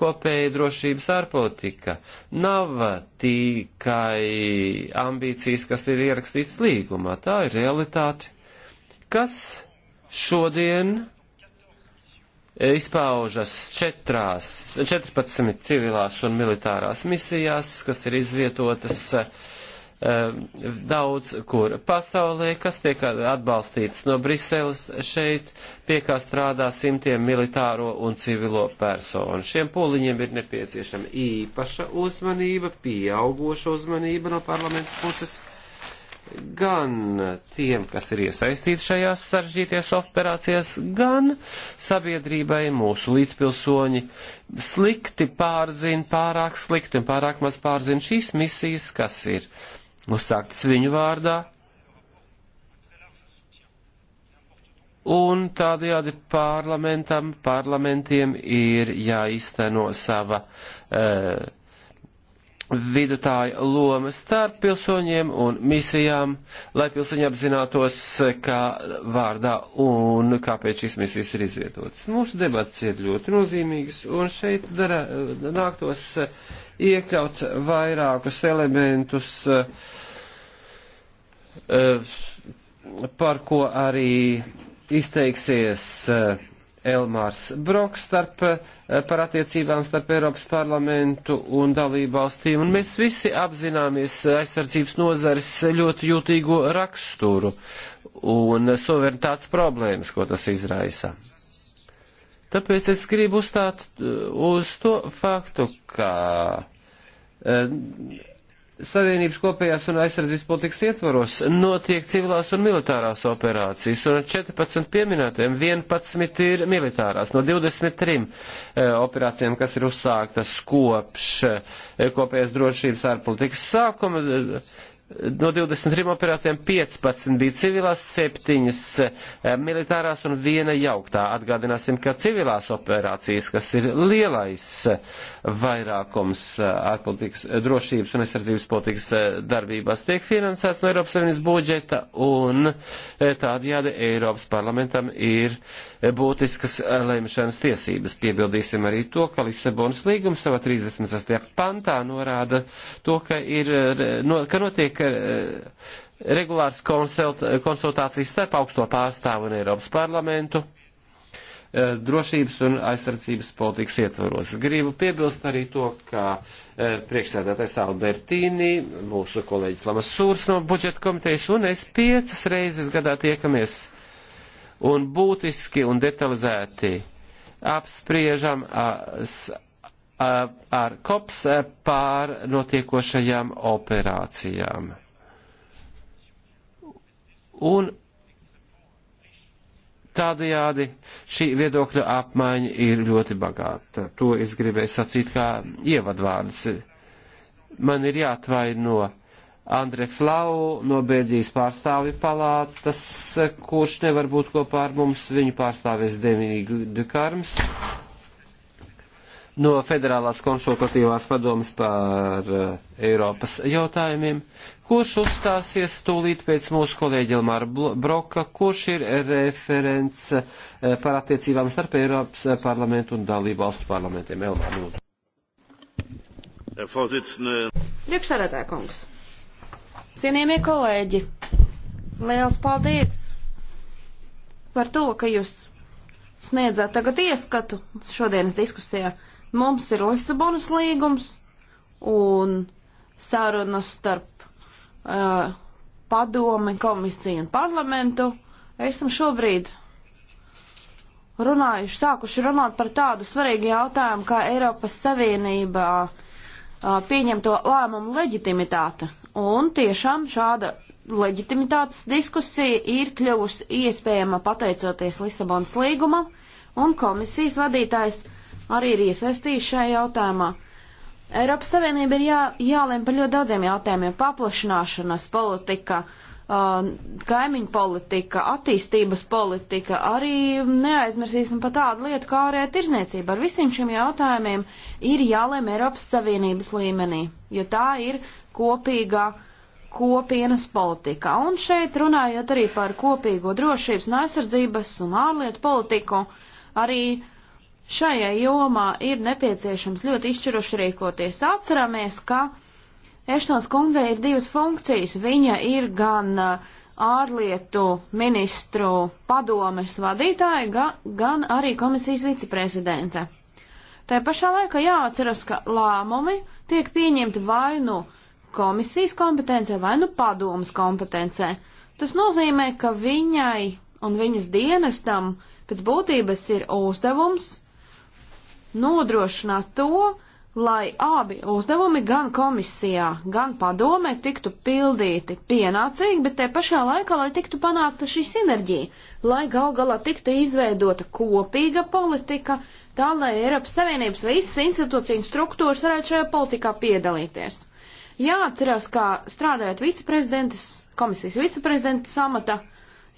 Kopēja drošības ārpolitika nav tikai ambīcijas, kas ir ierakstītas līgumā, tā ir realitāte, kas šodien izpaužas četrās, 14 civilās un militārās misijās, kas ir izvietotas eh, daudz kur pasaulē, kas tiek atbalstīts no Briseles šeit, pie kā strādā simtiem militāro un civilo personu. Šiem pūliņiem ir nepieciešama īpaša uzmanība, pieaugoša uzmanība no parlamenta puses gan tiem, kas ir iesaistīti šajās saržģīties operācijās, gan sabiedrībai mūsu līdzpilsoņi slikti pārzina, pārāk slikti un pārāk maz pārzina šīs misijas, kas ir uzsāktas viņu vārdā. Un tādējādi parlamentam, parlamentiem ir jāizteno sava uh, vidutāja loma starp pilsoņiem un misijām, lai pilsoņi apzinātos, kā vārdā un kāpēc šīs misijas ir izvietotas. Mūsu debats ir ļoti nozīmīgs, un šeit dara, nāktos iekļaut vairākus elementus, eh, par ko arī izteiksies eh, Elmārs Broks starp, eh, par attiecībām starp Eiropas parlamentu un dalību valstīm, un mēs visi apzināmies aizsardzības nozares ļoti jūtīgo raksturu un suverenitātes problēmas, ko tas izraisa. Tāpēc es gribu uzstāt eh, uz to faktu, ka eh, Savienības kopējās un aizsardzības politikas ietvaros notiek civilās un militārās operācijas, un ar 14 pieminētiem 11 ir militārās. No 23 e, eh, operācijām, kas ir uzsāktas kopš e, kopējās drošības ārpolitikas sākuma, e, No 23 operācijām 15 bija civilās, 7 eh, militārās un viena jauktā. Atgādināsim, ka civilās operācijas, kas ir lielais eh, vairākums eh, ārpolitikas drošības un aizsardzības politikas darbībās, tiek finansēts no Eiropas Savienības budžeta un tādējādi Eiropas parlamentam ir būtiskas lemšanas tiesības. Piebildīsim arī to, ka Lisabonas līgums savā 36. pantā norāda to, ka, ir, no, ka notiek notiek eh, regulārs konsult, konsultācijas starp augsto pārstāvu un Eiropas parlamentu eh, drošības un aizsardzības politikas ietvaros. Gribu piebilst arī to, ka eh, priekšsēdētājs Albertīni, mūsu kolēģis Lamas Sūrs no budžeta komitejas un es piecas reizes gadā tiekamies un būtiski un detalizēti apspriežam Uh, ar kops uh, pār notiekošajām operācijām. Un Tādējādi šī viedokļa apmaiņa ir ļoti bagāta. To es gribēju sacīt kā ievadvārdus. Man ir jāatvaino Andre Flau no Bēļģijas pārstāvi palātas, kurš nevar būt kopā ar mums. Viņu pārstāvēs Demīgi Dukarms. De no Federālās konsultatīvās padomas par eh, Eiropas jautājumiem, kurš uzstāsies tūlīt pēc mūsu kolēģa Elmāra Broka, kurš ir referents eh, par attiecībām starp Eiropas eh, parlamentu un dalību valstu parlamentiem. Elmāra, lūdzu. Priekšsēdētāja kungs, cienījamie kolēģi, liels paldies par to, ka jūs sniedzāt tagad ieskatu šodienas diskusijā. Mums ir Lisabonas līgums un sarunas starp uh, padomi, komisiju un parlamentu. Esam šobrīd runājuši, sākuši runāt par tādu svarīgu jautājumu, kā Eiropas Savienībā uh, pieņemto lēmumu leģitimitāte. Un tiešām šāda leģitimitātes diskusija ir kļuvusi iespējama pateicoties Lisabonas līgumam, un komisijas vadītājs arī ir iesaistījuši šajā jautājumā. Eiropas Savienība ir jā, jālem par ļoti daudziem jautājumiem - paplašināšanas politika, uh, kaimiņu politika, attīstības politika, arī neaizmirsīsim par tādu lietu kā ārē tirzniecība. Ar visiem šiem jautājumiem ir jālem Eiropas Savienības līmenī, jo tā ir kopīga kopienas politika. Un šeit runājot arī par kopīgo drošības un aizsardzības un ārlietu politiku, arī uh, Šajā jomā ir nepieciešams ļoti izšķiroši rīkoties. Atceramies, ka Eštons kundzei ir divas funkcijas. Viņa ir gan uh, ārlietu ministru padomes vadītāja, ga, gan arī komisijas viceprezidente. Tā pašā laikā jāatceras, ka lēmumi tiek pieņemti vai nu komisijas kompetencē, vai nu padomas kompetencē. Tas nozīmē, ka viņai un viņas dienestam pēc būtības ir uzdevums nodrošināt to, lai abi uzdevumi gan komisijā, gan padomē tiktu pildīti pienācīgi, bet te pašā laikā, lai tiktu panākta šī sinerģija, lai gal galā tiktu izveidota kopīga politika, tā lai Eiropas Savienības visas institūcijas struktūras varētu šajā politikā piedalīties. Jāatcerās, kā strādājot viceprezidentas, komisijas viceprezidentas samata,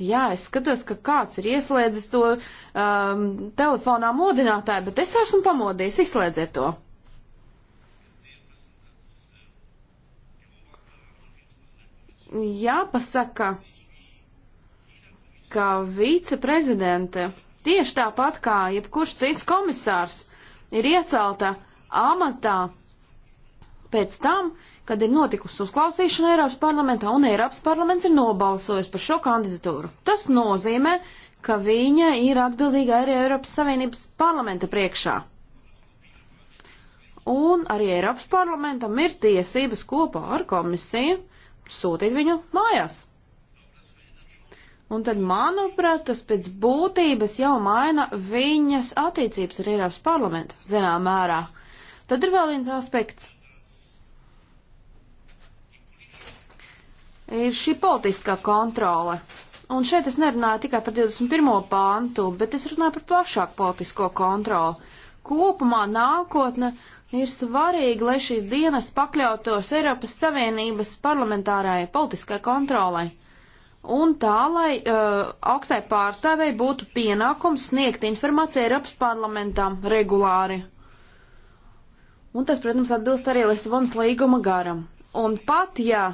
Jā, es skatos, ka kāds ir ieslēdzis to um, telefonā modinātāju, bet es esmu pamodījis, izslēdziet to. Jāpasaka, ka viceprezidente tieši tāpat kā jebkurš cits komisārs ir iecelta amatā pēc tam, kad ir notikusi uzklausīšana Eiropas parlamentā un Eiropas parlaments ir nobalsojis par šo kandidatūru. Tas nozīmē, ka viņa ir atbildīga arī Eiropas Savienības parlamenta priekšā. Un arī Eiropas parlamentam ir tiesības kopā ar komisiju sūtīt viņu mājās. Un tad, manuprāt, tas pēc būtības jau maina viņas attiecības ar Eiropas parlamentu, zināmā mērā. Tad ir vēl viens aspekts ir šī politiskā kontrole. Un šeit es nerunāju tikai par 21. pāntu, bet es runāju par plašāku politisko kontroli. Kopumā nākotne ir svarīgi, lai šīs dienas pakļautos Eiropas Savienības parlamentārai politiskai kontrolai. Un tā, lai uh, augstai pārstāvēji būtu pienākums sniegt informāciju Eiropas parlamentam regulāri. Un tas, protams, atbilst arī Lisabonas līguma garam. Un pat, ja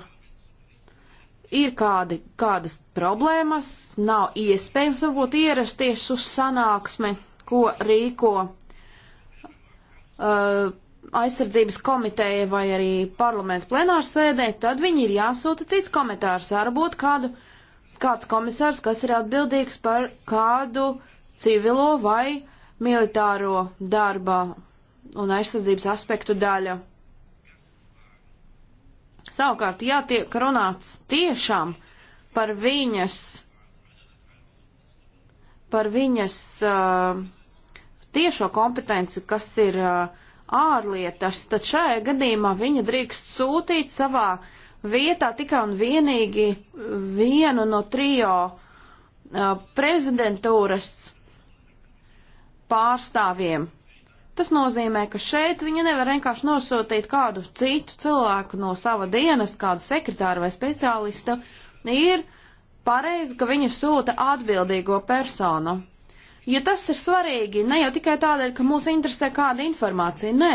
ir kādi, kādas problēmas, nav iespējams varbūt ierasties uz sanāksmi, ko rīko uh, aizsardzības komiteja vai arī parlamenta plenārs sēdē, tad viņi ir jāsūta cits komentārs, varbūt kādu, kāds komisārs, kas ir atbildīgs par kādu civilo vai militāro darba un aizsardzības aspektu daļu. Savukārt, ja tiek runāts tiešām par viņas, par viņas uh, tiešo kompetenci, kas ir uh, ārlietas, tad šajā gadījumā viņa drīkst sūtīt savā vietā tikai un vienīgi vienu no trijo uh, prezidentūras pārstāvjiem. Tas nozīmē, ka šeit viņi nevar vienkārši nosūtīt kādu citu cilvēku no sava dienas, kādu sekretāru vai speciālistu. Ir pareizi, ka viņi sūta atbildīgo personu. Jo tas ir svarīgi ne jau tikai tādēļ, ka mūs interesē kāda informācija, nē,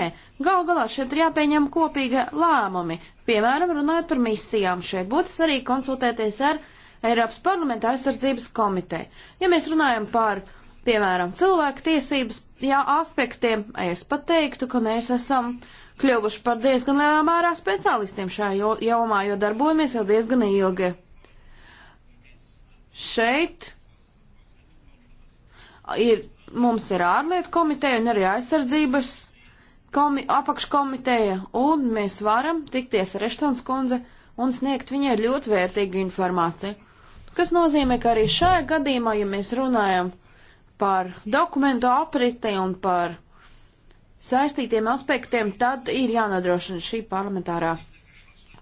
gal galā šeit ir jāpieņem kopīga lēmumi. Piemēram, runājot par misijām, šeit būtu svarīgi konsultēties ar Eiropas parlamenta aizsardzības komiteju. Ja mēs runājam par uh, piemēram, cilvēku tiesības jā, aspektiem, es pat teiktu, ka mēs esam kļuvuši par diezgan lielā mērā speciālistiem šajā jomā, jo darbojamies jau diezgan ilgi. Šeit ir, mums ir ārlietu komiteja un arī aizsardzības komi, apakškomiteja, un mēs varam tikties ar Eštons kundze un sniegt viņai ļoti vērtīgu informāciju. Kas nozīmē, ka arī šajā gadījumā, ja mēs runājam par dokumentu apriti un par saistītiem aspektiem, tad ir jānodrošina šī parlamentārā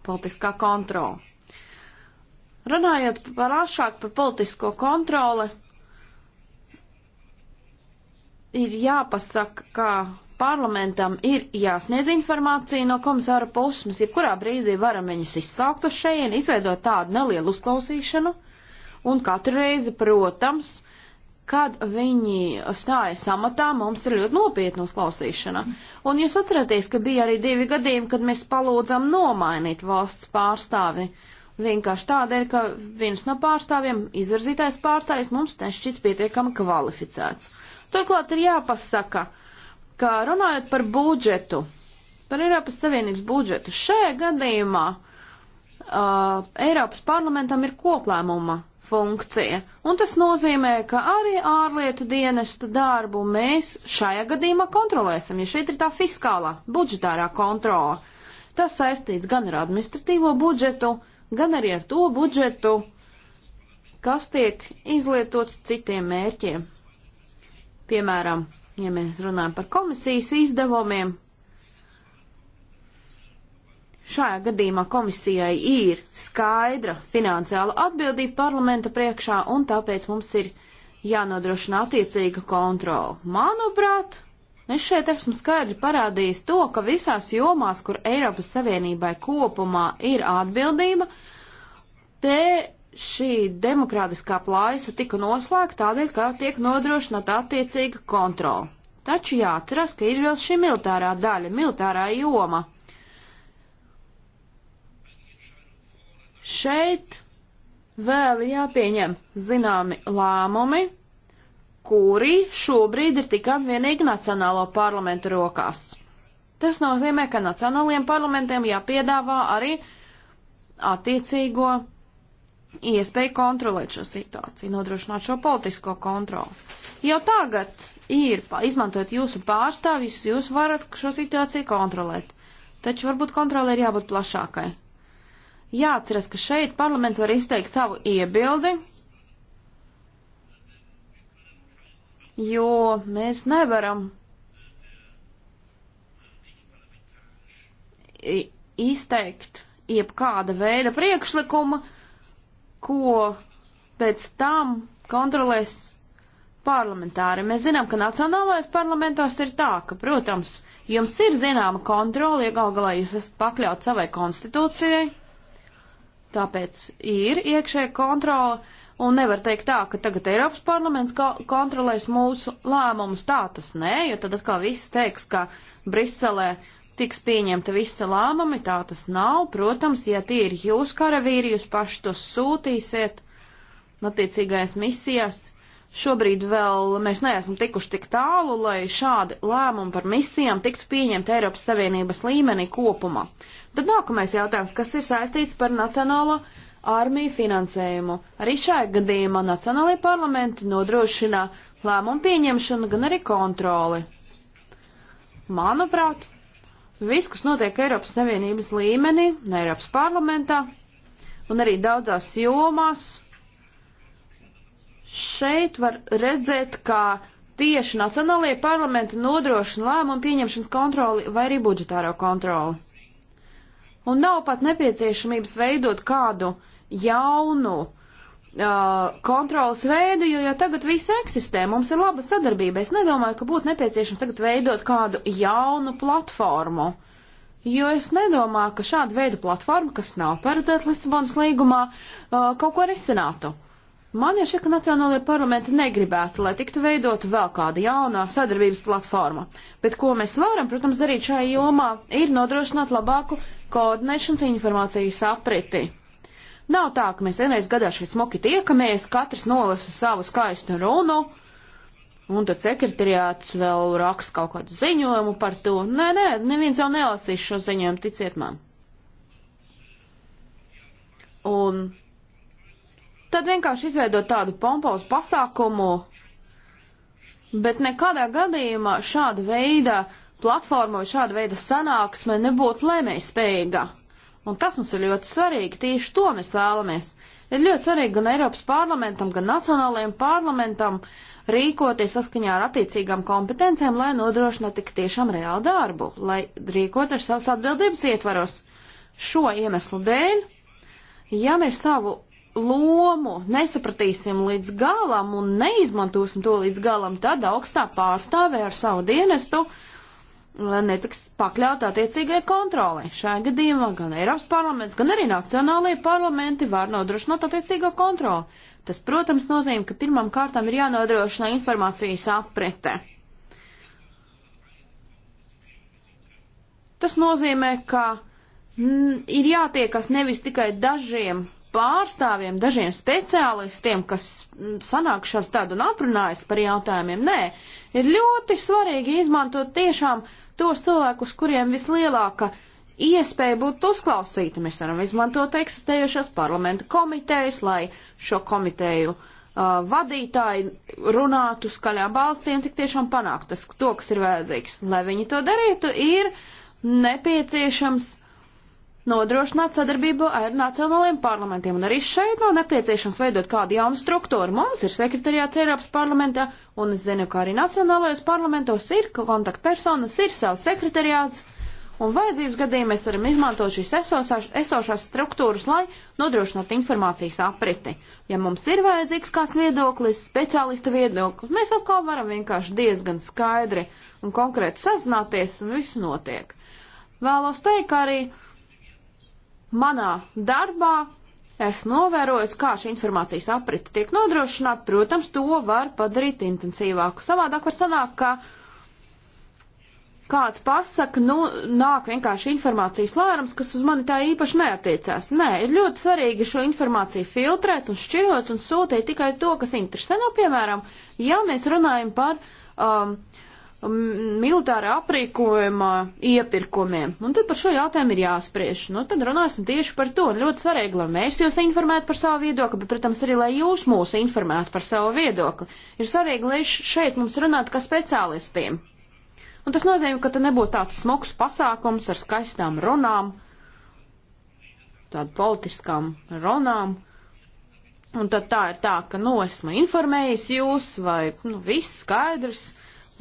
politiskā kontrola. Runājot plašāk par politisko kontroli, ir jāpasaka, ka parlamentam ir jāsniedz informācija no komisāra puses. Mēs jebkurā brīdī varam viņus izsaukt uz šejienu, izveidot tādu nelielu uzklausīšanu, un katru reizi, protams, kad viņi stājas amatā, mums ir ļoti nopietna uzklausīšana. Un jūs atceraties, ka bija arī divi gadījumi, kad mēs palūdzam nomainīt valsts pārstāvi. Vienkārši tādēļ, ka viens no pārstāvjiem, izvirzītais pārstāvis, mums nešķiet pietiekami kvalificēts. Turklāt ir jāpasaka, ka runājot par budžetu, par Eiropas Savienības budžetu, šajā gadījumā uh, Eiropas parlamentam ir koplēmuma funkcija. Un tas nozīmē, ka arī ārlietu dienesta darbu mēs šajā gadījumā kontrolēsim, ja šeit ir tā fiskālā, budžetārā kontrola. Tas saistīts gan ar administratīvo budžetu, gan arī ar to budžetu, kas tiek izlietots citiem mērķiem. Piemēram, ja mēs runājam par komisijas izdevumiem, Šajā gadījumā komisijai ir skaidra finansiāla atbildība parlamenta priekšā, un tāpēc mums ir jānodrošina attiecīga kontrola. Manuprāt, es šeit esmu skaidri parādījis to, ka visās jomās, kur Eiropas Savienībai kopumā ir atbildība, te šī demokrātiskā plājasa tika noslēgta tādēļ, ka tiek nodrošināta attiecīga kontrola. Taču jāatcerās, ka ir vēl šī militārā daļa, militārā joma. Šeit vēl jāpieņem zināmi lēmumi, kuri šobrīd ir tikai vienīgi Nacionālo parlamentu rokās. Tas nozīmē, ka Nacionālajiem parlamentiem jāpiedāvā arī attiecīgo iespēju kontrolēt šo situāciju, nodrošināt šo politisko kontroli. Jau tagad ir, izmantojot jūsu pārstāvjus, jūs varat šo situāciju kontrolēt. Taču varbūt kontrole ir jābūt plašākai jāatceras, ka šeit parlaments var izteikt savu iebildi, jo mēs nevaram izteikt jebkāda veida priekšlikuma, ko pēc tam kontrolēs parlamentāri. Mēs zinām, ka nacionālais parlamentos ir tā, ka, protams, jums ir zināma kontrola, ja gal galā jūs esat pakļaut savai konstitūcijai. Tāpēc ir iekšēja kontrola un nevar teikt tā, ka tagad Eiropas parlaments kontrolēs mūsu lēmumus. Tā tas nē, jo tad atkal viss teiks, ka Briselē tiks pieņemta visa lēmumi. Tā tas nav. Protams, ja tie ir jūs karavīri, jūs paši tos sūtīsiet attiecīgais misijas. Šobrīd vēl mēs neesam tikuši tik tālu, lai šādi lēmumi par misijām tiktu pieņemti Eiropas Savienības līmenī kopumā. Tad nākamais jautājums, kas ir saistīts par nacionālo armiju finansējumu. Arī šajā gadījumā nacionālajie parlamenti nodrošina lēmumu pieņemšanu, gan arī kontroli. Manuprāt, viss, kas notiek Eiropas Savienības līmenī, Eiropas parlamentā un arī daudzās jomās, Šeit var redzēt, kā tieši nacionālajie parlamenti nodrošina lēmumu pieņemšanas kontroli vai arī budžetāro kontroli. Un nav pat nepieciešamības veidot kādu jaunu uh, kontrolas veidu, jo jau tagad viss eksistē, mums ir laba sadarbība. Es nedomāju, ka būtu nepieciešams tagad veidot kādu jaunu platformu, jo es nedomāju, ka šāda veida platforma, kas nav paredzēta Lisabonas līgumā, uh, kaut ko risinātu. Uh, Man jau šķiet, ka nacionālajie parlamenti negribētu, lai tiktu veidot vēl kāda jaunā sadarbības platforma. Bet ko mēs varam, protams, darīt šajā jomā, ir nodrošināt labāku koordinēšanas informācijas apriti. Nav tā, ka mēs vienreiz gadā šeit smoki tiekamies, katrs nolasa savu skaistu runu, un tad sekretariāts vēl raksta kaut kādu ziņojumu par to. Nē, nē, neviens jau nelasīs šo ziņojumu, ticiet man. Un tad vienkārši izveidot tādu pompozu pasākumu, bet nekādā gadījumā šāda veida platforma vai šāda veida sanāksme nebūtu lēmēji spējīga. Un tas mums ir ļoti svarīgi, tieši to mēs vēlamies. Ir ļoti svarīgi gan Eiropas parlamentam, gan nacionālajiem parlamentam rīkoties saskaņā ar attiecīgām kompetencijām, lai nodrošinātu tik tiešām reālu darbu, lai rīkotos savas atbildības ietvaros. Šo iemeslu dēļ, ja mēs savu lomu nesapratīsim līdz galam un neizmantosim to līdz galam, tad augstā pārstāvē ar savu dienestu netiks pakļaut attiecīgai kontrolē. Šajā gadījumā gan Eiropas parlaments, gan arī nacionālajie parlamenti var nodrošināt attiecīgo kontroli. Tas, protams, nozīmē, ka pirmām kārtām ir jānodrošina informācijas aprite. Tas nozīmē, ka ir jātiekas nevis tikai dažiem pārstāvjiem, dažiem speciālistiem, kas mm, sanākšās tādu un aprunājas par jautājumiem. Nē, ir ļoti svarīgi izmantot tiešām tos cilvēkus, kuriem vislielāka iespēja būt uzklausīta. Mēs varam izmantot eksistējušas parlamenta komitejas, lai šo komiteju uh, vadītāji runātu skaļā balsī un tik tiešām panāktu to, kas ir vajadzīgs. Lai viņi to darītu, ir nepieciešams nodrošināt sadarbību ar nacionālajiem parlamentiem. Un arī šeit nav nepieciešams veidot kādu jaunu struktūru. Mums ir sekretariāts Eiropas parlamentā, un es zinu, ka arī nacionālajos parlamentos ir kontaktpersonas, ir savs sekretariāts. Un vajadzības gadījumā mēs varam izmantot šīs esošās, esošās struktūras, lai nodrošinātu informācijas apriti. Ja mums ir vajadzīgs kāds viedoklis, speciālista viedoklis, mēs atkal varam vienkārši diezgan skaidri un konkrēti sazināties, un viss notiek. Vēlos teikt, ka arī uh, Manā darbā es novēroju, kā šī informācijas aprita tiek nodrošināta. Protams, to var padarīt intensīvāku. Savādāk var sanākt, ka kāds pasaka, nu, nāk vienkārši informācijas lērums, kas uz mani tā īpaši neatiecās. Nē, ir ļoti svarīgi šo informāciju filtrēt un šķirot un sūtīt tikai to, kas interesē. Nu, no, piemēram, ja mēs runājam par um, Um, militāra aprīkojuma iepirkumiem. Un tad par šo jautājumu ir jāspriež. Nu, tad runāsim tieši par to. Un ļoti svarīgi, lai mēs jūs informētu par savu viedokli, bet, protams, arī, lai jūs mūs informētu par savu viedokli. Ir svarīgi, lai šeit mums runātu kā speciālistiem. Un tas nozīmē, ka te nebūs tāds smogs pasākums ar skaistām runām, tādu politiskām runām. Un tad tā ir tā, ka, nu, esmu informējis jūs, vai, nu, viss skaidrs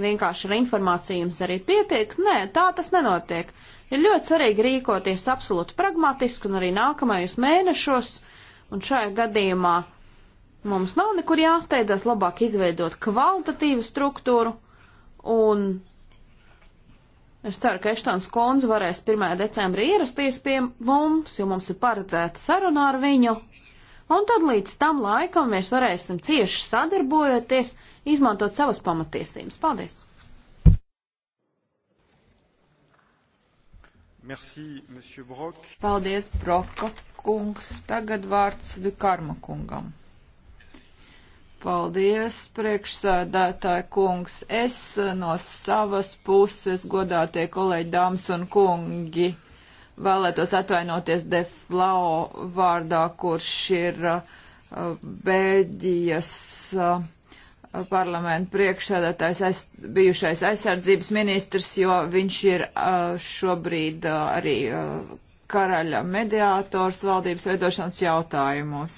vienkārši ar informāciju jums arī pietiek. Nē, tā tas nenotiek. Ir ļoti svarīgi rīkoties absolūti pragmatiski un arī nākamajos mēnešos, un šajā gadījumā mums nav nekur jāsteidzas, labāk izveidot kvalitatīvu struktūru, un es ceru, ka Eštons Konz varēs 1. decembrī ierasties pie mums, jo mums ir paredzēta saruna ar viņu, un tad līdz tam laikam mēs varēsim cieši sadarbojoties izmantot savas pamatiesības. Paldies! Merci, Brok. Paldies, Broka kungs. Tagad vārds Dukarma kungam. Paldies, priekšsēdētāji kungs. Es eh, no savas puses, godātie kolēģi, dāmas un kungi, vēlētos atvainoties Deflao vārdā, kurš ir uh, Beļģijas uh, parlamentu priekšsēdētājs, aiz, bijušais aizsardzības ministrs, jo viņš ir uh, šobrīd uh, arī uh, karaļa mediātors valdības veidošanas jautājumos.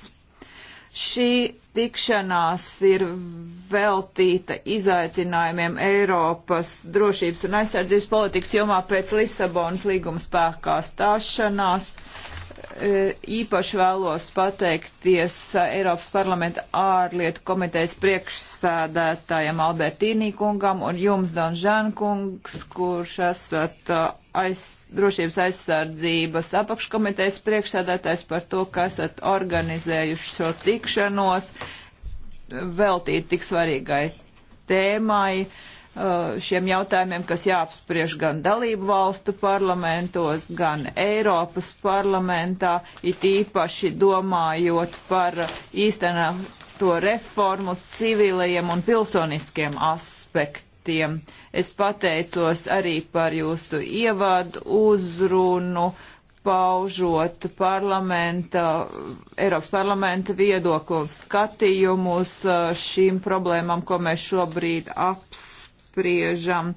Šī tikšanās ir veltīta izaicinājumiem Eiropas drošības un aizsardzības politikas jomā pēc Lisabonas līguma spēkā stāšanās. Uh, E, īpaši vēlos pateikties e, Eiropas parlamenta ārlietu komitejas priekšsēdētājam Albertīnī kungam un jums, Don Žankungs, kurš esat e, aiz, drošības aizsardzības apakškomitejas priekšsēdētājs par to, ka esat organizējuši šo tikšanos veltīt tik svarīgai tēmai. Uh, Uh, šiem jautājumiem, kas jāapspriež gan dalību valstu parlamentos, gan Eiropas parlamentā, it īpaši domājot par īstenoto reformu civilajiem un pilsoniskiem aspektiem. Es pateicos arī par jūsu ievadu uzrunu paužot parlamenta, Eiropas parlamenta viedokli un skatījumus uh, šīm problēmām, ko mēs šobrīd apspriežam apspriežam,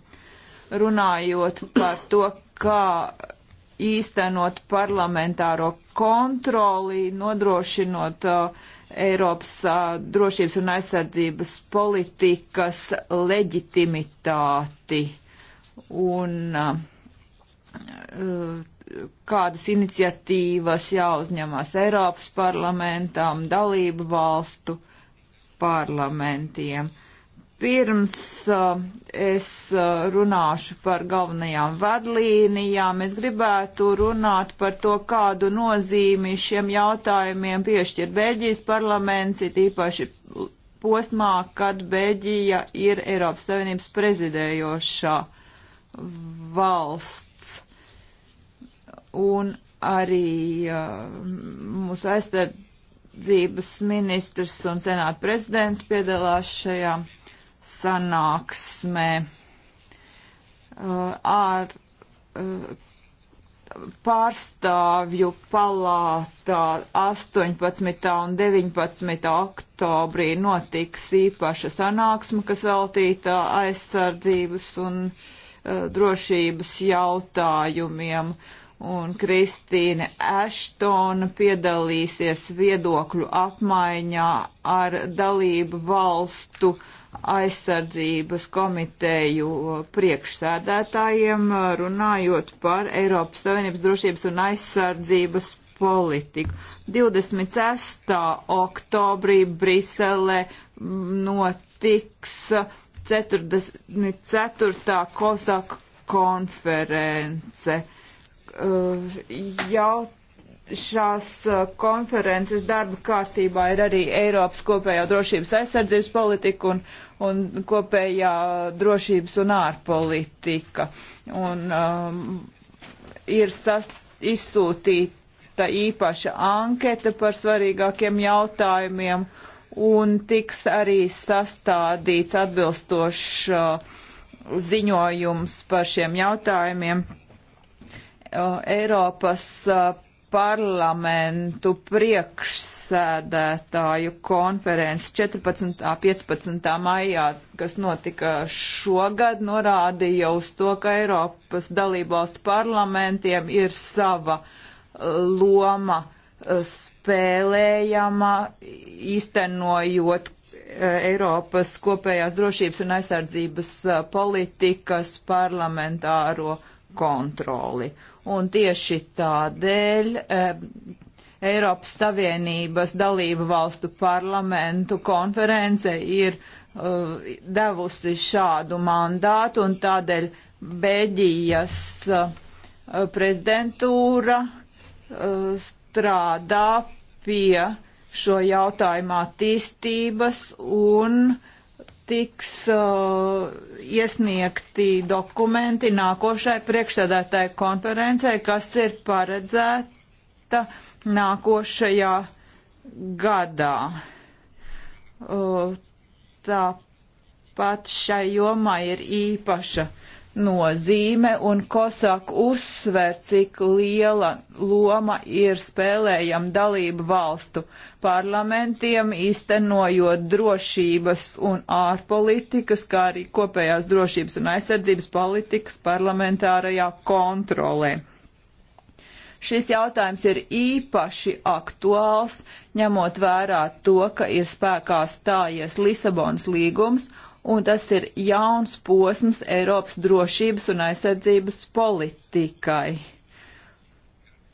runājot par to, kā īstenot parlamentāro kontroli, nodrošinot uh, Eiropas uh, drošības un aizsardzības politikas leģitimitāti un uh, uh kādas iniciatīvas jāuzņemas Eiropas parlamentām, dalību valstu parlamentiem. Uh, Pirms uh, es uh, runāšu par galvenajām vadlīnijām, es gribētu runāt par to, kādu nozīmi šiem jautājumiem piešķir Beļģijas parlaments, it īpaši posmā, kad Beļģija ir Eiropas Savienības prezidējošā valsts. Un arī uh, mūsu aizsardzības ministrs un senāta prezidents piedalās šajā sanāksmē uh, ar uh, pārstāvju palātā 18. un 19. oktobrī notiks īpaša sanāksme, kas veltīta aizsardzības un uh, drošības jautājumiem. Uh, un Kristīne Ashtona piedalīsies viedokļu apmaiņā ar dalību valstu aizsardzības komiteju priekšsēdētājiem, runājot par Eiropas Savienības drošības un aizsardzības politiku. 26. oktobrī Briselē notiks 44. Kozak konference Eh, jau šās eh, konferences darba kārtībā ir arī Eiropas kopējā drošības aizsardzības politika un, un kopējā drošības un ārpolitika. Un um, ir sas, izsūtīta īpaša anketa par svarīgākiem jautājumiem un tiks arī sastādīts atbilstošs uh, ziņojums par šiem jautājumiem Uh, Eiropas uh, parlamentu priekšsēdētāju konferences 14. 15. maijā, kas notika šogad, norādīja uz to, ka Eiropas dalībvalstu parlamentiem ir sava uh, loma spēlējama, īstenojot Eiropas kopējās drošības un aizsardzības politikas parlamentāro kontroli un tieši tādēļ e, Eiropas Savienības dalību valstu parlamentu konference ir uh, devusi šādu mandātu un tādēļ Beģijas uh, eh, prezidentūra uh, strādā pie šo jautājumu attīstības un uh, tiks uh, iesniegti dokumenti nākošai priekšsēdētāji konferencē, kas ir paredzēta nākošajā gadā. Uh, tāpat šai jomai ir īpaša uh, nozīme, un Kosāk uzsver, cik liela loma ir spēlējama dalību valstu parlamentiem, iztenojot drošības un ārpolitikas, kā arī kopējās drošības un aizsardzības politikas parlamentārajā kontrolē. Šis jautājums ir īpaši aktuāls, ņemot vērā to, ka ir spēkā stājies Lisabonas līgums un tas ir jauns posms Eiropas drošības un aizsardzības politikai.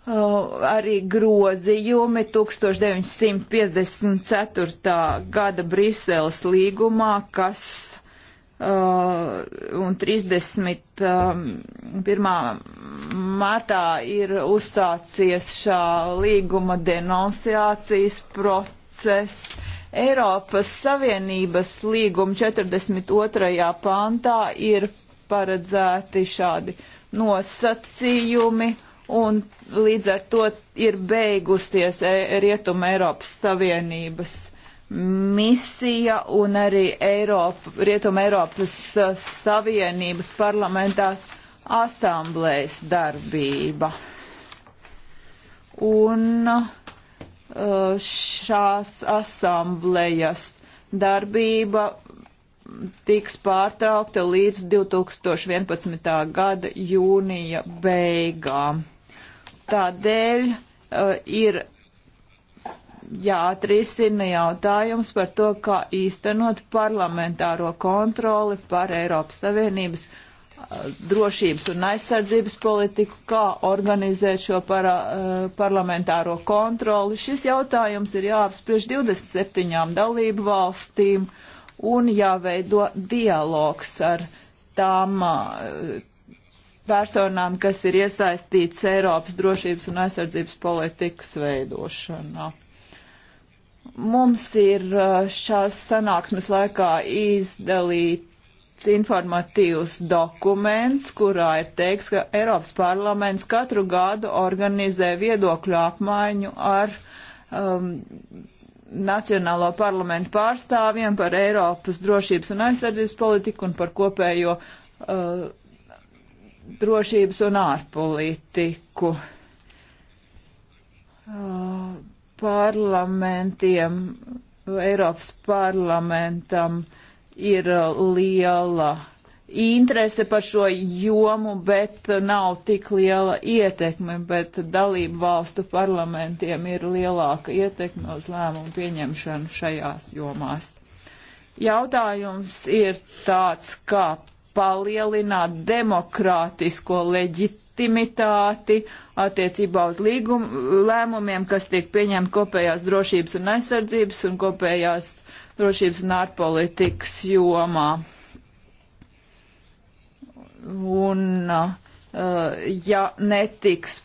Uh, arī grozījumi 1954. gada Briseles līgumā, kas Uh, un 31. martā ir uzsācies šā līguma denunciācijas process. Eiropas Savienības līguma 42. pantā ir paredzēti šādi nosacījumi, un līdz ar to ir beigusies e- Rietuma Eiropas Savienības misija un arī Eiropa, Rietuma Eiropas Savienības parlamentās asamblējas darbība. Un uh, Uh, šās asamblejas darbība tiks pārtraukta līdz 2011. gada jūnija beigām. Tādēļ uh, ir jāatrisina jautājums par to, kā īstenot parlamentāro kontroli par Eiropas Savienības uh, drošības un aizsardzības politiku, kā organizēt šo para, eh, parlamentāro kontroli. Šis jautājums ir jāapspriež 27 dalību valstīm un jāveido dialogs ar tām eh, personām, kas ir iesaistīts Eiropas drošības un aizsardzības politikas veidošanā. Mums ir eh, šās sanāksmes laikā izdalīt informatīvs dokuments, kurā ir teiks, ka Eiropas parlaments katru gadu organizē viedokļu apmaiņu ar um, Nacionālo parlamentu pārstāvjiem par Eiropas drošības un aizsardzības politiku un par kopējo uh, drošības un ārpolitiku. Uh, parlamentiem, Eiropas parlamentam uh, ir uh, liela interese par šo jomu, bet uh, nav tik liela ietekme, bet dalību valstu parlamentiem ir lielāka ietekme uz lēmumu pieņemšanu šajās jomās. Jautājums ir tāds, kā palielināt demokrātisko leģitimitāti attiecībā uz līgumu lēmumiem, kas tiek pieņemti kopējās drošības un aizsardzības un kopējās drošības un ārpolitikas jomā. Un, eh, ja netiks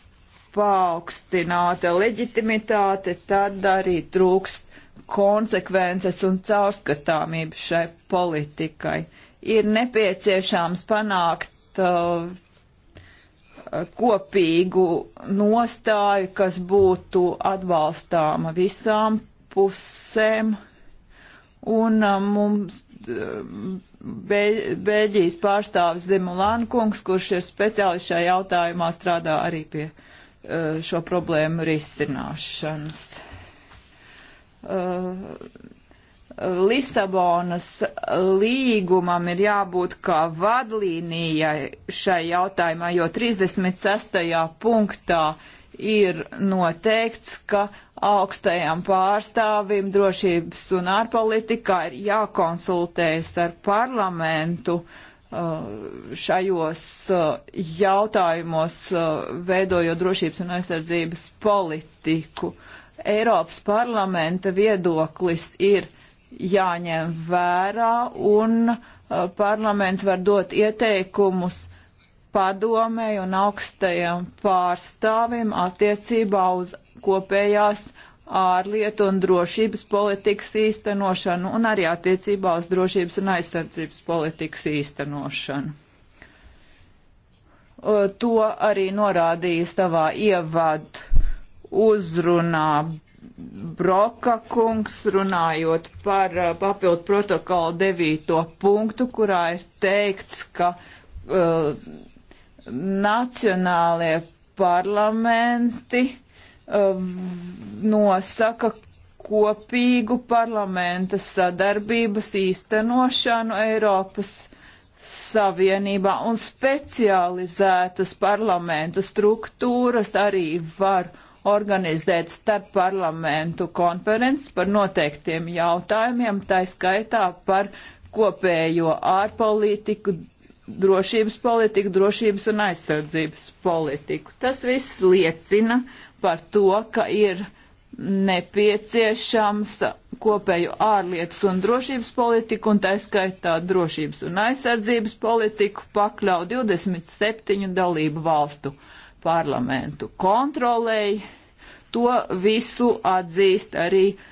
paaugstināta leģitimitāte, tad arī trūks konsekvences un caurskatāmību šai politikai. Ir nepieciešams panākt uh, kopīgu nostāju, kas būtu atbalstāma visām pusēm un uh, mums uh, Beļģijas pārstāvis Demulāna kungs, kurš ir speciālists šajā jautājumā, strādā arī pie uh, šo problēmu risināšanas. Lisabonas līgumam ir jābūt kā vadlīnijai šai jautājumā, jo 36. punktā ir noteikts, ka augstajam pārstāvim drošības un ārpolitikā ir jākonsultējas ar parlamentu uh, šajos uh, jautājumos, uh, veidojot drošības un aizsardzības politiku. Eiropas parlamenta viedoklis ir jāņem vērā un parlaments var dot ieteikumus padomēju un augstajam pārstāvim attiecībā uz kopējās ārlietu un drošības politikas īstenošanu un arī attiecībā uz drošības un aizsardzības politikas īstenošanu. To arī norādīja savā ievadu uzrunā Broka kungs, runājot par uh, papildu protokolu devīto punktu, kurā ir teikts, ka uh, nacionālie parlamenti uh, Um, nosaka kopīgu parlamenta sadarbības īstenošanu Eiropas Savienībā un specializētas parlamentu struktūras arī var organizēt starp parlamentu konferences par noteiktiem jautājumiem, tā skaitā par kopējo ārpolitiku, drošības politiku, drošības un aizsardzības politiku. Tas viss liecina, uh, par to, ka ir nepieciešams kopēju ārlietas un drošības politiku un taiskaitā drošības un aizsardzības politiku pakļau 27 dalību valstu parlamentu kontrolēji. To visu atzīst arī uh,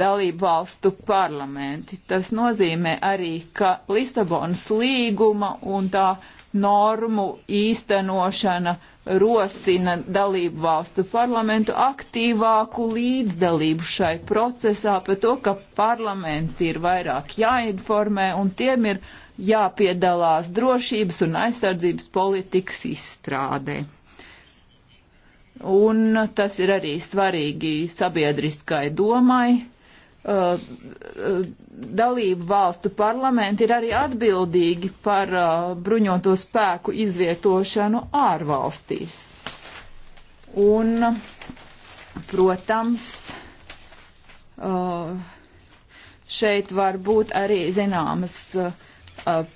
dalību valstu parlamenti. Tas nozīmē arī, ka Lisabonas līguma un tā normu īstenošana rosina dalību valstu parlamentu aktīvāku līdzdalību šai procesā par to, ka parlamenti ir vairāk jāinformē un tiem ir jāpiedalās drošības un aizsardzības politikas izstrādē. Un tas ir arī svarīgi sabiedriskai domai. Uh, uh, dalību valstu parlamenti ir arī atbildīgi par uh, bruņoto spēku izvietošanu ārvalstīs. Un, protams, uh, šeit var būt arī zināmas uh,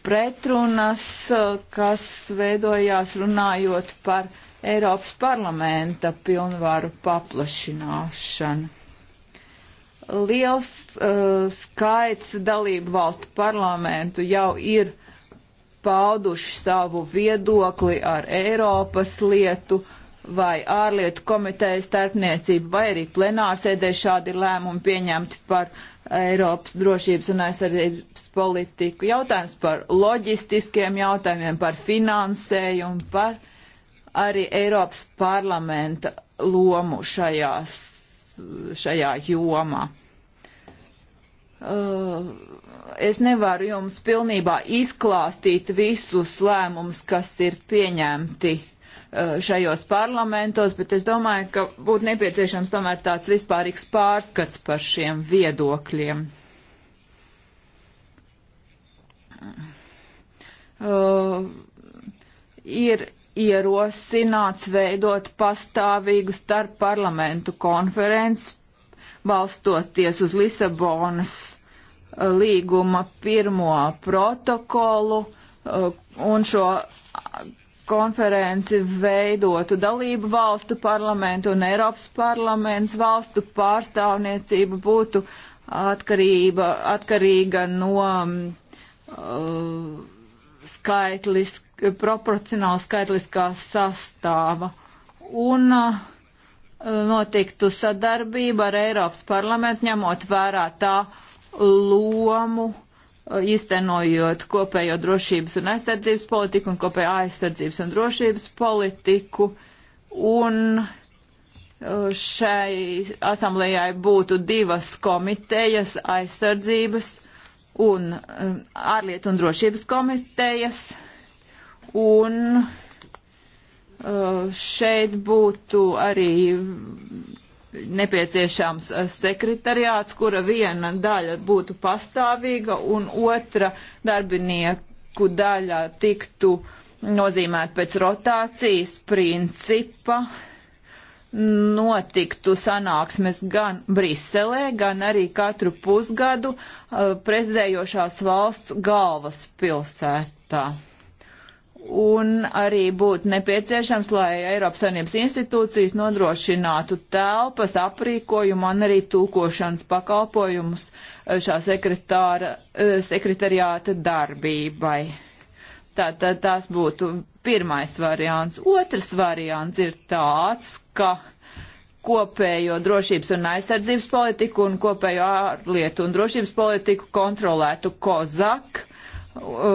pretrunas, uh, kas veidojās runājot par uh, Eiropas parlamenta pilnvaru paplašināšana. Liels uh, skaits dalību valstu parlamentu jau ir pauduši savu viedokli ar Eiropas lietu vai ārlietu komiteju starpniecību, vai arī plenārsēdē šādi lēmumi pieņemti par Eiropas drošības un aizsardzības politiku. Jautājums par loģistiskiem jautājumiem, par finansējumu, par arī Eiropas parlamenta lomu šajās, šajā jomā. Uh, es nevaru jums pilnībā izklāstīt visus lēmumus, kas ir pieņemti uh, šajos parlamentos, bet es domāju, ka būtu nepieciešams tomēr tāds vispārīgs pārskats par šiem viedokļiem. Uh, ir ierosināts veidot pastāvīgu starp parlamentu konferenci, balstoties uz Lisabonas uh, līguma pirmo protokolu uh, un šo uh, konferenci veidotu dalību valstu parlamentu un Eiropas parlaments valstu pārstāvniecība būtu atkarība, atkarīga no mm, uh, skaitliska proporcionāli skaitliskā sastāva. Un uh, notiktu sadarbība ar Eiropas parlamentu, ņemot vērā tā lomu, uh, īstenojot kopējo drošības un aizsardzības politiku un kopējo aizsardzības un drošības politiku. Un uh, šai asamblējai būtu divas komitejas aizsardzības un um, ārlietu un drošības komitejas. Uh, Un uh, šeit būtu arī nepieciešams uh, sekretariāts, kura viena daļa būtu pastāvīga un otra darbinieku daļa tiktu nozīmēt pēc rotācijas principa. Notiktu sanāksmes gan Briselē, gan arī katru pusgadu uh, prezidējošās valsts galvaspilsētā un arī būtu nepieciešams, lai Eiropas Savienības institūcijas nodrošinātu telpas, aprīkojumu un arī tulkošanas pakalpojumus eh, šā eh, sekretariāta darbībai. Tātad tas būtu pirmais variants. Otrs variants ir tāds, ka kopējo drošības un aizsardzības politiku un kopējo ārlietu un drošības politiku kontrolētu COZAK, eh,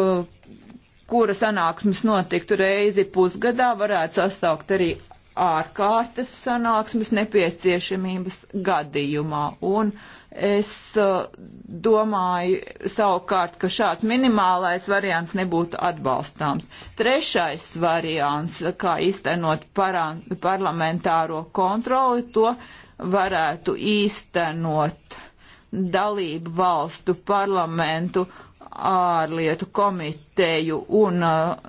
kura sanāksmes notiktu reizi pusgadā, varētu sasaukt arī ārkārtas sanāksmes nepieciešamības gadījumā. Un es uh, domāju savukārt, ka šāds minimālais variants nebūtu atbalstāms. Trešais variants, kā īstenot parā, parlamentāro kontroli, to varētu īstenot dalību valstu parlamentu uh, ārlietu komiteju un uh,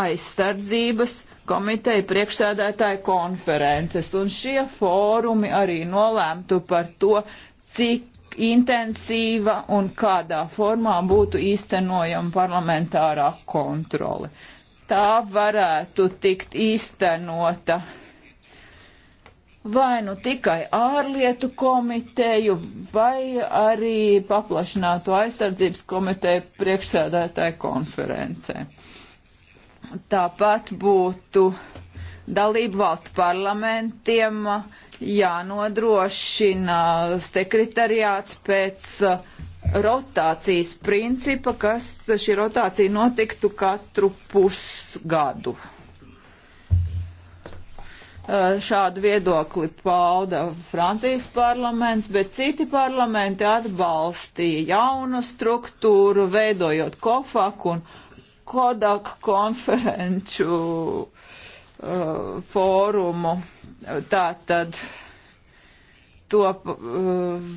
aizsardzības komiteju priekšsēdētāju konferences. Un šie fórumi arī nolēmtu par to, cik intensīva un kādā formā būtu īstenojama parlamentārā kontrole. Tā varētu tikt īstenota uh, vai nu tikai ārlietu komiteju, vai arī paplašināto aizsardzības komiteju priekšsēdētāju konferencē. Tāpat būtu dalību valstu parlamentiem jānodrošina sekretariāts pēc uh, rotācijas principa, kas šī rotācija notiktu katru pusgadu. Eh, šādu viedokli pauda Francijas parlaments, bet citi parlamenti atbalstīja jaunu struktūru, veidojot kofaku un kodak konferenču uh, fórumu. Tā tad to uh,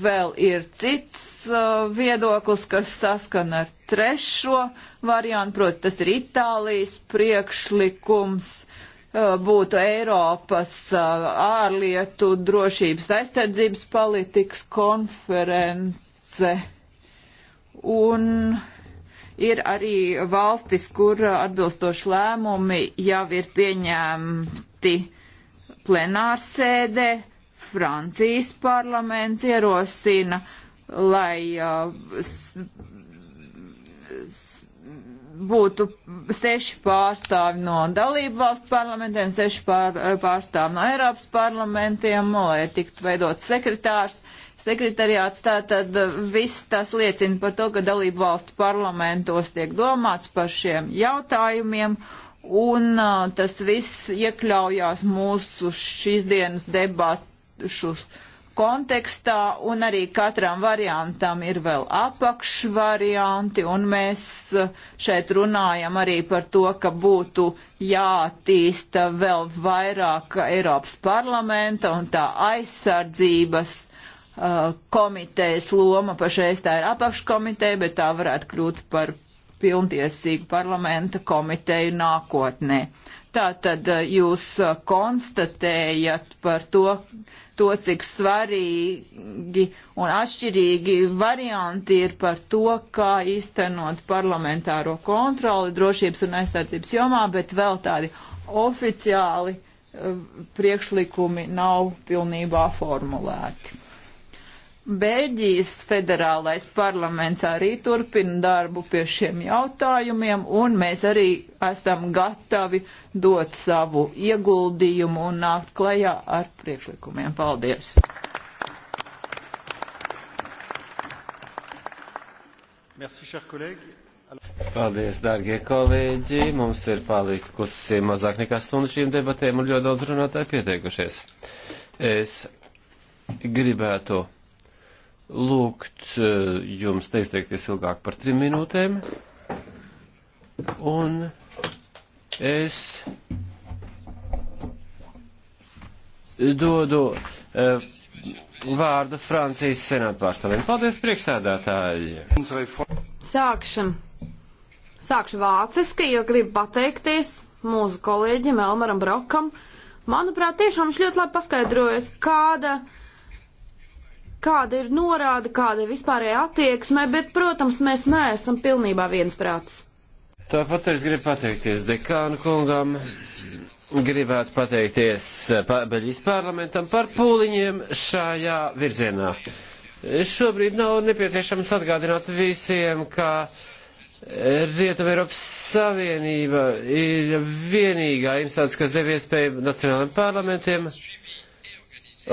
vēl ir cits uh, viedoklis, kas saskan ar trešo variantu, proti tas ir Itālijas priekšlikums Uh, būtu Eiropas uh, ārlietu drošības aizsardzības politikas konference. Un ir arī valstis, kur atbilstoši lēmumi jau ir pieņemti plenārsēdē. Francijas parlaments ierosina, lai uh, būtu seši pārstāvi no dalību valstu parlamentiem, seši pār, eh, pārstāvi no Eiropas parlamentiem, lai tiktu veidots sekretārs, sekretariāts. Tātad eh, viss tas liecina par to, ka dalību valstu parlamentos tiek domāts par šiem jautājumiem, un eh, tas viss iekļaujās mūsu šīs dienas debatušu kontekstā, un arī katram variantam ir vēl apakšvarianti, un mēs eh, šeit runājam arī par to, ka būtu jātīsta vēl vairāk Eiropas parlamenta un tā aizsardzības uh, komitejas loma, pašreiz tā ir apakškomiteja, bet tā varētu kļūt par pilntiesīgu parlamenta komiteju nākotnē. Tātad eh, jūs eh, konstatējat par to, to, cik svarīgi un atšķirīgi varianti ir par to, kā īstenot parlamentāro kontroli drošības un aizsardzības jomā, bet vēl tādi oficiāli eh, priekšlikumi nav pilnībā formulēti. Beļģijas federālais parlaments arī turpina darbu pie šiem jautājumiem, un mēs arī esam gatavi dot savu ieguldījumu un nākt klajā ar priekšlikumiem. Paldies! Paldies, dārgie kolēģi! Mums ir palikusi mazāk nekā stundu šīm debatēm, un ļoti daudz runātāji pieteikušies. Es gribētu lūgt eh, jums neizteikties ilgāk par trim minūtēm. Un es dodu uh, vārdu Francijas senāta pārstāvjiem. Paldies, priekšsēdētāji! Sākšam. Sākšu vāciski, jo gribu pateikties mūsu kolēģim Elmaram Brokam. Manuprāt, tiešām viņš ļoti labi paskaidrojas, kāda uh, kāda ir norāda, kāda ir vispārēja attieksme, bet, protams, mēs neesam pilnībā viensprāts. Tāpat es gribu pateikties dekānu kungam, gribētu pateikties Beļģijas parlamentam par pūliņiem šajā virzienā. Šobrīd nav nepieciešams atgādināt visiem, ka Rietuma Eiropas Savienība ir vienīgā instance, kas devies pie nacionālajiem parlamentiem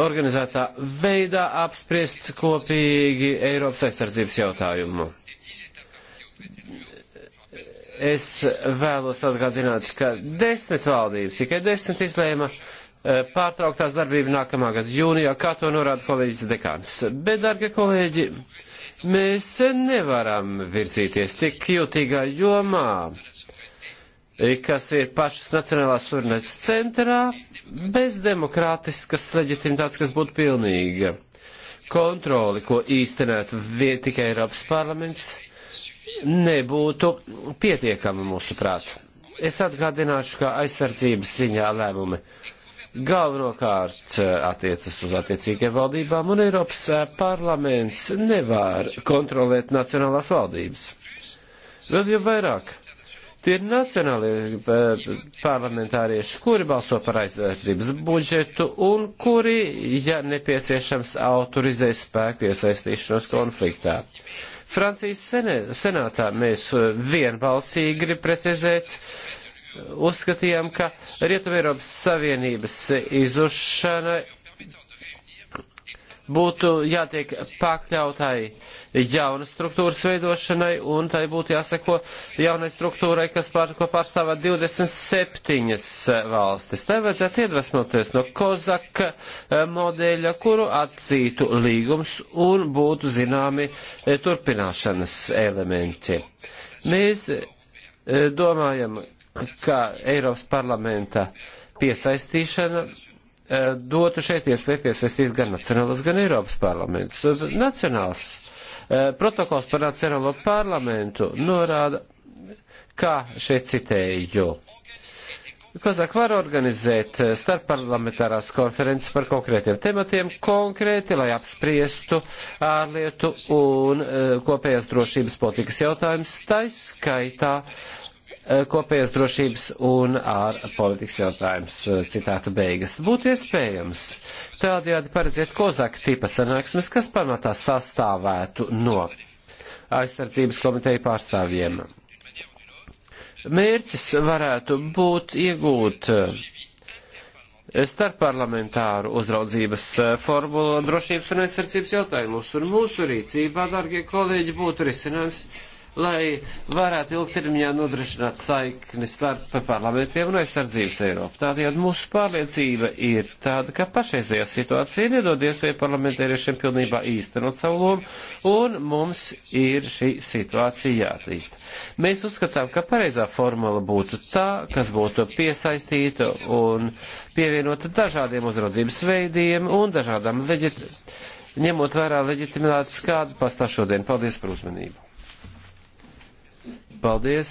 organizētā veidā apspriest kopīgi Eiropas aizsardzības jautājumu. Es vēlos atgādināt, ka desmit valdības, tikai desmit izlēma eh, pārtrauktās darbību nākamā gada jūnijā, kā to norāda kolēģis dekāns. Bet, dargie kolēģi, mēs nevaram virzīties tik jūtīgā jomā. Uh, kas ir pašas Nacionālās suverenitātes centrā, bez demokrātiskas leģitimitātes, kas būtu pilnīga. Kontroli, ko īstenētu tikai Eiropas parlaments, nebūtu pietiekama mūsu prāt. Es atgādināšu, ka aizsardzības ziņā lēmumi galvenokārt eh, attiecas uz attiecīgajām valdībām, un Eiropas eh, parlaments nevar kontrolēt nacionālās valdības. Vēl jau vairāk Tie ir nacionālie eh, parlamentārieši, kuri balso par aizsardzības budžetu un kuri, ja nepieciešams, autorizē spēku iesaistīšanos konfliktā. Francijas senātā mēs eh, vienbalsīgi grib precizēt, uzskatījām, ka Rietuma Eiropas Savienības izušana būtu jātiek pakļautai uh, jaunas struktūras veidošanai, un tai būtu jāseko jaunai struktūrai, kas pār, ko pārstāvā 27 valstis. Te vajadzētu iedvesmoties no Kozaka eh, modeļa, kuru atcītu līgums un būtu zināmi eh, turpināšanas elementi. Mēs eh, domājam, ka Eiropas parlamenta piesaistīšana dotu šeit iespēju piesaistīt gan nacionālas, gan Eiropas parlamentus. Nacionāls Eh, protokols par Nacionālo parlamentu norāda, kā šeit citēju. Kazak var organizēt eh, starpparlamentārās konferences par konkrētiem tematiem, konkrēti, lai apspriestu ārlietu un eh, kopējās drošības politikas jautājumus, taiskaitā Eh, kopējas drošības un ārpolitikas jautājums eh, citāta beigas. Būtu iespējams tādējādi paredzēt kozaka tipa sanāksmes, kas pamatā sastāvētu no aizsardzības komiteja pārstāvjiem. Mērķis varētu būt iegūt eh, starpparlamentāru uzraudzības formulu drošības un aizsardzības jautājumus, un mūsu rīcībā, dārgie kolēģi, būtu risinājums lai varētu ilgtermiņā nodrošināt saikni starp parlamentiem un aizsardzības Eiropu. Tādējādi mūsu pārliecība ir tāda, ka pašreizējā situācija nedod iespēju parlamentāriešiem pilnībā īstenot savu lomu, un mums ir šī situācija jāatīst. Mēs uzskatām, ka pareizā formula būtu tā, kas būtu piesaistīta un pievienota dažādiem uzraudzības veidiem un dažādām leģitimācijām ņemot vērā leģitimitātes, kāda pastāv šodien. Paldies par uzmanību! Paldies!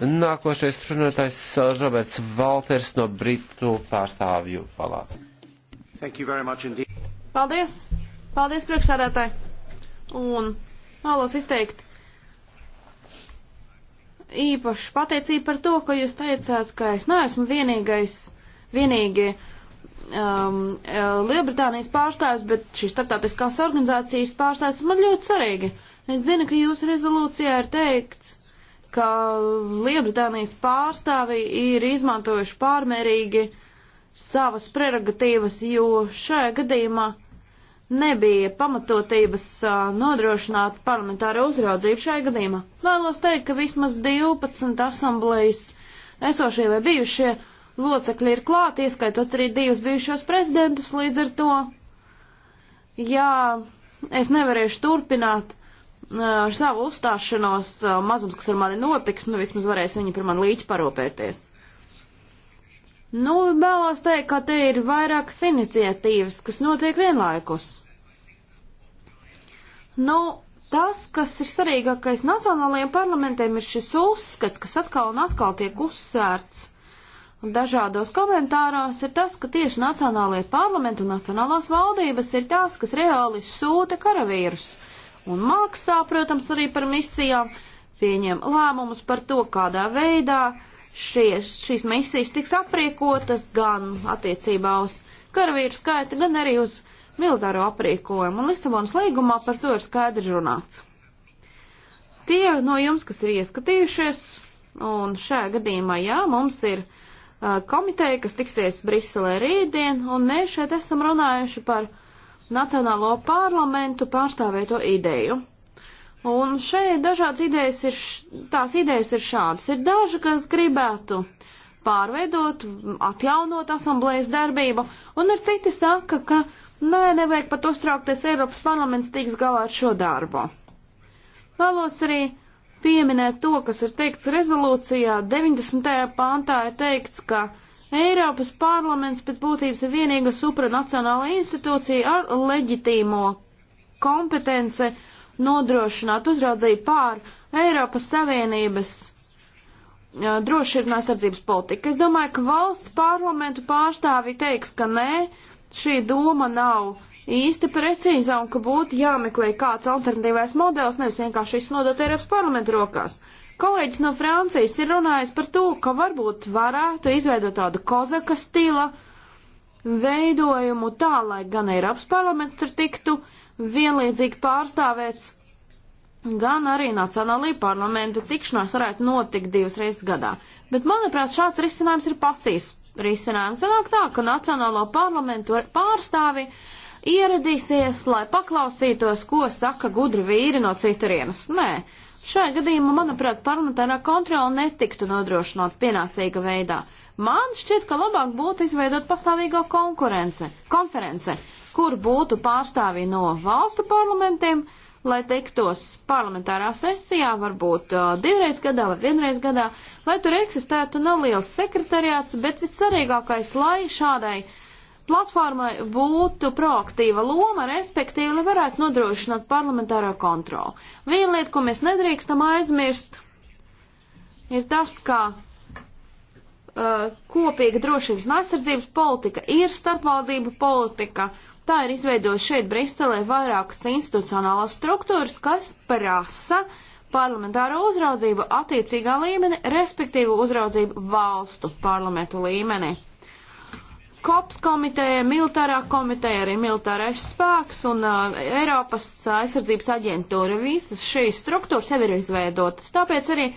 Nākošais runātājs Roberts Valters no Britu pārstāvju palāca. Paldies! Paldies, priekšsādātāji! Un vēlos izteikt īpašu pateicību par to, ka jūs teicāt, ka es neesmu vienīgais, vienīgi um, Lielbritānijas pārstāvis, bet šīs starptautiskās organizācijas pārstāvis man ļoti svarīgi. Es zinu, ka jūsu rezolūcijā ir teikts, ka Liebritānijas pārstāvi ir izmantojuši pārmērīgi savas prerogatīvas, jo šajā gadījumā nebija pamatotības nodrošināt parlamentāro uzraudzību šajā gadījumā. Vēlos teikt, ka vismaz 12 asamblējas esošie vai bijušie locekļi ir klāt, ieskaitot arī divus bijušos prezidentus līdz ar to. Jā, es nevarēšu turpināt ar savu uzstāšanos mazums, kas ar mani notiks, nu vismaz varēs viņi par mani līdz parūpēties. Nu, vēlos teikt, ka te ir vairākas iniciatīvas, kas notiek vienlaikus. Nu, tas, kas ir svarīgākais nacionālajiem parlamentiem, ir šis uzskats, kas atkal un atkal tiek uzsvērts dažādos komentāros, ir tas, ka tieši nacionālajie parlamenti un nacionālās valdības ir tās, kas reāli sūta karavīrus un maksā, protams, arī par misijām, pieņem lēmumus par to, kādā veidā šie, šīs misijas tiks apriekotas gan attiecībā uz karavīru skaitu, gan arī uz militāro aprīkojumu, un Lisabonas līgumā par to ir skaidri runāts. Tie no jums, kas ir ieskatījušies, un šajā gadījumā, jā, mums ir uh, komiteja, kas tiksies Briselē rītdien, un mēs šeit esam runājuši par Nacionālo parlamentu pārstāvēto ideju. Un šeit dažādas idejas ir, tās idejas ir šādas. Ir daži, kas gribētu pārveidot, atjaunot asamblējas darbību, un ir citi saka, ka nē, nevajag pat uztraukties, Eiropas parlaments tiks galā ar šo darbu. Vēlos arī pieminēt to, kas ir teikts rezolūcijā. 90. pāntā ir teikts, ka uh, Eiropas parlaments pēc būtības ir vienīga supranacionāla institūcija ar leģitīmo kompetenci nodrošināt uzraudzību pār Eiropas Savienības uh, drošības aizsardzības politiku. Es domāju, ka valsts parlamentu pārstāvi teiks, ka nē, šī doma nav īsti precīza un ka būtu jāmeklē kāds alternatīvais modelis, nevis vienkārši izsnodot Eiropas parlamentu rokās. Uh, Kolēģis no Francijas ir runājis par to, ka varbūt varētu izveidot tādu kozaka stila veidojumu tā, lai gan Eiropas parlaments tur tiktu vienlīdzīgi pārstāvēts, gan arī Nacionālajā parlamenta tikšanās varētu notikt divas reizes gadā. Bet, manuprāt, šāds risinājums ir pasīs risinājums. Sanāk tā, ka Nacionālo parlamentu pārstāvi ieradīsies, lai paklausītos, ko saka gudri vīri no citurienes. Nē, Šajā gadījumā, manuprāt, parlamentārā kontrola netiktu nodrošināt pienācīga veidā. Man šķiet, ka labāk būtu izveidot pastāvīgo konkurence, konference, kur būtu pārstāvji no valstu parlamentiem, lai tiktos parlamentārā sesijā, varbūt uh, divreiz gadā vai vienreiz gadā, lai tur eksistētu neliels sekretariāts, bet vissvarīgākais, lai šādai uh, platformai būtu proaktīva loma, respektīvi, lai varētu nodrošināt parlamentāro kontroli. Viena lieta, ko mēs nedrīkstam aizmirst, ir tas, ka uh, kopīga drošības un aizsardzības politika ir starpvaldību politika. Tā ir izveidojusi šeit Briselē vairākas institucionālās struktūras, kas prasa parlamentāro uzraudzību attiecīgā līmenī, respektīvi uzraudzību valstu parlamentu līmenī kops komiteja, militārā komiteja, arī militārais spēks un uh, Eiropas aizsardzības aģentūra. Visas šīs struktūras jau ir izveidotas. Tāpēc arī,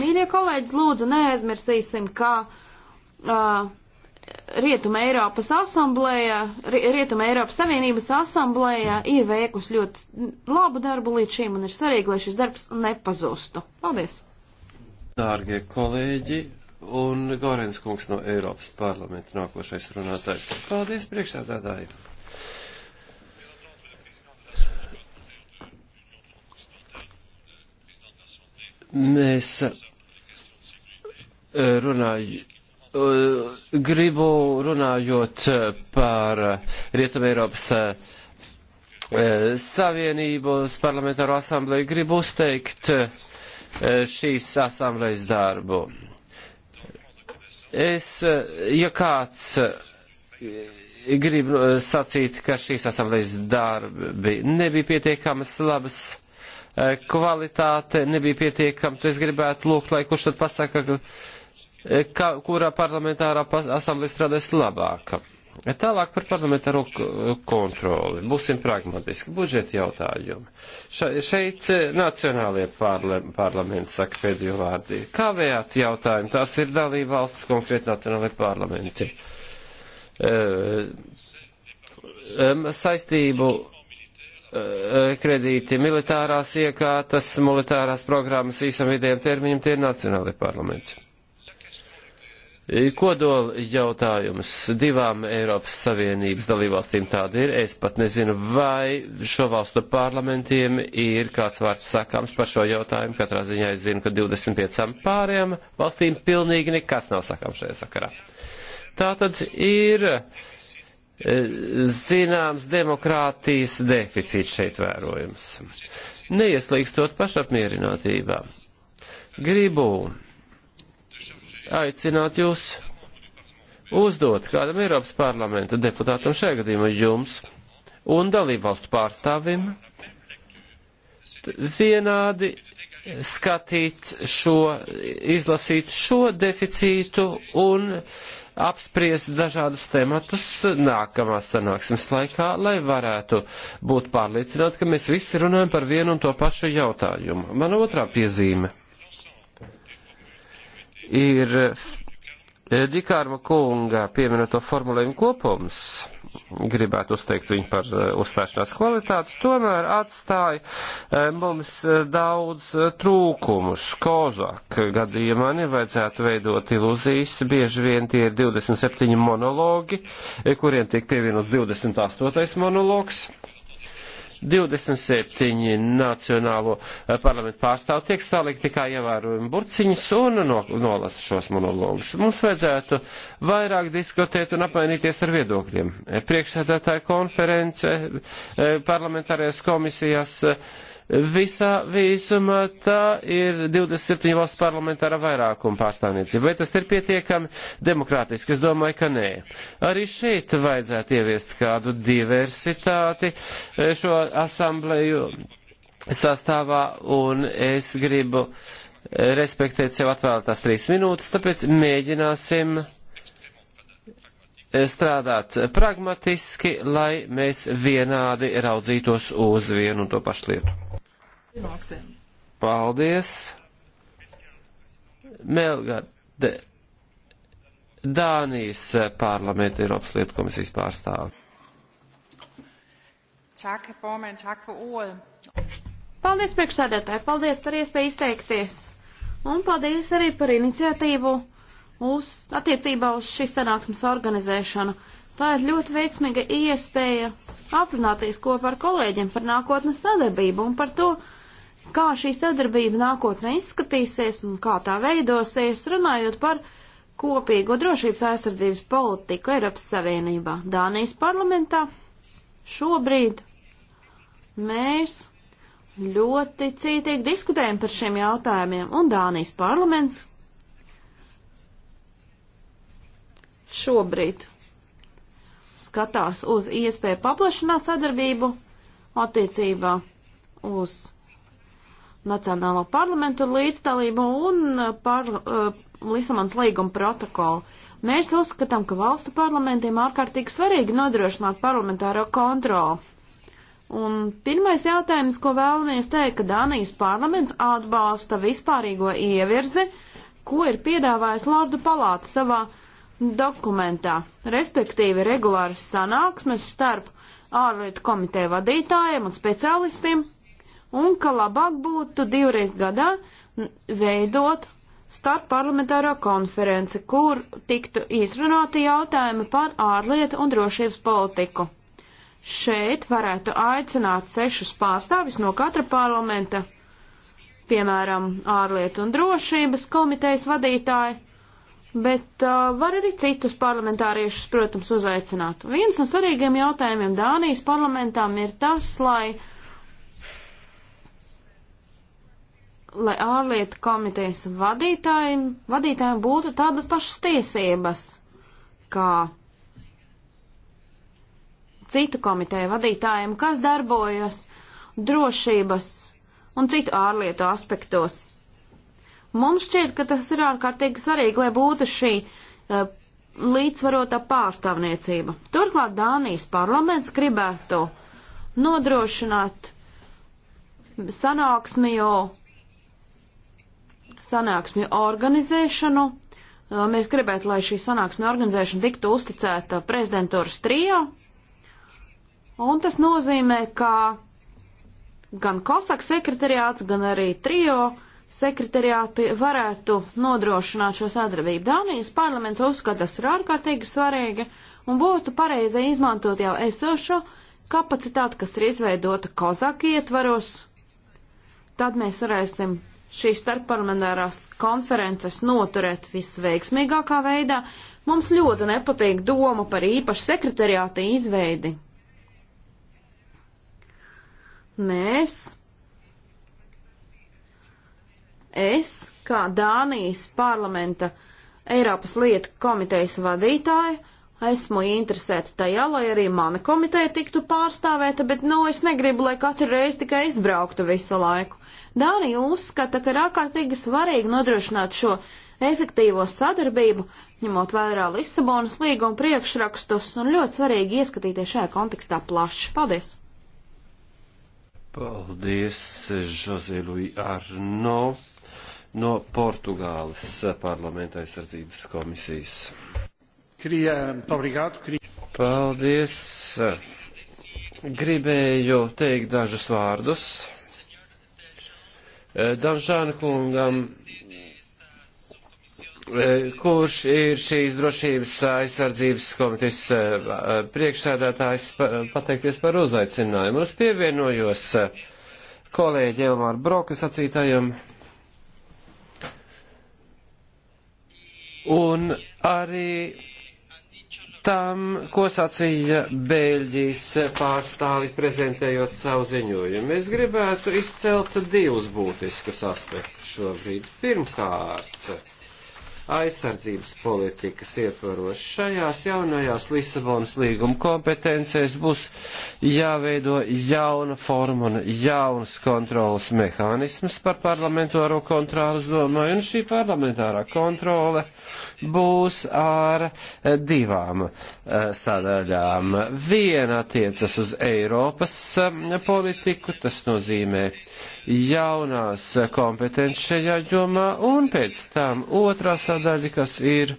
mīļie kolēģi, lūdzu neaizmirsīsim, ka uh, Rietuma Eiropas asamblēja, Rietuma Eiropas Savienības asamblēja ir veikusi ļoti labu darbu līdz šim un ir svarīgi, lai šis darbs nepazustu. Paldies! Dārgie kolēģi, Un Gorens kungs no Eiropas parlamenta nākošais runātājs. Paldies, priekšsādātāji! Mēs eh, runāju, eh, gribu runājot eh, par Rietumē Eiropas Savienības parlamentāro asambleju, gribu uzteikt šīs asamblejas darbu Es, eh, ja kāds eh, grib eh, sacīt, ka šīs asamblejas darbi nebija pietiekamas labas kvalitāte, nebija pietiekama, tad es gribētu lūgt, lai kurš tad pasaka, ka, kurā parlamentārā asambleja strādājas labāk. Tālāk par parlamentāro kontroli. Būsim pragmatiski. Budžeta jautājumi. Še, šeit eh, Nacionālajie parla, parlamenti saka pēdējo vārdu. Kavējāt jautājumu. Tās ir dalība valsts konkrēti Nacionālajie parlamenti. Eh, saistību eh, kredīti militārās iekārtas, militārās programmas īsam vidējiem termiņiem, tie ir Nacionālajie parlamenti. Kodola jautājums divām Eiropas Savienības dalībvalstīm tāda ir. Es pat nezinu, vai šo valstu parlamentiem ir kāds vārds sakāms par šo jautājumu. Katrā ziņā es zinu, ka 25 pārējām valstīm pilnīgi nekas nav sakāms šajā sakarā. Tā tad ir e, zināms demokrātijas deficīts šeit vērojams. Neieslīgstot pašapmierinātībā. Gribu aicināt jūs uzdot kādam Eiropas parlamenta deputātam, šajā gadījumā jums un dalībvalstu pārstāvim, vienādi skatīt šo, izlasīt šo deficītu un apspriest dažādus tematus nākamās sanāksmes laikā, lai varētu būt pārliecināti, ka mēs visi runājam par vienu un to pašu jautājumu. Man otrā piezīme ir eh, Dikārma kunga pieminoto formulējumu kopums, gribētu uzteikt viņu par eh, uzstāšanās kvalitātes, tomēr atstāja eh, mums daudz trūkumus. Kozak gadījumā nevajadzētu veidot ilūzijas, bieži vien tie ir 27 monologi, kuriem tiek pievienots 28 monologs 27 nacionālo eh, parlamentu pārstāvu tiek salikt tikai ievērojumi burciņas un no, nolasa šos monologus. Mums vajadzētu vairāk diskutēt un apmainīties ar viedokļiem. Eh, priekšsēdētāja konference, eh, parlamentārajās komisijās Visā visumā tā ir 27 valsts parlamentāra vairākuma pārstāvniecība. Vai tas ir pietiekami demokrātiski? Es domāju, ka nē. Arī šeit vajadzētu ieviest kādu diversitāti eh, šo asambleju sastāvā, un es gribu eh, respektēt sev atvēlētās trīs minūtes, tāpēc mēģināsim eh, strādāt pragmatiski, lai mēs vienādi raudzītos uz vienu un to pašu lietu. Paldies! Melgārde, Dānijas parlamenta Eiropas lietu komisijas pārstāve. Tak, formand, tak for ordet. Paldies priekšsēdētāji, paldies par iespēju izteikties. Un paldies arī par iniciatīvu uz attiecībā uz šīs sanāksmes organizēšanu. Tā ir ļoti veiksmīga iespēja aprunāties kopā ar kolēģiem par nākotnes sadarbību un par to, kā šī sadarbība nākotnē izskatīsies un kā tā veidosies, runājot par kopīgo drošības aizsardzības politiku Eiropas Savienībā. Dānijas parlamentā šobrīd mēs ļoti cītīgi diskutējam par šiem jautājumiem, un Dānijas parlaments šobrīd skatās uz iespēju paplašināt sadarbību attiecībā uz Nacionālo parlamentu līdzdalību un uh, par uh, Lisabonas līguma protokolu. Mēs uzskatām, ka valstu parlamentiem ārkārtīgi svarīgi nodrošināt parlamentāro kontroli. Un pirmais jautājums, ko vēlamies teikt, ka Dānijas parlaments atbalsta vispārīgo ievirzi, ko ir piedāvājis Lordu palāta savā dokumentā, respektīvi regulāras sanāksmes starp ārlietu komiteju vadītājiem un speciālistiem un ka labāk būtu divreiz gadā veidot starpparlamentārā konference, kur tiktu izrunāti jautājumi par ārlietu un drošības politiku. Šeit varētu aicināt sešus pārstāvis no katra parlamenta, piemēram, ārlietu un drošības komitejas vadītāji, bet uh, var arī citus parlamentāriešus, protams, uzaicināt. Viens no svarīgiem jautājumiem Dānijas parlamentām ir tas, lai uh, lai ārlietu komitejas vadītājiem, vadītājiem būtu tādas pašas tiesības, kā citu komiteju vadītājiem, kas darbojas drošības un citu ārlietu aspektos. Mums šķiet, ka tas ir ārkārtīgi svarīgi, lai būtu šī uh, līdzsvarota pārstāvniecība. Turklāt Dānijas parlaments gribētu nodrošināt sanāksmi, jo sanāksmju organizēšanu. Uh, mēs gribētu, lai šī sanāksmju organizēšana tiktu uzticēta prezidentūras trijā. Un tas nozīmē, ka gan Kosaka sekretariāts, gan arī trijo sekretariāti varētu nodrošināt šo sadarbību. Dānijas parlaments uzskata, tas ir ārkārtīgi svarīgi un būtu pareizi izmantot jau esošo kapacitāti, kas ir izveidota Kozaka ietvaros. Tad mēs varēsim šīs starpparlamentārās konferences noturēt visveiksmīgākā veidā, mums ļoti nepatīk doma par īpašu sekretariāta izveidi. Mēs, es, kā Dānijas parlamenta Eiropas lietu komitejas vadītāja, esmu interesēta tajā, lai arī mana komiteja tiktu pārstāvēta, bet, nu, es negribu, lai katru reizi tikai izbrauktu visu laiku. Dānija uzskata, ka ir ārkārtīgi svarīgi nodrošināt šo efektīvo sadarbību, ņemot vērā Lisabonas līguma priekšrakstus, un ļoti svarīgi ieskatīties šajā kontekstā plaši. Paldies! Paldies, Žoziluji Arno no Portugāles parlamenta aizsardzības komisijas. Krija, obrigado, krija. Paldies! Gribēju teikt dažus vārdus Eh, Danžāna kungam, eh, kurš ir šīs drošības aizsardzības komitejas eh, priekšsēdētājs, pateikties par uzaicinājumu. Es pievienojos kolēģi Elmāra Broka sacītajam. Un arī tam, ko sacīja Bēļģijas pārstāvi prezentējot savu ziņojumu. Es gribētu izcelt divus būtiskus aspektus šobrīd. Pirmkārt, aizsardzības politikas ietvaros. Šajās jaunajās Lisabonas līguma kompetencēs būs jāveido jauna forma un jauns kontrolas mehānisms par parlamentāro kontrolu, es domāju, un šī parlamentārā kontrole būs ar divām eh, sadaļām. Viena attiecas uz Eiropas eh, politiku, tas nozīmē jaunās kompetences šajā jomā, un pēc tam otrā sadaļa, kas ir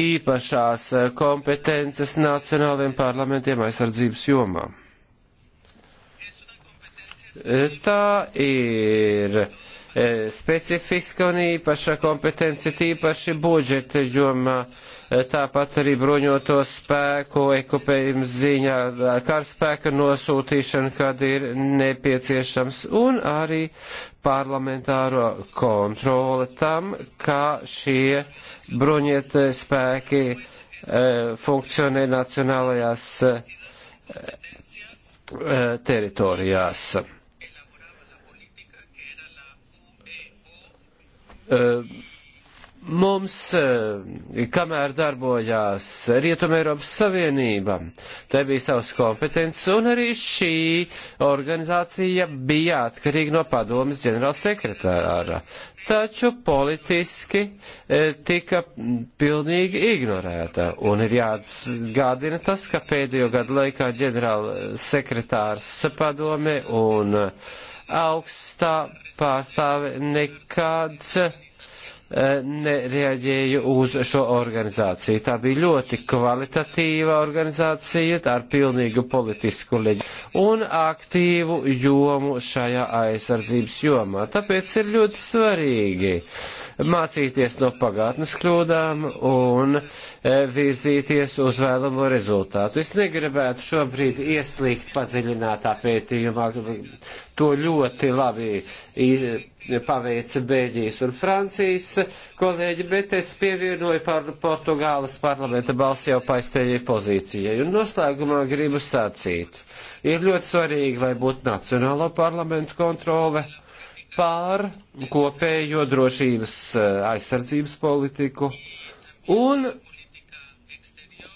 īpašās kompetences nacionāliem parlamentiem aizsardzības jomā. Tā ir E, specifiska un īpaša kompetence, tīpaši budžeta jomā, e, tāpat arī bruņoto spēku, ekopējuma ziņā, karspēka nosūtīšana, kad ir nepieciešams, un arī parlamentāro kontrole tam, kā šie bruņietie spēki e, funkcionē nacionālajās teritorijās. Eh, mums, eh, kamēr darbojās Rietuma Eiropas Savienība, tai bija savas kompetences, un arī šī organizācija bija atkarīga no padomas ģenerālsekretārā. Taču politiski eh, tika pilnīgi ignorēta, un ir jāatgādina tas, ka pēdējo gadu laikā ģenerālsekretārs padome un augstā pārstāve nekāds E, nereaģēju uz šo organizāciju. Tā bija ļoti kvalitatīva organizācija ar pilnīgu politisku leģi un aktīvu jomu šajā aizsardzības jomā. Tāpēc ir ļoti svarīgi mācīties no pagātnes kļūdām un e, virzīties uz vēlamo rezultātu. Es negribētu šobrīd ieslīgt padziļinātā pētījumā. To ļoti labi paveica Bēļģijas un Francijas kolēģi, bet es pievienoju par Portugāles parlamenta balsi jau paistējai pozīcijai. Un noslēgumā gribu sacīt, ir ļoti svarīgi, lai būtu Nacionālo parlamentu kontrole pār kopējo drošības eh, aizsardzības politiku un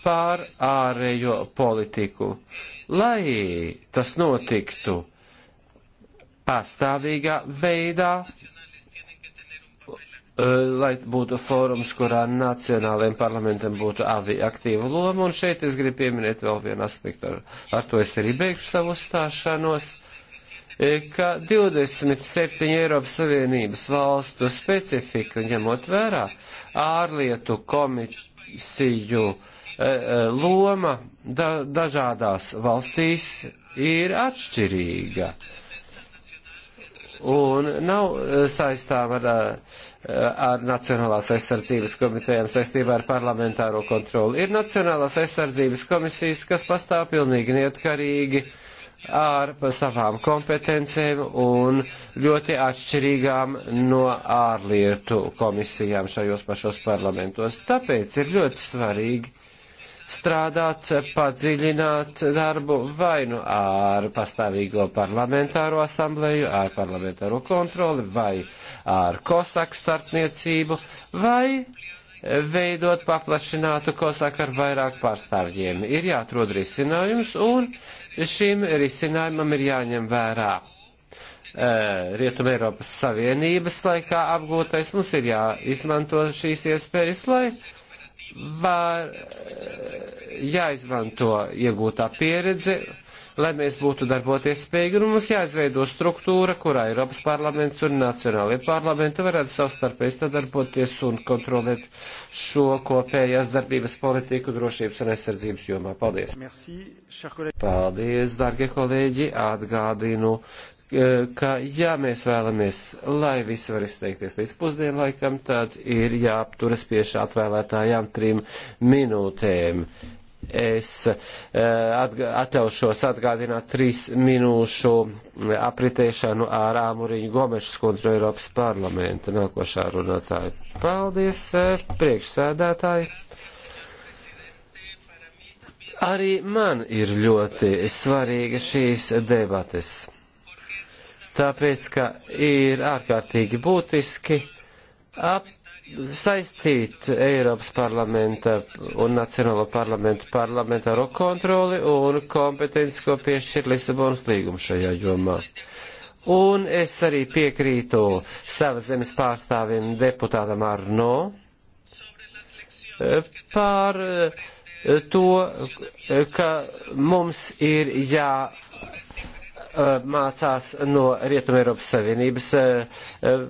pār ārējo politiku. Lai tas notiktu pastāvīgā veidā eh, lai būtu fórums, kurā nacionālajiem parlamentam būtu abi aktīva loma. Un šeit es gribu pieminēt vēl vienu aspektu, ar, ar to es arī beigšu savu stāšanos, eh, ka 27 Eiropas Savienības valstu specifika, ņemot vērā ārlietu komisiju eh, loma da, dažādās valstīs, ir atšķirīga. Uh, un nav eh, saistām ar, eh, ar Nacionālās aizsardzības komitejām saistībā ar parlamentāro kontroli. Ir Nacionālās aizsardzības komisijas, kas pastāv pilnīgi neatkarīgi ar savām kompetencēm un ļoti atšķirīgām no ārlietu komisijām šajos pašos parlamentos. Tāpēc ir ļoti svarīgi strādāt, padziļināt darbu vai nu ar pastāvīgo parlamentāro asambleju, ar parlamentāro kontroli, vai ar kosaku starpniecību, vai veidot paplašinātu kosaku ar vairāk pārstāvjiem. Ir jāatrod risinājums, un šim risinājumam ir jāņem vērā. Rietuma Eiropas Savienības laikā apgūtais mums ir jāizmanto šīs iespējas, lai var eh, jāizmanto iegūtā pieredze, lai mēs būtu darboties spējīgi, un mums jāizveido struktūra, kurā Eiropas parlaments un nacionālajie parlamenti varētu savstarpēji sadarboties un kontrolēt šo kopējās darbības politiku drošības un aizsardzības jomā. Paldies! Merci, Paldies, dārgie kolēģi! Atgādinu ka, ja mēs vēlamies, lai visi var izteikties līdz pusdienlaikam, tad ir jāapturas pie šā atvēlētājām trim minūtēm. Es eh, atļaušos atgādināt trīs minūšu eh, apritēšanu ar Āmuriņu Gomešu skundzu no Eiropas parlamenta nākošā runātāja. Paldies, eh, priekšsēdētāji! Arī man ir ļoti svarīga šīs debates tāpēc, ka ir ārkārtīgi būtiski ap saistīt Eiropas parlamenta un Nacionālo parlamentu parlamentāro kontroli un kompetenci, ko piešķir Lisabonas līgums šajā jomā. Un es arī piekrītu savas zemes pārstāvim deputātam Arno par to, ka mums ir jā Uh, mācās no Rietuma Eiropas Savienības uh, uh,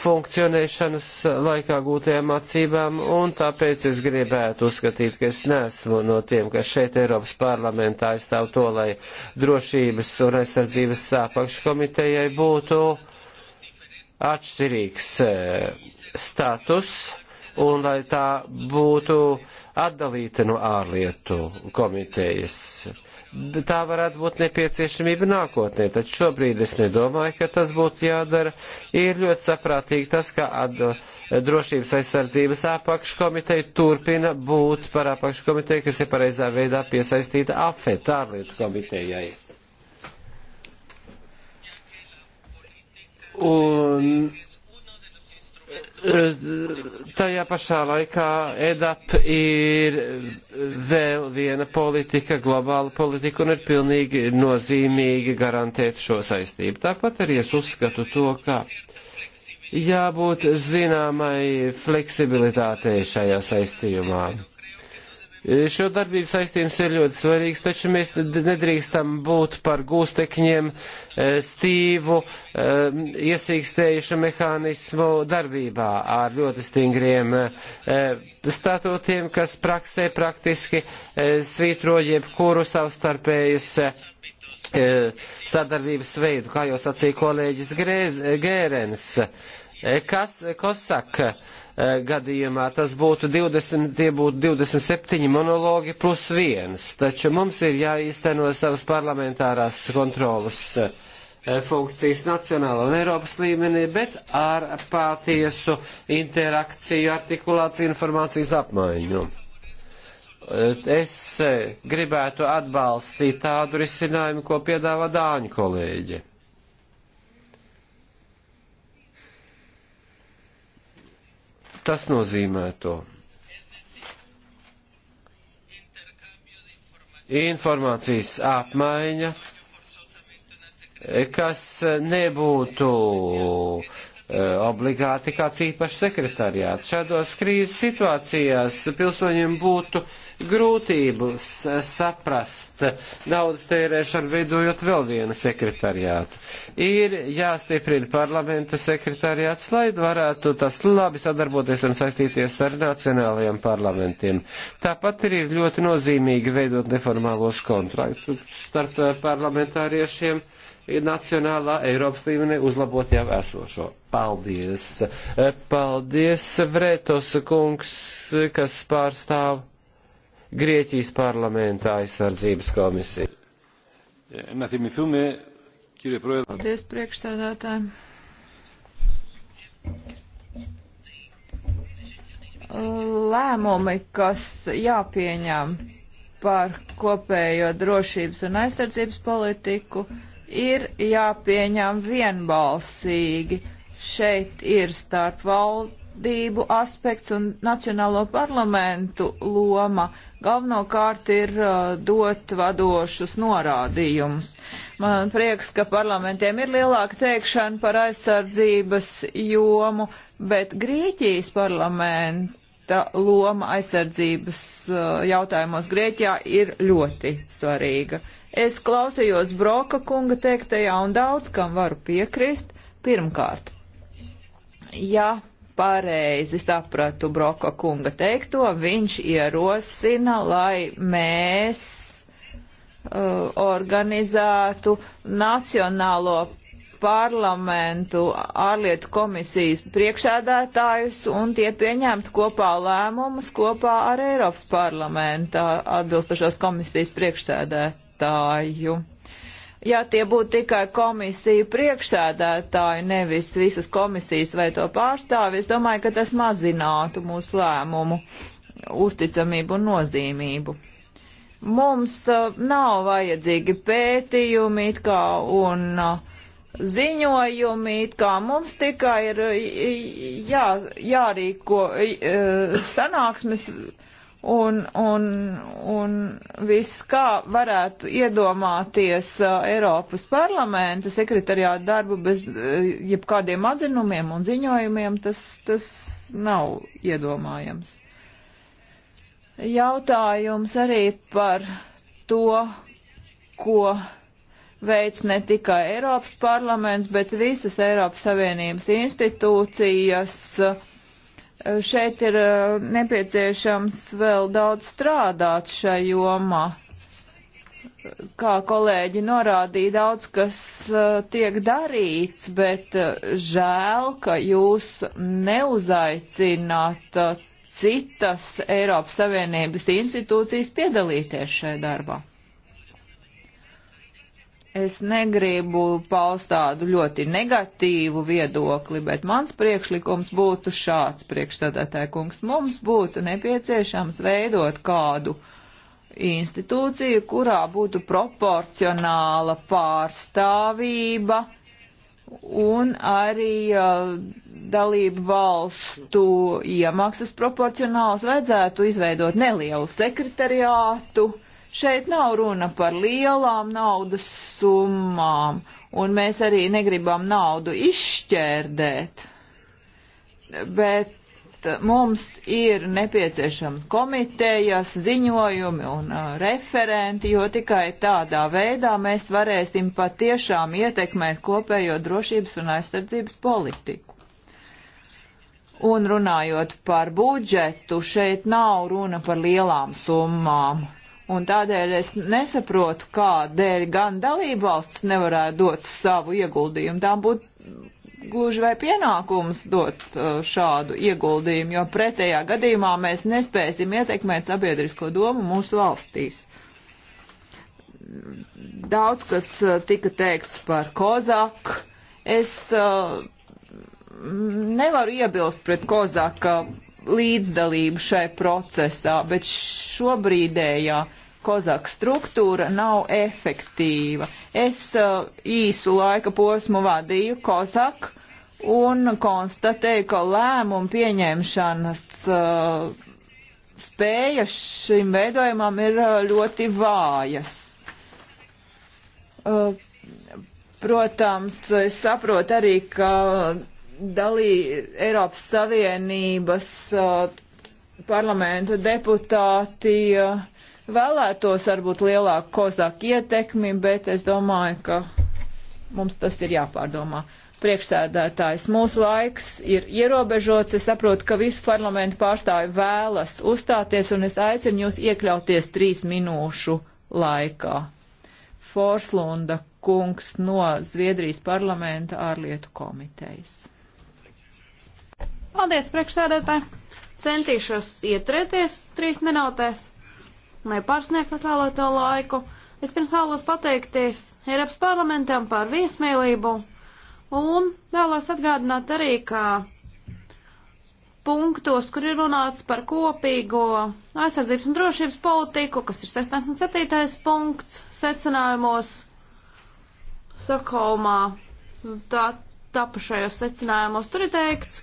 funkcionēšanas laikā gūtajām mācībām, un tāpēc es gribētu uzskatīt, ka es neesmu no tiem, kas šeit Eiropas parlamentā aizstāv to, lai drošības un aizsardzības sāpakškomitejai būtu atšķirīgs status un lai tā būtu atdalīta no ārlietu komitejas tā varētu būt nepieciešamība nākotnē, taču šobrīd es nedomāju, ka tas būtu jādara. Ir ļoti saprātīgi tas, ka drošības aizsardzības apakškomiteja turpina būt par apakškomiteju, kas ir pareizā veidā piesaistīta AFET ārlietu komitejai. Un Eh, tajā pašā laikā EDAP ir vēl viena politika, globāla politika, un ir pilnīgi nozīmīgi garantēt šo saistību. Tāpat arī es uzskatu to, ka jābūt zināmai fleksibilitātei šajā saistījumā. Šo darbību saistījums ir ļoti svarīgs, taču mēs nedrīkstam būt par gūstekņiem e, stīvu e, iesīkstējušu mehānismu darbībā ar ļoti stingriem e, statūtiem, kas praksē praktiski svītro jebkuru savstarpējas sadarbības veidu, kā jau sacīja kolēģis Gērens. Kas, Kosaka? Eh, gadījumā tas būtu 20, tie būtu 27 monologi plus viens, taču mums ir jāīsteno savas parlamentārās kontrolas eh, funkcijas nacionāla un Eiropas līmenī, bet ar patiesu interakciju, artikulāciju, informācijas apmaiņu. Eh, es gribētu atbalstīt tādu risinājumu, ko piedāvā Dāņu kolēģi. Tas nozīmē to. Informācijas apmaiņa, kas nebūtu uh, Eh, obligāti kāds īpašs sekretariāts. Šādos krīzes situācijās pilsoņiem būtu grūtības saprast naudas tērēšanu, veidojot vēl vienu sekretariātu. Ir jāstiprina parlamenta sekretariāts, lai varētu tas labi sadarboties un saistīties ar nacionālajiem parlamentiem. Tāpat ir ļoti nozīmīgi veidot neformālos kontraktus starp eh, parlamentāriešiem nacionālā Eiropas līmenī uzlabot jau esošo. Paldies! Eh, paldies, Vretos kungs, kas pārstāv Grieķijas parlamentā aizsardzības komisiju. Eh, paldies, priekšstādātāji! lēmumi, kas jāpieņem par kopējo drošības un aizsardzības politiku, uh, ir jāpieņem vienbalsīgi. Šeit ir starp valdību aspekts un nacionālo parlamentu loma. Galvenokārt ir uh, dot vadošus norādījumus. Man prieks, ka parlamentiem ir lielāka teikšana par aizsardzības jomu, bet Grieķijas parlamenta loma aizsardzības uh, jautājumos Grieķijā ir ļoti svarīga. Uh, Es klausījos Broka kunga teiktajā un daudz kam varu piekrist. Pirmkārt, ja pareizi sapratu Broka kunga teikto, viņš ierosina, lai mēs uh, organizētu nacionālo parlamentu ārlietu komisijas priekšsēdētājus un tie pieņemtu kopā lēmumus kopā ar Eiropas parlamenta atbilstošās komisijas priekšsēdētāju priekšsēdētāju. Ja tie būtu tikai komisiju priekšsēdētāji, nevis visas komisijas vai to pārstāvi, es domāju, ka tas mazinātu mūsu lēmumu uzticamību un nozīmību. Mums uh, nav vajadzīgi pētījumi it kā un uh, ziņojumi, it kā mums tikai ir uh, jā, jārīko uh, sanāksmes. Uh, un, un, un viss, kā varētu iedomāties uh, Eiropas parlamenta sekretariāta darbu bez uh, jebkādiem atzinumiem un ziņojumiem, tas, tas nav iedomājams. Jautājums arī par to, ko veids ne tikai Eiropas parlaments, bet visas Eiropas Savienības institūcijas. Uh, šeit ir eh, nepieciešams vēl daudz strādāt šai jomā. Kā kolēģi norādīja, daudz kas eh, tiek darīts, bet eh, žēl, ka jūs neuzaicināt citas Eiropas Savienības institūcijas piedalīties šai darbā. Es negribu paust tādu ļoti negatīvu viedokli, bet mans priekšlikums būtu šāds, priekšsēdētāji kungs. Mums būtu nepieciešams veidot kādu institūciju, kurā būtu proporcionāla pārstāvība un arī uh, dalību valstu iemaksas proporcionāls. Vajadzētu izveidot nelielu sekretariātu. Uh, Šeit nav runa par lielām naudas summām, un mēs arī negribam naudu izšķērdēt, bet mums ir nepieciešama komitejas ziņojumi un uh, referenti, jo tikai tādā veidā mēs varēsim patiešām ietekmēt kopējo drošības un aizsardzības politiku. Un runājot par budžetu, šeit nav runa par lielām summām Un tādēļ es nesaprotu, kādēļ gan dalībvalsts nevarētu dot savu ieguldījumu. Tām būtu gluži vai pienākums dot uh, šādu ieguldījumu, jo pretējā gadījumā mēs nespēsim ietekmēt sabiedrisko domu mūsu valstīs. Daudz kas uh, tika teikts par Kozak. Es uh, nevaru iebilst pret Kozaka līdzdalību šai procesā, bet šobrīdējā ja, kozak struktūra nav efektīva. Es uh, īsu laika posmu vadīju kozak un konstatēju, ka lēmumu pieņemšanas uh, spēja šim veidojumam ir uh, ļoti vājas. Protams, es saprotu arī, ka dalī Eiropas Savienības parlamenta deputāti uh, vēlētos varbūt lielāku kozāku ietekmi, bet es domāju, ka mums tas ir jāpārdomā. Priekšsēdētājs, mūsu laiks ir ierobežots. Es saprotu, ka visu parlamentu pārstāvi vēlas uzstāties, un es aicinu jūs iekļauties trīs minūšu laikā. Forslunda kungs no Zviedrijas parlamenta ārlietu komitejas. Paldies, priekšsēdētāji! Centīšos ieturēties trīs minūtēs nepārsniegt atvēlēto laiku. Es pirms vēlos pateikties Eiropas parlamentam par viesmīlību un vēlos atgādināt arī, ka punktos, kur ir runāts par kopīgo aizsardzības un drošības politiku, kas ir 6. un 7. punkts secinājumos Stokholmā. Tā tapušajos secinājumos tur ir teikts,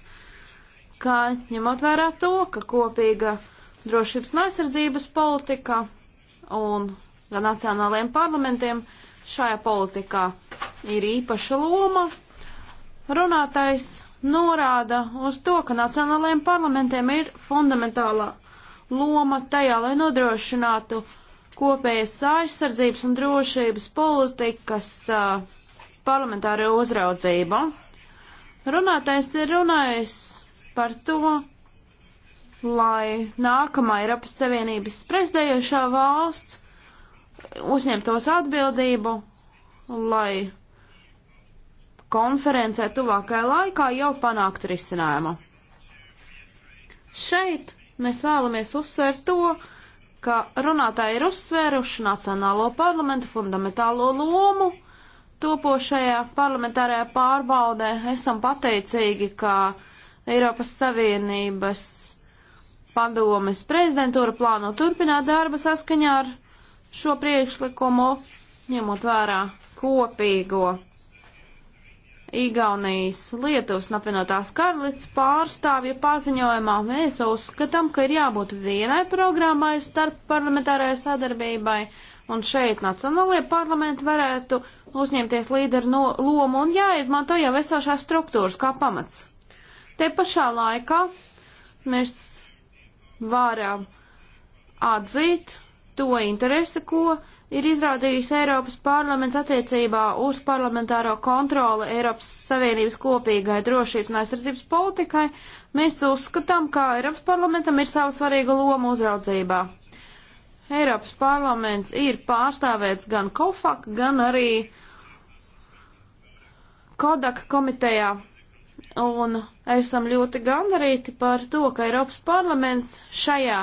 ka ņemot vērā to, ka kopīga drošības un aizsardzības politika un nacionālajiem parlamentiem šajā politikā ir īpaša loma. Runātais norāda uz to, ka nacionālajiem parlamentiem ir fundamentāla loma tajā, lai nodrošinātu kopējas aizsardzības un drošības politikas uh, parlamentāro uzraudzību. Runātais ir runājis par to, lai nākamā Eiropas Savienības prezidējošā valsts uzņemtos atbildību, lai konferencē tuvākajā laikā jau panāktu risinājumu. Šeit mēs vēlamies uzsvērt to, ka runātāji ir uzsvēruši Nacionālo parlamentu fundamentālo lomu topošajā parlamentārajā pārbaudē. Esam pateicīgi, ka Eiropas Savienības Padomes prezidentūra plāno turpināt darbu saskaņā ar šo priekšlikumu, ņemot vērā kopīgo Igaunijas, Lietuvas un apvienotās karalists pārstāvju paziņojumā. Mēs uzskatām, ka ir jābūt vienai programmai starp parlamentārai sadarbībai, un šeit nacionālajie parlamenti varētu uzņemties līderu no lomu un jāizmanto jau esošās struktūras kā pamats. Te pašā laikā mēs varam atzīt to interesi, ko ir izrādījis Eiropas parlaments attiecībā uz parlamentāro kontroli Eiropas Savienības kopīgai drošības un aizsardzības politikai, mēs uzskatām, ka Eiropas parlamentam ir sava svarīga loma uzraudzībā. Eiropas parlaments ir pārstāvēts gan COFAC, gan arī Kodak komitejā un esam ļoti gandarīti par to, ka Eiropas parlaments šajā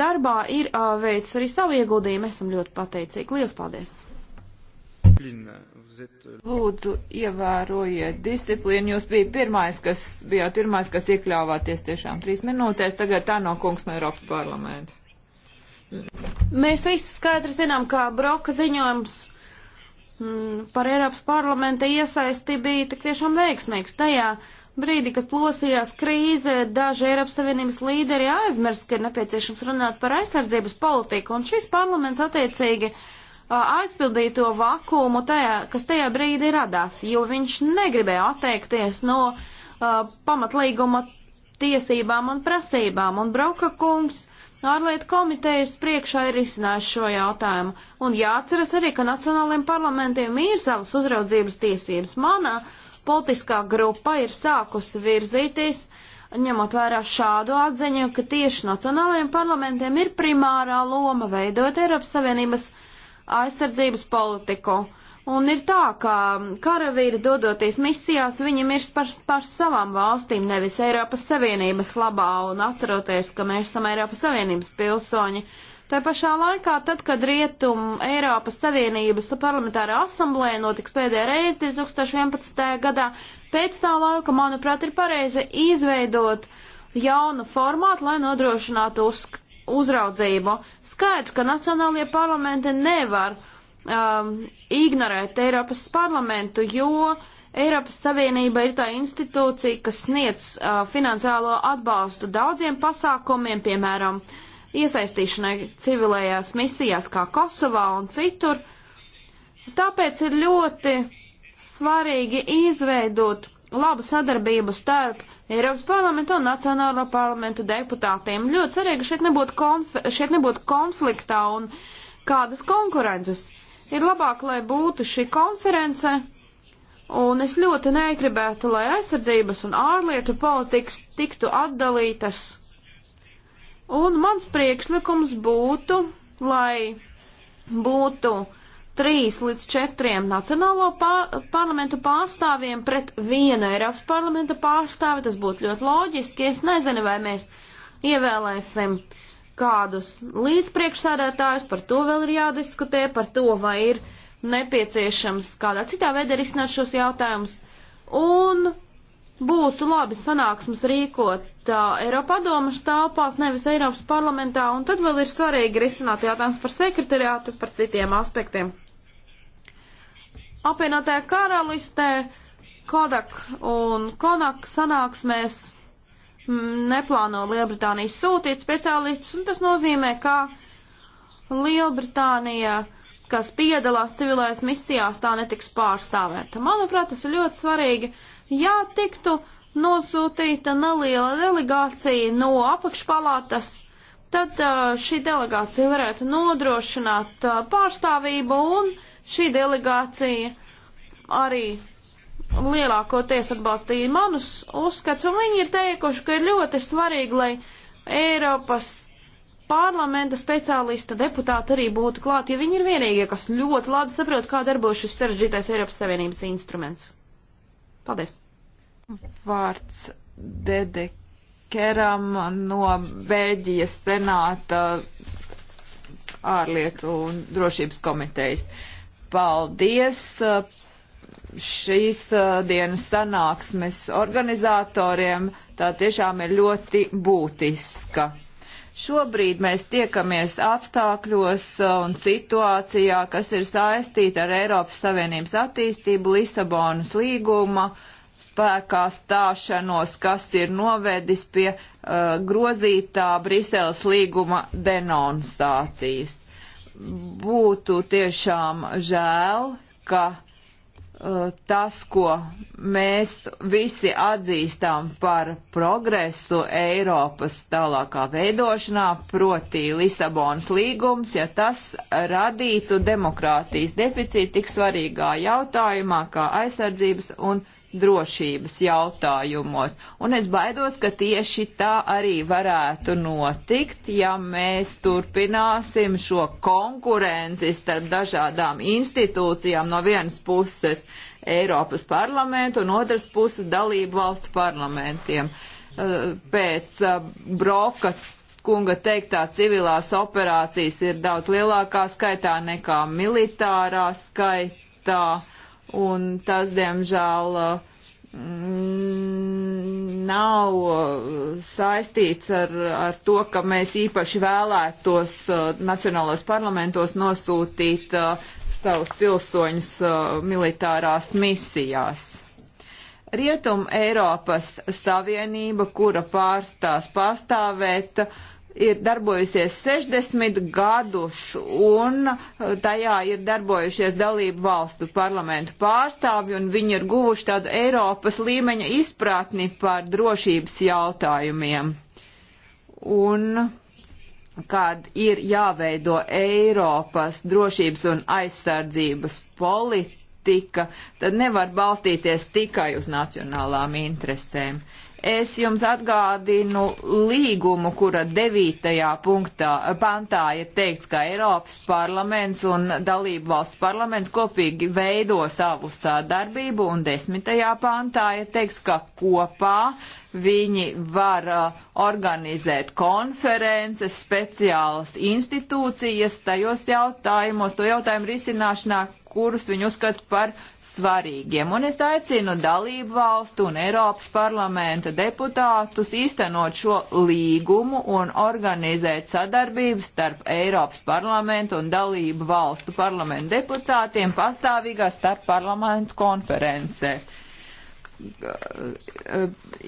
darbā ir uh, veicis arī savu ieguldījumu. Esam ļoti pateicīgi. Lielas paldies! Lūdzu, ievērojiet disciplīnu. Jūs bija pirmais, kas, bijāt pirmais, kas iekļāvāties tiešām trīs minūtēs. Tagad tā nav kungs no Eiropas parlamenta. Mēs visi skaidri zinām, ka Broka ziņojums Mm, par Eiropas parlamenta iesaisti bija tik tiešām veiksmīgs. Tajā brīdī, kad plosījās krīze, daži Eiropas Savienības līderi aizmirst, ka ir nepieciešams runāt par aizsardzības politiku, un šis parlaments attiecīgi aizpildīja to vakumu, tajā, kas tajā brīdī radās, jo viņš negribēja atteikties no uh, pamatlīguma tiesībām un prasībām, un Brauka kungs Ārlietu komitejas priekšā ir izcinājis šo jautājumu, un jāatceras arī, ka nacionāliem parlamentiem ir savas uzraudzības tiesības. Manā politiskā grupa ir sākusi virzīties, ņemot vērā šādu atziņu, ka tieši nacionālajiem parlamentiem ir primārā loma veidot Eiropas Savienības aizsardzības politiku. Uh, Un ir tā, ka karavīri dodoties misijās, viņi mirst par, par savām valstīm, nevis Eiropas Savienības labā un atceroties, ka mēs esam Eiropas Savienības pilsoņi. Tā pašā laikā, tad, kad Rietum Eiropas Savienības parlamentāra asamblēja notiks pēdējā reize 2011. gadā, pēc tā laika, manuprāt, ir pareizi izveidot jaunu formātu, lai nodrošinātu uz, uzraudzību. Skaidrs, ka nacionālajie parlamenti nevar uh, um, ignorēt Eiropas parlamentu, jo Eiropas Savienība ir tā institūcija, kas sniedz uh, finansiālo atbalstu daudziem pasākumiem, piemēram, iesaistīšanai civilējās misijās kā Kosovā un citur. Tāpēc ir ļoti svarīgi izveidot labu sadarbību starp Eiropas parlamentu un Nacionālo parlamentu deputātiem. Ļoti svarīgi šeit nebūtu, konf šeit nebūtu konfliktā un kādas konkurences. Ir labāk, lai būtu šī konference, un es ļoti negribētu, lai aizsardzības un ārlietu politikas tiktu atdalītas. Un mans priekšlikums būtu, lai būtu trīs līdz četriem nacionālo pār, parlamentu pārstāvjiem pret vienu Eiropas parlamenta pārstāvi. Tas būtu ļoti loģiski. Es nezinu, vai mēs ievēlēsim uh, kādus līdzpriekšsēdētājus, par to vēl ir jādiskutē, par to, vai ir nepieciešams kādā citā veidā risināt šos jautājumus. Un būtu labi sanāksmes rīkot uh, Eiropadomas telpās, nevis Eiropas parlamentā, un tad vēl ir svarīgi risināt jautājumus par sekretariātu, par citiem aspektiem. Apvienotajā karalistē Kodak un Konak sanāksmēs Mm, neplāno Lielbritāniju sūtīt speciālistus, un tas nozīmē, ka Lielbritānija, kas piedalās civilais misijās, tā netiks pārstāvēta. Manuprāt, tas ir ļoti svarīgi. Jā, tiktu nosūtīta neliela delegācija no apakšpalātas, tad uh, šī delegācija varētu nodrošināt uh, pārstāvību, un šī delegācija arī lielākoties atbalstīja manus uzskats, un viņi ir teikuši, ka ir ļoti svarīgi, lai Eiropas parlamenta speciālista deputāti arī būtu klāt, jo viņi ir vienīgie, kas ļoti labi saprot, kā darbojas šis sarežģītais Eiropas Savienības instruments. Paldies! Vārds Dedekeram no Bēģijas senāta ārlietu un drošības komitejas. Paldies! šīs uh, dienas sanāksmes organizatoriem tā tiešām ir ļoti būtiska. Šobrīd mēs tiekamies apstākļos uh, un situācijā, kas ir saistīta ar Eiropas Savienības attīstību, Lisabonas līguma spēkā stāšanos, kas ir novedis pie uh, grozītā Briseles līguma denonsācijas. Būtu tiešām žēl, ka Eh, tas, ko mēs visi atzīstām par progresu Eiropas tālākā veidošanā, proti Lisabonas līgums, ja tas radītu demokrātijas deficīti tik svarīgā jautājumā kā aizsardzības un drošības jautājumos. Un es baidos, ka tieši tā arī varētu notikt, ja mēs turpināsim šo konkurenci starp dažādām institūcijām no vienas puses Eiropas parlamentu un otras puses dalību valstu parlamentiem. Eh, pēc eh, Broka kunga teiktā civilās operācijas ir daudz lielākā skaitā nekā militārā skaitā un tas, diemžēl, mm, nav saistīts ar, ar to, ka mēs īpaši vēlētos uh, nacionālos parlamentos nosūtīt uh, savus pilsoņus uh, militārās misijās. Rietuma Eiropas Savienība, kura pārstās pastāvēt uh, ir darbojusies 60 gadus, un uh, tajā ir darbojušies dalību valstu parlamentu pārstāvji, un viņi ir guvuši tādu Eiropas līmeņa izpratni par drošības jautājumiem. Un kad ir jāveido Eiropas drošības un aizsardzības politika, tad nevar balstīties tikai uz nacionālām interesēm. Uh, Es jums atgādinu līgumu, kura 9. punktā, pantā ir teikts, ka Eiropas parlaments un dalību valsts parlaments kopīgi veido savu sadarbību, un 10. pantā ir teikts, ka kopā viņi var uh, organizēt konferences, speciālas institūcijas tajos jautājumos, to jautājumu risināšanā, kurus viņi uzskata par svarīgiem. Un es aicinu dalību valstu un Eiropas parlamenta deputātus īstenot šo līgumu un organizēt sadarbību starp Eiropas parlamentu un dalību valstu parlamentu deputātiem pastāvīgā starp parlamentu konferencē.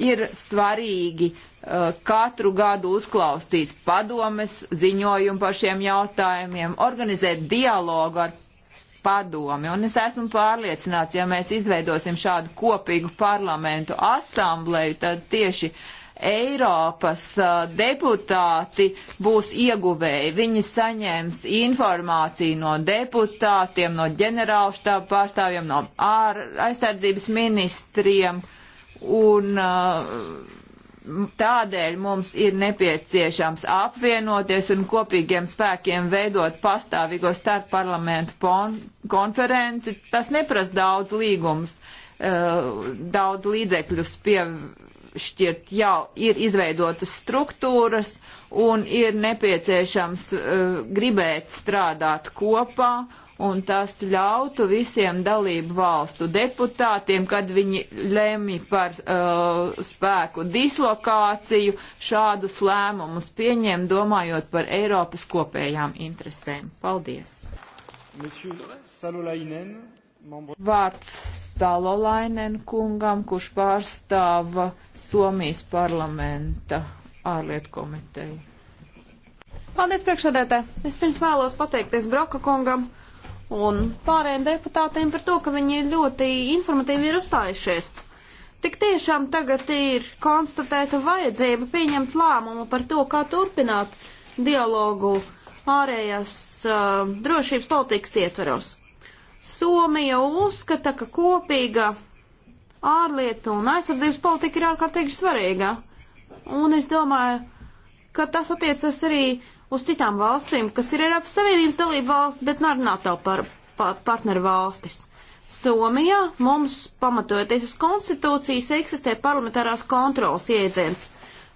Ir svarīgi uh, katru gadu uzklausīt padomes ziņojumu par šiem jautājumiem, organizēt dialogu ar padomi. Un es esmu pārliecināts, ja mēs izveidosim šādu kopīgu parlamentu asambleju, tad tieši Eiropas uh, deputāti būs ieguvēji. Viņi saņems informāciju no deputātiem, no ģenerālštāba pārstāvjiem, no ār, aizsardzības ministriem un uh, Tādēļ mums ir nepieciešams apvienoties un kopīgiem spēkiem veidot pastāvīgo starp parlamentu konferenci. Tas neprasa daudz līgumus, eh, daudz līdzekļus piešķirt. Jau ir izveidotas struktūras un ir nepieciešams eh, gribēt strādāt kopā un tas ļautu visiem dalību valstu deputātiem, kad viņi lemj par uh, spēku dislokāciju, šādus lēmumus pieņem, domājot par Eiropas kopējām interesēm. Paldies! Salolainen, membro... Vārds Stalolainen kungam, kurš pārstāva Somijas parlamenta ārlietu komiteju. Paldies, priekšsēdētāji! Es pirms vēlos pateikties Broka kungam un pārējiem deputātiem par to, ka viņi ļoti informatīvi ir uzstājušies. Tik tiešām tagad ir konstatēta vajadzība pieņemt lēmumu par to, kā turpināt dialogu ārējās uh, drošības politikas ietveros. Somija uzskata, ka kopīga ārlietu un aizsardzības politika ir ārkārtīgi svarīga. Un es domāju, ka tas attiecas arī uz citām valstīm, kas ir Eiropas Savienības dalība valsts, bet nav nu, NATO par, par, partneru valstis. Somijā mums, pamatojoties uz konstitūcijas, eksistē parlamentārās kontrolas iedziens.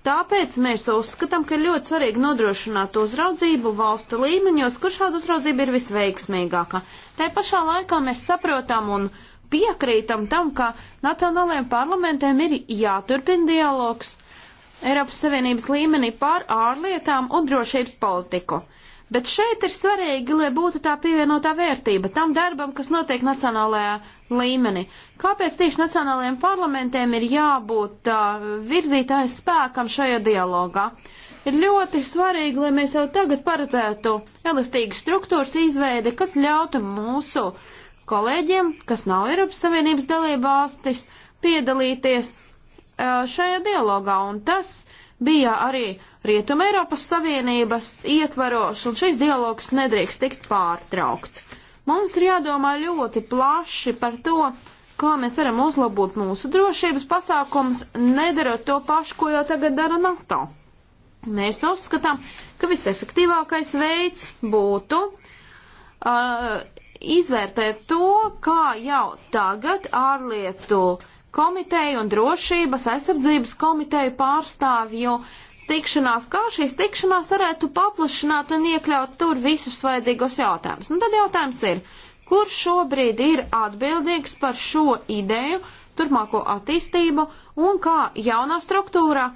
Tāpēc mēs uzskatām, ka ļoti svarīgi nodrošināt uzraudzību valstu līmeņos, kur šāda uzraudzība ir visveiksmīgākā. Tā pašā laikā mēs saprotam un piekrītam tam, ka nacionālajiem parlamentiem ir jāturpina dialogs Eiropas Savienības līmenī par ārlietām un drošības politiku. Bet šeit ir svarīgi, lai būtu tā pievienotā vērtība tam darbam, kas notiek nacionālajā līmenī. Kāpēc tieši nacionālajiem parlamentiem ir jābūt uh, virzītāju spēkam šajā dialogā? Ir ļoti svarīgi, lai mēs jau tagad paredzētu elastīgu struktūras izveidi, kas ļautu mūsu kolēģiem, kas nav Eiropas Savienības dalībvalstis, piedalīties Uh, šajā dialogā, un tas bija arī Rietuma Eiropas Savienības ietvaros, un šis dialogs nedrīkst tikt pārtraukts. Mums ir jādomā ļoti plaši par to, kā mēs varam uzlabot mūsu drošības pasākumus, nedarot to pašu, ko jau tagad dara NATO. Mēs uzskatām, ka visefektīvākais veids būtu uh, izvērtēt to, kā jau tagad ārlietu komiteju un drošības aizsardzības komiteju pārstāvju tikšanās, kā šīs tikšanās varētu paplašināt un iekļaut tur visus vajadzīgos jautājumus. Un nu, tad jautājums ir, kurš šobrīd ir atbildīgs par šo ideju, turpmāko attīstību un kā jaunā struktūra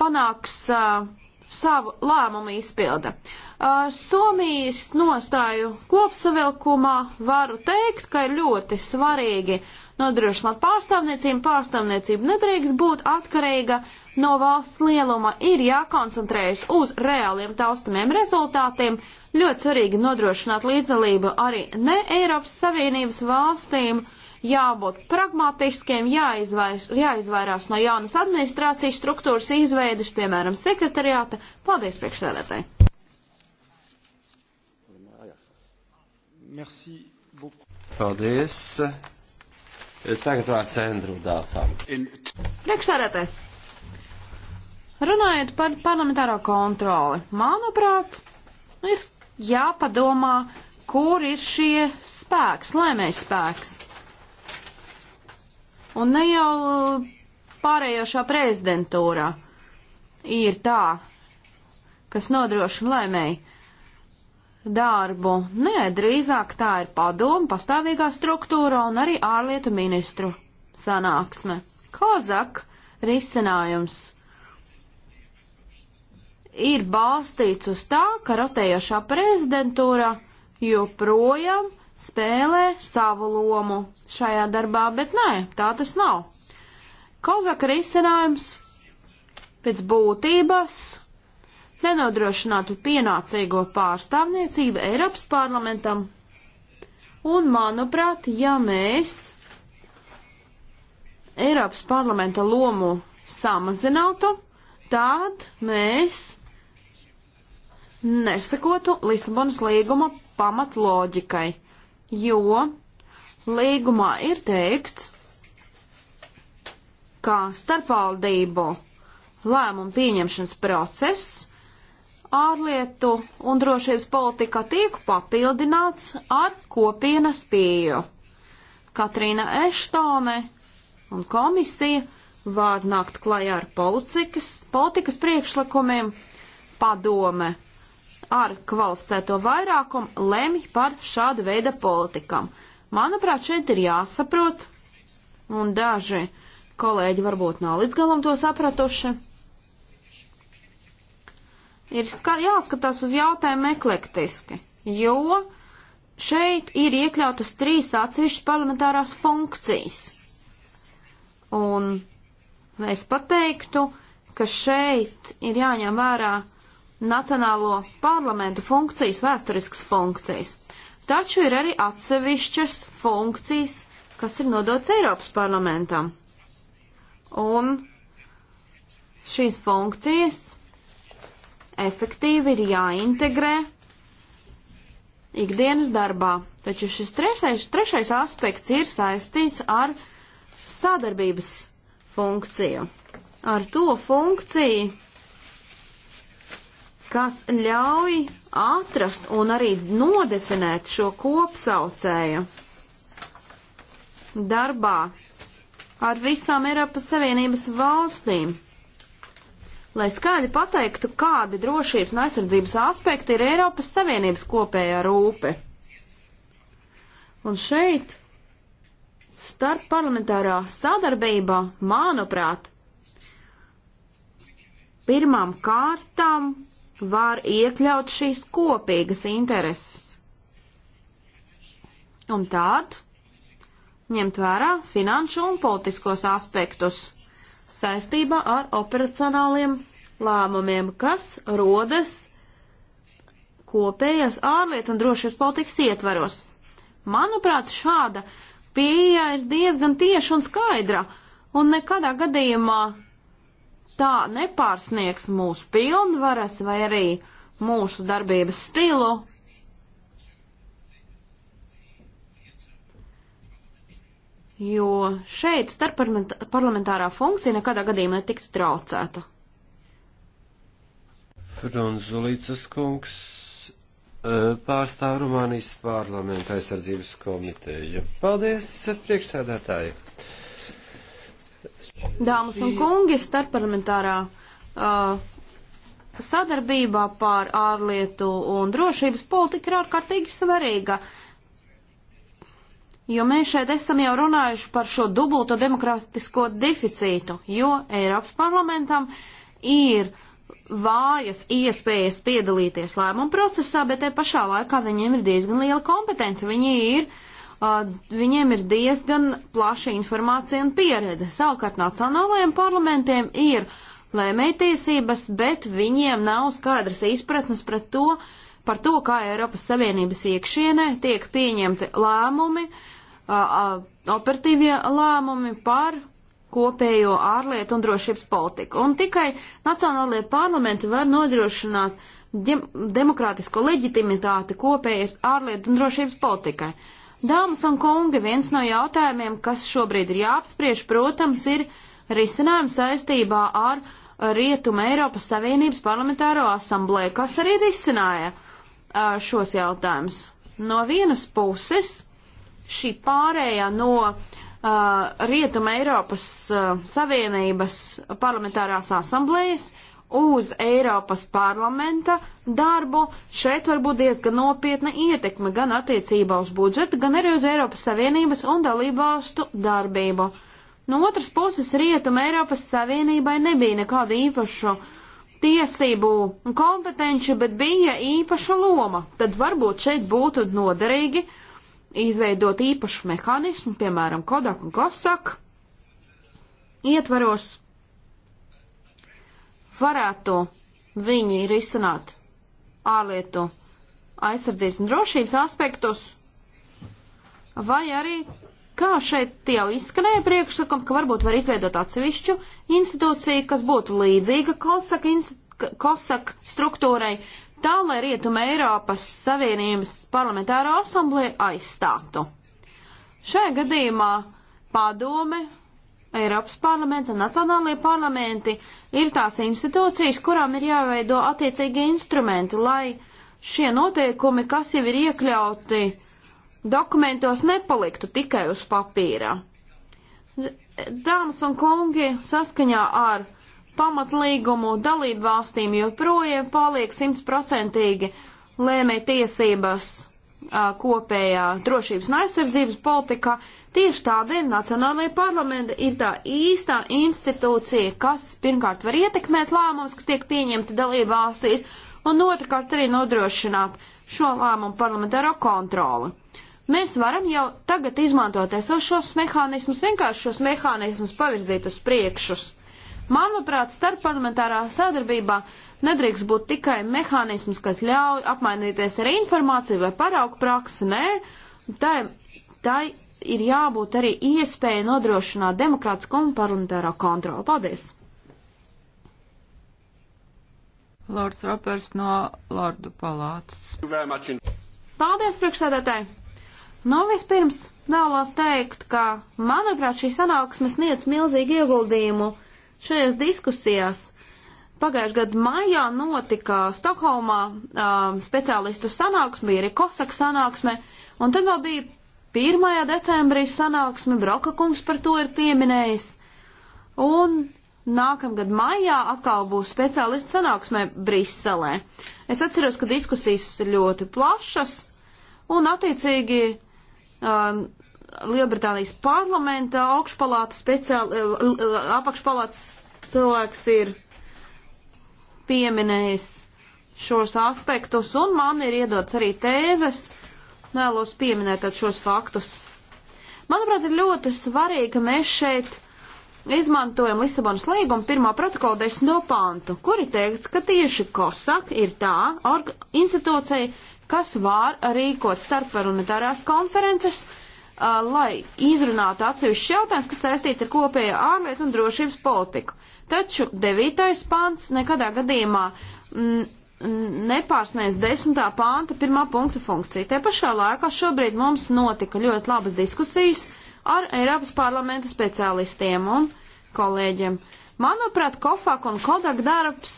panāks uh, savu lēmumu izpilda. Uh, Somijas nostāju kopsavilkumā varu teikt, ka ir ļoti svarīgi uh, nodrošināt pārstāvniecību. Pārstāvniecība nedrīkst būt atkarīga no valsts lieluma, ir jākoncentrējas uz reāliem taustamiem rezultātiem. Ļoti svarīgi nodrošināt līdzdalību arī ne Eiropas Savienības valstīm jābūt pragmatiskiem, jāizvairs, jāizvairās no jaunas administrācijas struktūras izveidas, piemēram, sekretariāta. Paldies priekšsēdētāji! Paldies! Tagad vārds Endru Dāfam. Priekšsēdētāji, runājot par parlamentāro kontroli, manuprāt, ir jāpadomā, kur ir šie spēks, lēmējs spēks. Un ne jau pārējošā prezidentūra ir tā, kas nodrošina lēmēji darbu. Nē, drīzāk tā ir padoma, pastāvīgā struktūra un arī ārlietu ministru sanāksme. Kozak risinājums ir balstīts uz tā, ka rotējošā prezidentūra joprojām spēlē savu lomu šajā darbā, bet nē, tā tas nav. Kozaka risinājums pēc būtības nenodrošinātu pienācīgo pārstāvniecību Eiropas parlamentam. Un, manuprāt, ja mēs Eiropas parlamenta lomu samazinātu, tad mēs nesakotu Lisabonas līguma pamatloģikai, jo līgumā ir teikts, ka starpvaldību lēmumu pieņemšanas process ārlietu un drošības politika tiek papildināts ar kopienas pieju. Katrīna Eštone un komisija var nākt klajā ar politikas, politikas priekšlikumiem, padome ar kvalificēto vairākumu lemj par šādu veidu politikam. Manuprāt, šeit ir jāsaprot, un daži kolēģi varbūt nav līdz galam to sapratuši ir jāskatās uz jautājumu eklektiski, jo šeit ir iekļautas trīs atsevišķas parlamentārās funkcijas. Un es pateiktu, ka šeit ir jāņem vērā nacionālo parlamentu funkcijas, vēsturiskas funkcijas. Taču ir arī atsevišķas funkcijas, kas ir nodots Eiropas parlamentam. Un šīs funkcijas efektīvi ir jāintegrē ikdienas darbā. Taču šis trešais, trešais aspekts ir saistīts ar sadarbības funkciju, ar to funkciju, kas ļauj atrast un arī nodefinēt šo kopsaucēju darbā ar visām Eiropas Savienības valstīm lai skaļi pateiktu, kādi drošības un aizsardzības aspekti ir Eiropas Savienības kopējā rūpe. Un šeit starp parlamentārā sadarbība, manuprāt, pirmām kārtām var iekļaut šīs kopīgas intereses. Un tād ņemt vērā finanšu un politiskos aspektus saistībā ar operacionāliem lēmumiem, kas rodas kopējās ārlietu un drošības politikas ietvaros. Manuprāt, šāda pieeja ir diezgan tieša un skaidra, un nekadā gadījumā tā nepārsniegs mūsu pilnvaras vai arī mūsu darbības stilu, jo šeit starp parlamentārā funkcija nekādā gadījumā netiktu traucēta. Frunzulīcas kungs e, pārstāv Rumānijas parlamenta aizsardzības komiteju. Paldies, priekšsēdētāji! Dāmas un kungi, starpparlamentārā uh, e, sadarbībā pār ārlietu un drošības politika ir ārkārtīgi svarīga. Uh, Jo mēs šeit esam jau runājuši par šo dubulto demokrātisko deficītu, jo Eiropas parlamentam ir vājas iespējas piedalīties lēmumu procesā, bet te pašā laikā viņiem ir diezgan liela kompetence. Viņi ir, uh, viņiem ir diezgan plaša informācija un pieredze. Savukārt nacionālajiem parlamentiem ir lēmētiesības, bet viņiem nav skaidras izpratnes pret to, par to, kā Eiropas Savienības iekšienē tiek pieņemti lēmumi, uh, operatīvie lēmumi par kopējo ārlietu un drošības politiku. Un tikai nacionālajie parlamenti var nodrošināt demokrātisko leģitimitāti kopējas ārlietu un drošības politikai. Dāmas un kungi, viens no jautājumiem, kas šobrīd ir jāapspriež, protams, ir risinājums saistībā ar Rietuma Eiropas Savienības parlamentāro asamblēju, kas arī risināja šos jautājumus. No vienas puses šī pārējā no uh, Rietuma Eiropas uh, Savienības parlamentārās asamblējas uz Eiropas parlamenta darbu, šeit var būt diezgan nopietna ietekme gan attiecībā uz budžetu, gan arī uz Eiropas Savienības un dalībvalstu darbību. No otras puses, Rietuma Eiropas Savienībai nebija nekādu īpašu uh, tiesību kompetenci, bet bija īpaša loma, tad varbūt šeit būtu noderīgi izveidot īpašu mehānismu, piemēram, Kodak un Gosak ietvaros varētu viņi risināt ārlietu aizsardzības un drošības aspektus, vai arī, kā šeit jau izskanēja priekšsakam, ka varbūt var izveidot atsevišķu institūciju, kas būtu līdzīga Kosaka, Kosaka struktūrai, tā, lai Rietuma Eiropas Savienības parlamentāro asamblēju aizstātu. Šajā gadījumā padome, Eiropas parlaments un nacionālajie parlamenti ir tās institūcijas, kurām ir jāveido attiecīgi instrumenti, lai šie noteikumi, kas jau ir iekļauti dokumentos, nepaliktu tikai uz papīra. Dāmas un kungi, saskaņā ar pamatlīgumu dalību valstīm joprojām paliek simtprocentīgi lēmē tiesības kopējā drošības un aizsardzības politikā. Tieši tādēļ Nacionālajie parlamenti ir tā īstā institūcija, kas pirmkārt var ietekmēt lēmumus, kas tiek pieņemti dalību valstīs, un otrkārt arī nodrošināt šo lēmumu parlamentāro kontroli. Mēs varam jau tagad izmantot esošos mehānismus, vienkārši šos mehānismus pavirzīt uz priekšus. Manuprāt, starpparlamentārā sadarbībā nedrīkst būt tikai mehānisms, kas ļauj apmainīties ar informāciju vai paraugu praksi. Nē, tā, tā ir jābūt arī iespēja nodrošināt demokrātisku un parlamentārā kontroli. Paldies! Lords Ropers no Lordu palātas. Paldies, priekšsēdētāji! Nu, vispirms vēlos teikt, ka, manuprāt, šī sanāksme sniedz milzīgu ieguldījumu Šajās diskusijās pagājušajā gadā maijā notika Stokholmā um, speciālistu sanāksme, bija arī Kosaka sanāksme, un tad vēl bija 1. decembrī sanāksme, Broka kungs par to ir pieminējis, un nākamgad maijā atkal būs speciālistu sanāksme Briselē. Es atceros, ka diskusijas ir ļoti plašas, un attiecīgi um, Lielbritānijas parlamenta augšpalāta speciāli, eh, apakšpalāts cilvēks ir pieminējis šos aspektus, un man ir iedots arī tēzes, vēlos pieminēt šos faktus. Manuprāt, ir ļoti svarīgi, ka mēs šeit izmantojam Lisabonas līguma pirmā protokola desmito pantu, kuri teikts, ka tieši COSAC ir tā institūcija, kas var rīkot starpparlamentārās konferences, uh, Uh, lai izrunātu atsevišķus jautājumus, kas saistīti ar kopējo ārlietu un drošības politiku. Taču devītais pants nekadā gadījumā nepārsniedz desmitā panta pirmā punkta funkciju. Te pašā laikā šobrīd mums notika ļoti labas diskusijas ar Eiropas parlamenta speciālistiem un kolēģiem. Manuprāt, Kofak un Kodak darbs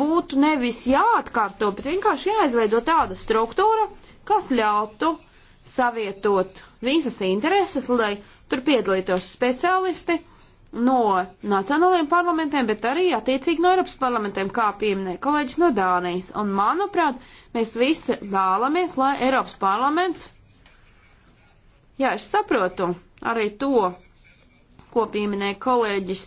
būtu nevis jāatkārto, bet vienkārši jāizveido tāda struktūra, kas ļautu savietot visas intereses, lai tur piedalītos speciālisti no nacionālajiem parlamentiem, bet arī attiecīgi no Eiropas parlamentiem, kā pieminēja kolēģis no Dānijas. Un, manuprāt, mēs visi vēlamies, lai Eiropas parlaments, jā, es saprotu arī to, ko pieminēja kolēģis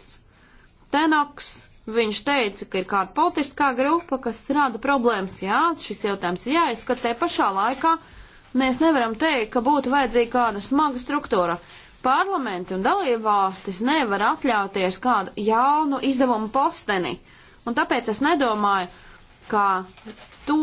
Tenoks. Viņš teica, ka ir kāda politiskā grupa, kas rada problēmas. Jā, šis jautājums ir jāizskatē pašā laikā. Mēs nevaram teikt, ka būtu vajadzīga kāda smaga struktūra. Parlamenti un dalībvalstis nevar atļauties kādu jaunu izdevumu posteni, un tāpēc es nedomāju, ka to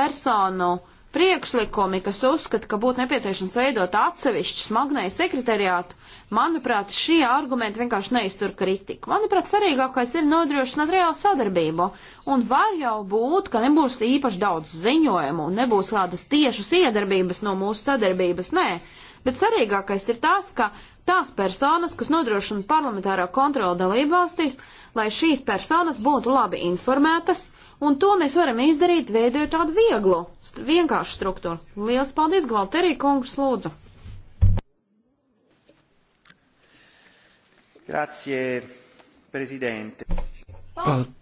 personu uh, priekšlikumi, kas uzskata, ka būtu nepieciešams veidot atsevišķu smagnēju sekretariātu, manuprāt, šie argumenti vienkārši neiztur kritiku. Manuprāt, svarīgākais ir nodrošināt reālu sadarbību, un var jau būt, ka nebūs īpaši daudz ziņojumu, un nebūs kādas tiešas iedarbības no mūsu sadarbības, nē, bet svarīgākais ir tas, ka tās personas, kas nodrošina parlamentārā kontrola dalībvalstīs, lai šīs personas būtu labi informētas, Un to mēs varam izdarīt, veidojot tādu vieglu, st vienkāršu struktūru. Lielas paldies, Gvalterī kungs, lūdzu! Grazie, prezidente. Paldies,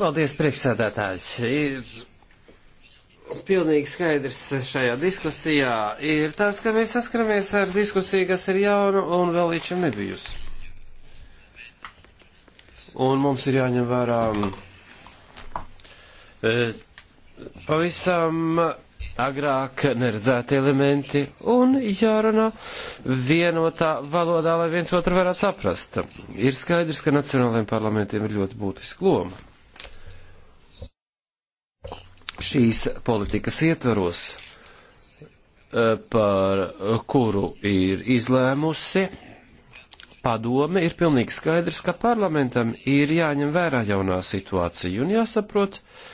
paldies priekšsēdētājs. Ir pilnīgi skaidrs šajā diskusijā ir tas, ka mēs saskaramies ar diskusiju, kas ir jauna un vēl līdz šim nebijusi. Un mums ir jāņem vērā mm, E, pavisam agrāk neredzēti elementi un jārunā vienotā valodā, lai viens otru varētu saprast. Ir skaidrs, ka nacionālajiem parlamentiem ir ļoti būtiska loma. Šīs politikas ietvaros, e, par kuru ir izlēmusi padome, ir pilnīgi skaidrs, ka parlamentam ir jāņem vērā jaunā situācija un jāsaprot, uh,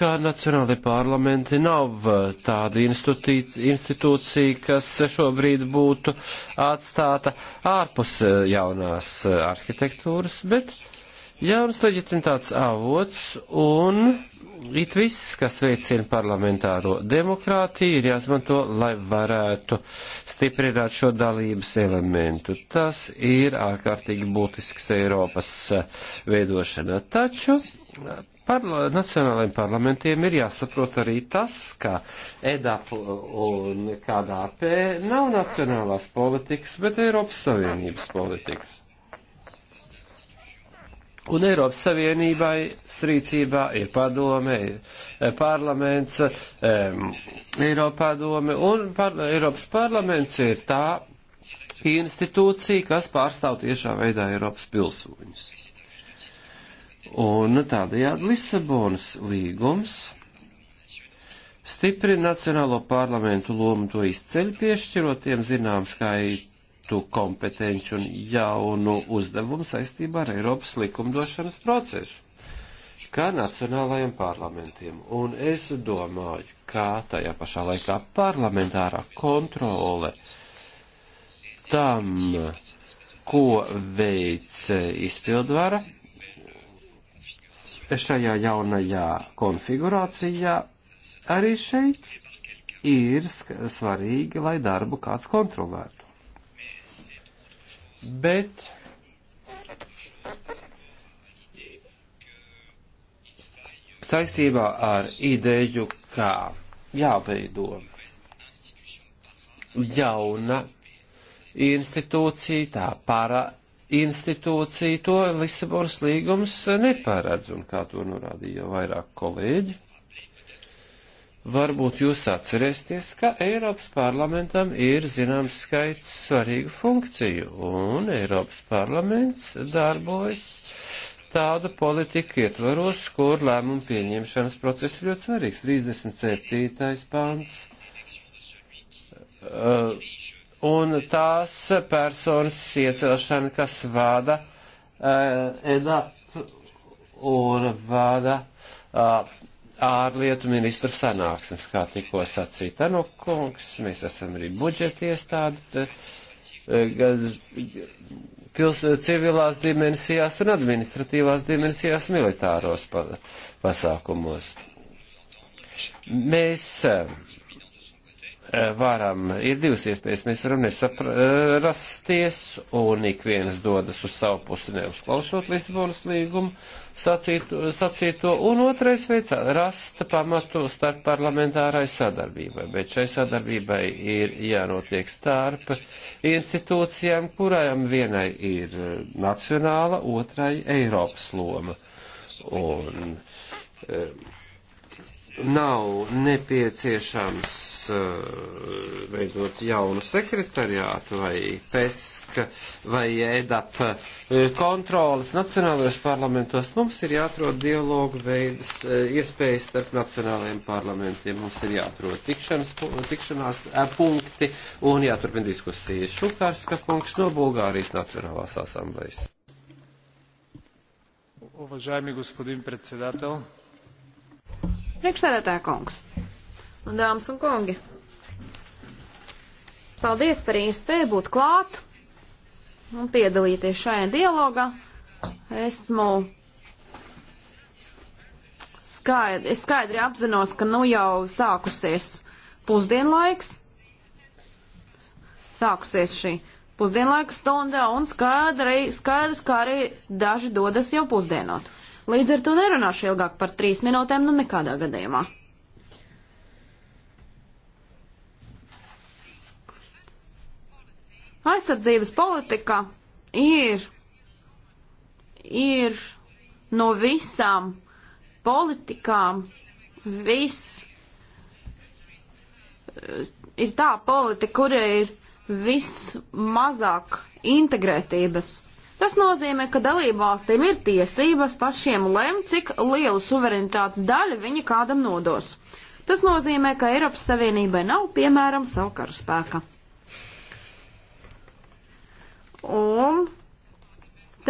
ka Nacionālajie parlamenti nav uh, tāda institūcija, kas šobrīd būtu atstāta ārpus uh, jaunās uh, arhitektūras, bet jaunas leģitimitātes avots un it viss, kas veicina parlamentāro demokrātiju, ir jāizmanto, lai varētu stiprināt šo dalības elementu. Tas ir ārkārtīgi būtisks Eiropas veidošanā. Taču Parla nacionālajiem parlamentiem ir jāsaprot arī tas, ka EDAP un KDAP nav nacionālās politikas, bet Eiropas Savienības politikas. Un Eiropas Savienībai rīcībā ir padome, parlaments, Eiropadome, un par, Eiropas parlaments ir tā institūcija, kas pārstāv tiešā veidā Eiropas pilsūņus. Un tādējādi Lisabonas līgums stiprina Nacionālo parlamentu lomu to izceļ, piešķirot tiem zinām skaitu kompetenci un jaunu uzdevumu saistībā ar Eiropas likumdošanas procesu, kā Nacionālajiem parlamentiem. Un es domāju, kā tajā pašā laikā parlamentārā kontrole tam, ko veic izpildvara, šajā jaunajā konfigurācijā arī šeit ir svarīgi, lai darbu kāds kontrolētu. Bet saistībā ar ideju, kā jāveido jauna institūcija, tā para institūciju, to Lisabonas līgums neparedz, un kā to norādīja jau vairāk kolēģi. Varbūt jūs atcerēsieties, ka Eiropas parlamentam ir zināms skaits svarīgu funkciju, un Eiropas parlaments darbojas tādu politiku ietvaros, kur lēmumu pieņemšanas process ir ļoti svarīgs. 37. pāns. Uh, un tās personas iecelšana, kas vada uh, eh, EDAP un vada uh, ārlietu ministru sanāksmes, kā tikko sacīja Tanokungs, mēs esam arī budžeti iestādi, uh, eh, pils, civilās dimensijās un administratīvās dimensijās militāros pa, pasākumos. Mēs uh, Eh, varam, ir divas iespējas, mēs varam nesaprasties, eh, un ik viens dodas uz savu pusi neuzklausot Lisabonas līgumu sacīto, sacīto, un otrais veids - rast pamatu starp parlamentārai sadarbībai, bet šai sadarbībai ir jānotiek starp institūcijām, kurām vienai ir nacionāla, otrai Eiropas loma. Un, um, nav nepieciešams eh, veidot jaunu sekretariātu vai PESK vai EDAP eh, kontrolas nacionālajos parlamentos. Mums ir jāatrod dialogu veids, eh, iespējas starp nacionālajiem parlamentiem. Mums ir jāatrod tikšanas, tikšanās punkti un jāturpina diskusijas. Šukārska kungs no Bulgārijas Nacionālās asamblejas. Уважаеми господин председател, Priekšsēdētā kungs un dāmas un kungi. Paldies par iespēju būt klāt un piedalīties šajā dialogā. Esmu skaidri, es skaidri apzinos, ka nu jau sākusies pusdienlaiks, sākusies šī pusdienlaika stunda un skaidri, skaidrs, kā arī daži dodas jau pusdienot. Līdz ar to nerunāšu ilgāk par trīs minūtēm, nu nekādā gadījumā. Aizsardzības politika ir, ir no visām politikām viss ir tā politika, kura ir vismazāk integrētības Tas nozīmē, ka dalībvalstīm ir tiesības pašiem lemt, cik lielu suverenitātes daļu viņi kādam nodos. Tas nozīmē, ka Eiropas Savienībai nav, piemēram, savu karu spēka. Un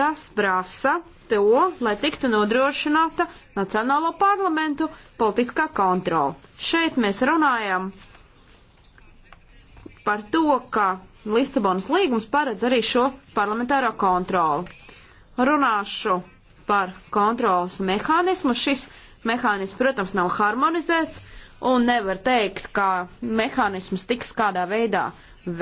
tas prasa to, lai tiktu nodrošināta Nacionālo parlamentu politiskā kontrola. Šeit mēs runājam par to, ka Lisabonas līgums paredz arī šo parlamentāro kontroli. Runāšu par kontrolas mehānismu. Šis mehānisms, protams, nav harmonizēts un nevar teikt, ka mehānisms tiks kādā veidā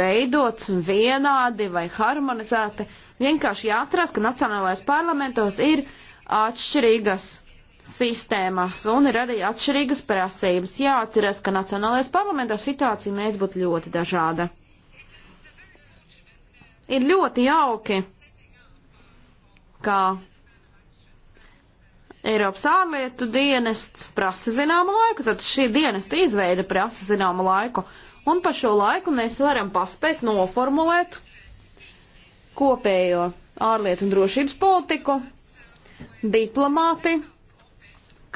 veidots vienādi vai harmonizēti. Vienkārši jāatcerās, ka nacionālais parlamentos ir atšķirīgas sistēmas un ir arī atšķirīgas prasības. Jāatcerās, ka nacionālais parlamentos situācija mēdz būt ļoti dažāda. Ir ļoti jauki, ka Eiropas ārlietu dienests prasa zināmu laiku, tad šī dienesta izveida prasa zināmu laiku, un pa šo laiku mēs varam paspēt noformulēt kopējo ārlietu un drošības politiku, diplomāti,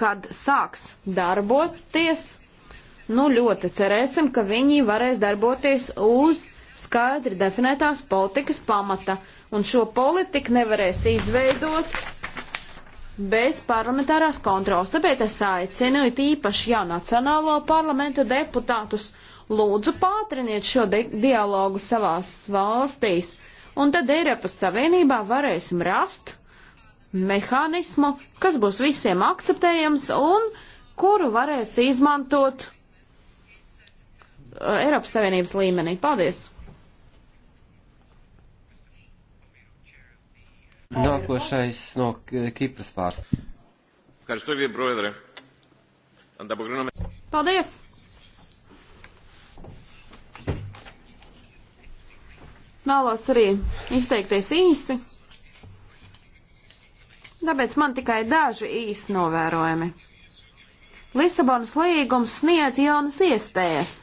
kad sāks darboties, nu ļoti cerēsim, ka viņi varēs darboties uz skaidri definētās politikas pamata, un šo politiku nevarēs izveidot bez parlamentārās kontrols. Tāpēc es aicinu it īpaši jau Nacionālo parlamentu deputātus lūdzu pātriniet šo di dialogu savās valstīs, un tad Eiropas Savienībā varēsim rast mehānismu, kas būs visiem akceptējams un kuru varēs izmantot uh, Eiropas Savienības līmenī. Paldies! Nākošais no Kipras pārstāvs. Paldies! Vēlos arī izteikties īsi, tāpēc man tikai daži īsi novērojumi. Lisabonas līgums sniedz jaunas iespējas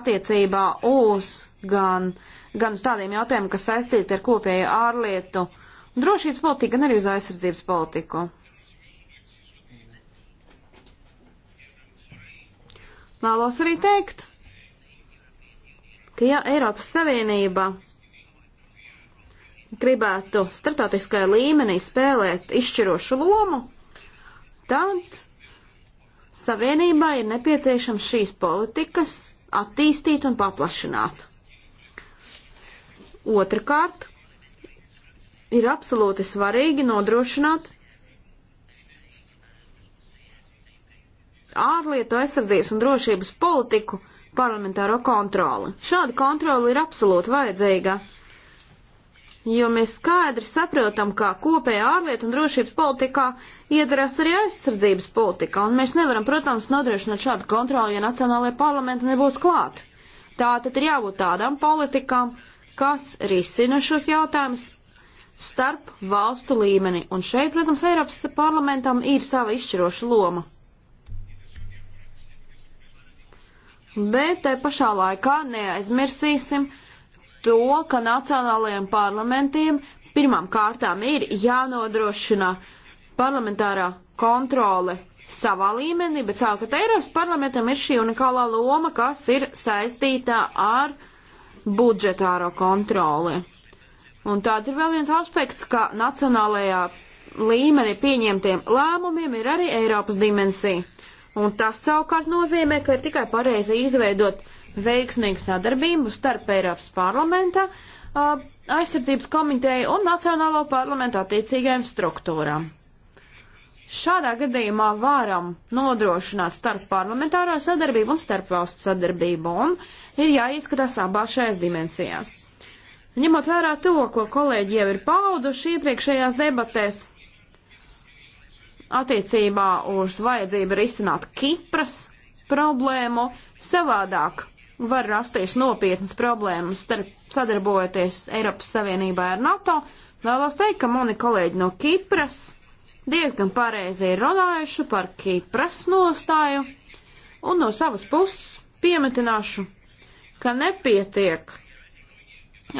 attiecībā uz gan, gan uz tādiem jautājumiem, kas saistīti ar kopēju ārlietu drošības politiku, gan arī uz aizsardzības politiku. Vēlos arī teikt, ka ja Eiropas Savienība gribētu starptautiskajā līmenī spēlēt izšķirošu lomu, tad Savienībā ir nepieciešams šīs politikas attīstīt un paplašināt. Otrakārt, ir absolūti svarīgi nodrošināt ārlietu aizsardzības un drošības politiku parlamentāro kontroli. Šāda kontrola ir absolūti vajadzīga, jo mēs skaidri saprotam, ka kopējā ārlietu un drošības politikā iedarās arī aizsardzības politika, un mēs nevaram, protams, nodrošināt šādu kontroli, ja nacionālajie parlamenti nebūs klāt. Tā tad ir jābūt tādām politikām, kas risina šos jautājumus starp valstu līmeni. Un šeit, protams, Eiropas parlamentam ir sava izšķiroša loma. Bet te pašā laikā neaizmirsīsim to, ka nacionālajiem parlamentiem pirmām kārtām ir jānodrošina parlamentārā kontrole savā līmenī, bet savukārt Eiropas parlamentam ir šī unikālā loma, kas ir saistītā ar budžetāro kontroli. Un tāda ir vēl viens aspekts, ka nacionālajā līmenī pieņemtiem lēmumiem ir arī Eiropas dimensija. Un tas savukārt nozīmē, ka ir tikai pareizi izveidot veiksmīgu sadarbību starp Eiropas parlamenta aizsardzības komiteju un Nacionālo parlamentu attiecīgajām struktūrām. Šādā gadījumā varam nodrošināt starp parlamentāro sadarbību un starp valstu sadarbību un ir jāizskatās abās šajās dimensijās. Ņemot vērā to, ko kolēģi jau ir pauduši iepriekšējās debatēs attiecībā uz vajadzību risināt Kipras problēmu, savādāk var rasties nopietnas problēmas starp sadarbojoties Eiropas Savienībā ar NATO. Vēlos teikt, ka mani kolēģi no Kipras diezgan pareizi ir runājuši par Kipras nostāju, un no savas puses piemetināšu, ka nepietiek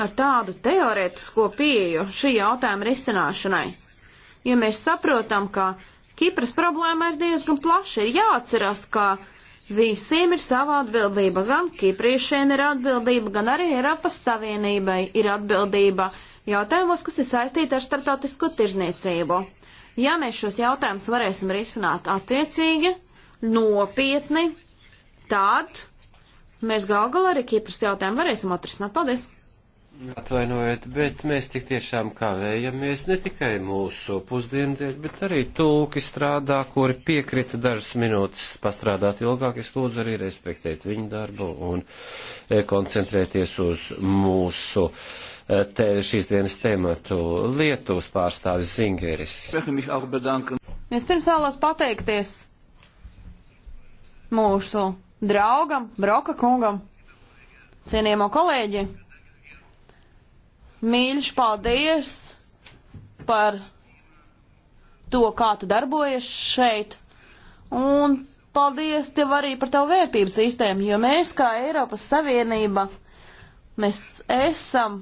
ar tādu teorētisko pieju šī jautājuma risināšanai. Jo mēs saprotam, ka Kipras problēma ir diezgan plaša. Ir jāatcerās, ka visiem ir sava atbildība. Gan kipriešiem ir atbildība, gan arī Eiropas Savienībai ir atbildība jautājumos, kas ir saistīti ar starptautisko tirzniecību. Ja mēs šos jautājumus varēsim risināt attiecīgi, nopietni, tad mēs gal galā arī Kipras jautājumu varēsim atrisināt. Paldies! Atvainojiet, bet mēs tik tiešām kavējamies ne tikai mūsu pusdiendēļ, bet arī tūki strādā, kuri piekrita dažas minūtes pastrādāt ilgāk. Es lūdzu arī respektēt viņu darbu un e, koncentrēties uz mūsu e, te, šīs dienas tematu. Lietuvas pārstāvis Zingeris. Es pirms vēlos pateikties mūsu draugam, Broka kungam, cienījamo kolēģi Mīļš, paldies par to, kā tu darbojies šeit. Un paldies tev arī par tavu vērtību sistēmu, jo mēs kā Eiropas Savienība, mēs esam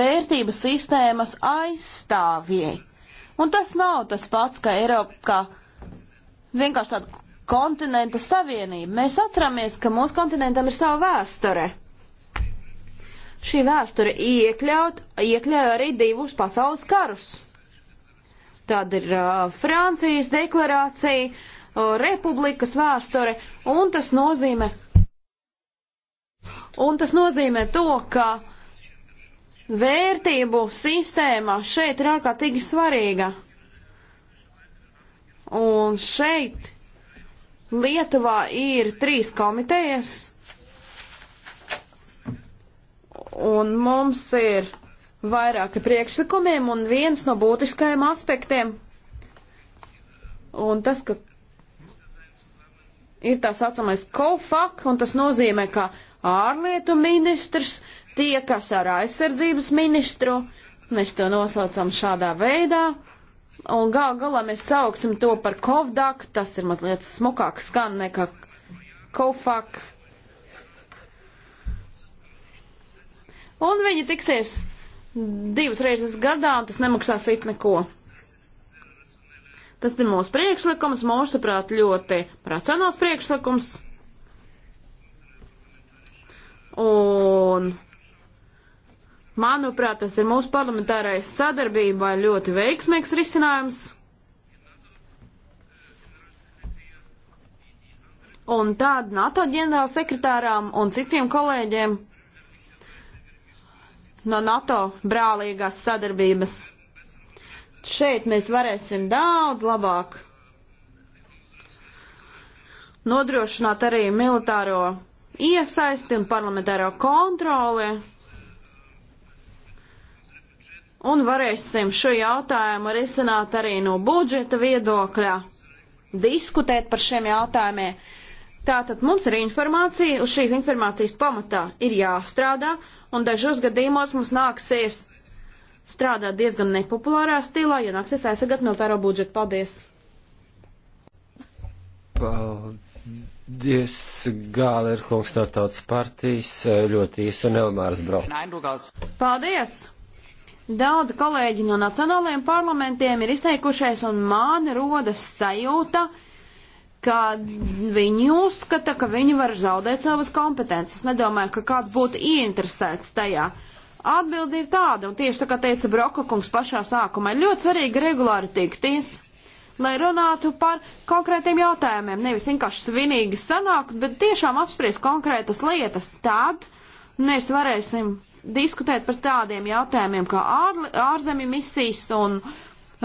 vērtības sistēmas aizstāvjei. Un tas nav tas pats, ka Eiropa, kā vienkārši tāda kontinenta savienība. Mēs atceramies, ka mūsu kontinentam ir sava vēsture. Šī vēsture iekļaut, iekļauj arī divus pasaules karus. Tad ir uh, Francijas deklarācija, uh, republikas vēsture, un tas nozīmē, un tas nozīmē to, ka vērtību sistēma šeit ir ārkārtīgi svarīga. Un šeit Lietuvā ir trīs komitejas Un mums ir vairāki priekšlikumiem, un viens no būtiskajiem aspektiem, un tas, ka ir tā saucamais COFAC, un tas nozīmē, ka ārlietu ministrs tiekas ar aizsardzības ministru, mēs to nosaucam šādā veidā, un gal galā mēs sauksim to par COFDAC, tas ir mazliet smukāk skan nekā COFAC. un viņi tiksies divas reizes gadā, un tas nemaksās it neko. Tas ir mūsu priekšlikums, mūsuprāt, ļoti racionāls priekšlikums. Un, manuprāt, tas ir mūsu parlamentārais sadarbībai ļoti veiksmīgs risinājums. Un tad NATO ģenerālsekretārām un citiem kolēģiem no NATO brālīgās sadarbības. Šeit mēs varēsim daudz labāk nodrošināt arī militāro iesaisti un parlamentāro kontroli. Un varēsim šo jautājumu risināt arī no budžeta viedokļa, diskutēt par šiem jautājumiem. Tātad mums ir informācija, uz šīs informācijas pamatā ir jāstrādā, un dažos gadījumos mums nāksies strādāt diezgan nepopulārā stilā, jo nāksies aizsargāt militāro budžetu. Paldies! Paldies, Gāler kungs no tautas partijas, ļoti īsi un Elmārs Brok. Paldies! Daudz kolēģi no nacionālajiem parlamentiem ir izteikušies, un man rodas sajūta, ka ka viņi uzskata, ka viņi var zaudēt savas kompetences. Nedomāju, ka kāds būtu ieinteresēts tajā. Atbildi ir tāda, un tieši tā kā teica Broka kungs pašā sākumā, ļoti svarīgi regulāri tikties, lai runātu par konkrētiem jautājumiem, nevis vienkārši svinīgi sanākt, bet tiešām apspriest konkrētas lietas. Tad mēs varēsim diskutēt par tādiem jautājumiem kā ār, ārzemju misijas un uh,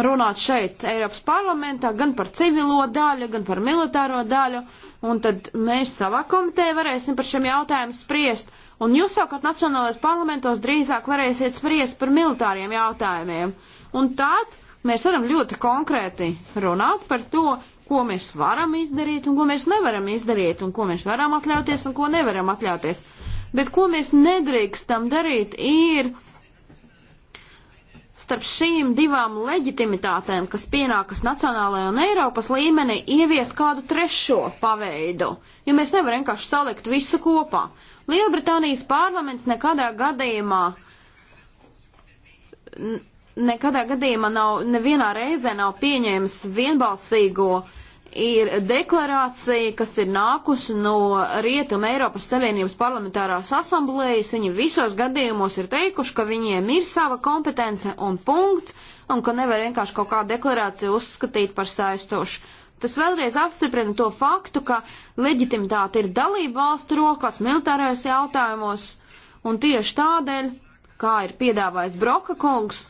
runāt šeit, Eiropas parlamentā, gan par civilo daļu, gan par militāro daļu, un tad mēs savā komitejā varēsim par šiem jautājumiem spriest. Un jūs savukārt nacionālajos parlamentos drīzāk varēsiet spriest par militāriem jautājumiem. Un tad mēs varam ļoti konkrēti runāt par to, ko mēs varam izdarīt un ko mēs nevaram izdarīt, un ko mēs varam atļauties un ko nevaram atļauties. Bet ko mēs nedrīkstam darīt ir starp šīm divām leģitimitātēm, kas pienākas nacionālajā un Eiropas līmenī, ieviest kādu trešo paveidu, jo mēs nevaram vienkārši salikt visu kopā. Lielbritānijas parlaments nekādā gadījumā, nekādā gadījumā nav, nevienā reizē nav pieņēmis vienbalsīgo uh, ir deklarācija, kas ir nākusi no Rietuma Eiropas Savienības parlamentārās asamblējas. Viņi visos gadījumos ir teikuši, ka viņiem ir sava kompetence un punkts, un ka nevar vienkārši kaut kādu deklarāciju uzskatīt par saistošu. Tas vēlreiz apstiprina to faktu, ka leģitimitāte ir dalība valstu rokās militārajos jautājumos, un tieši tādēļ, kā ir piedāvājis Broka kungs,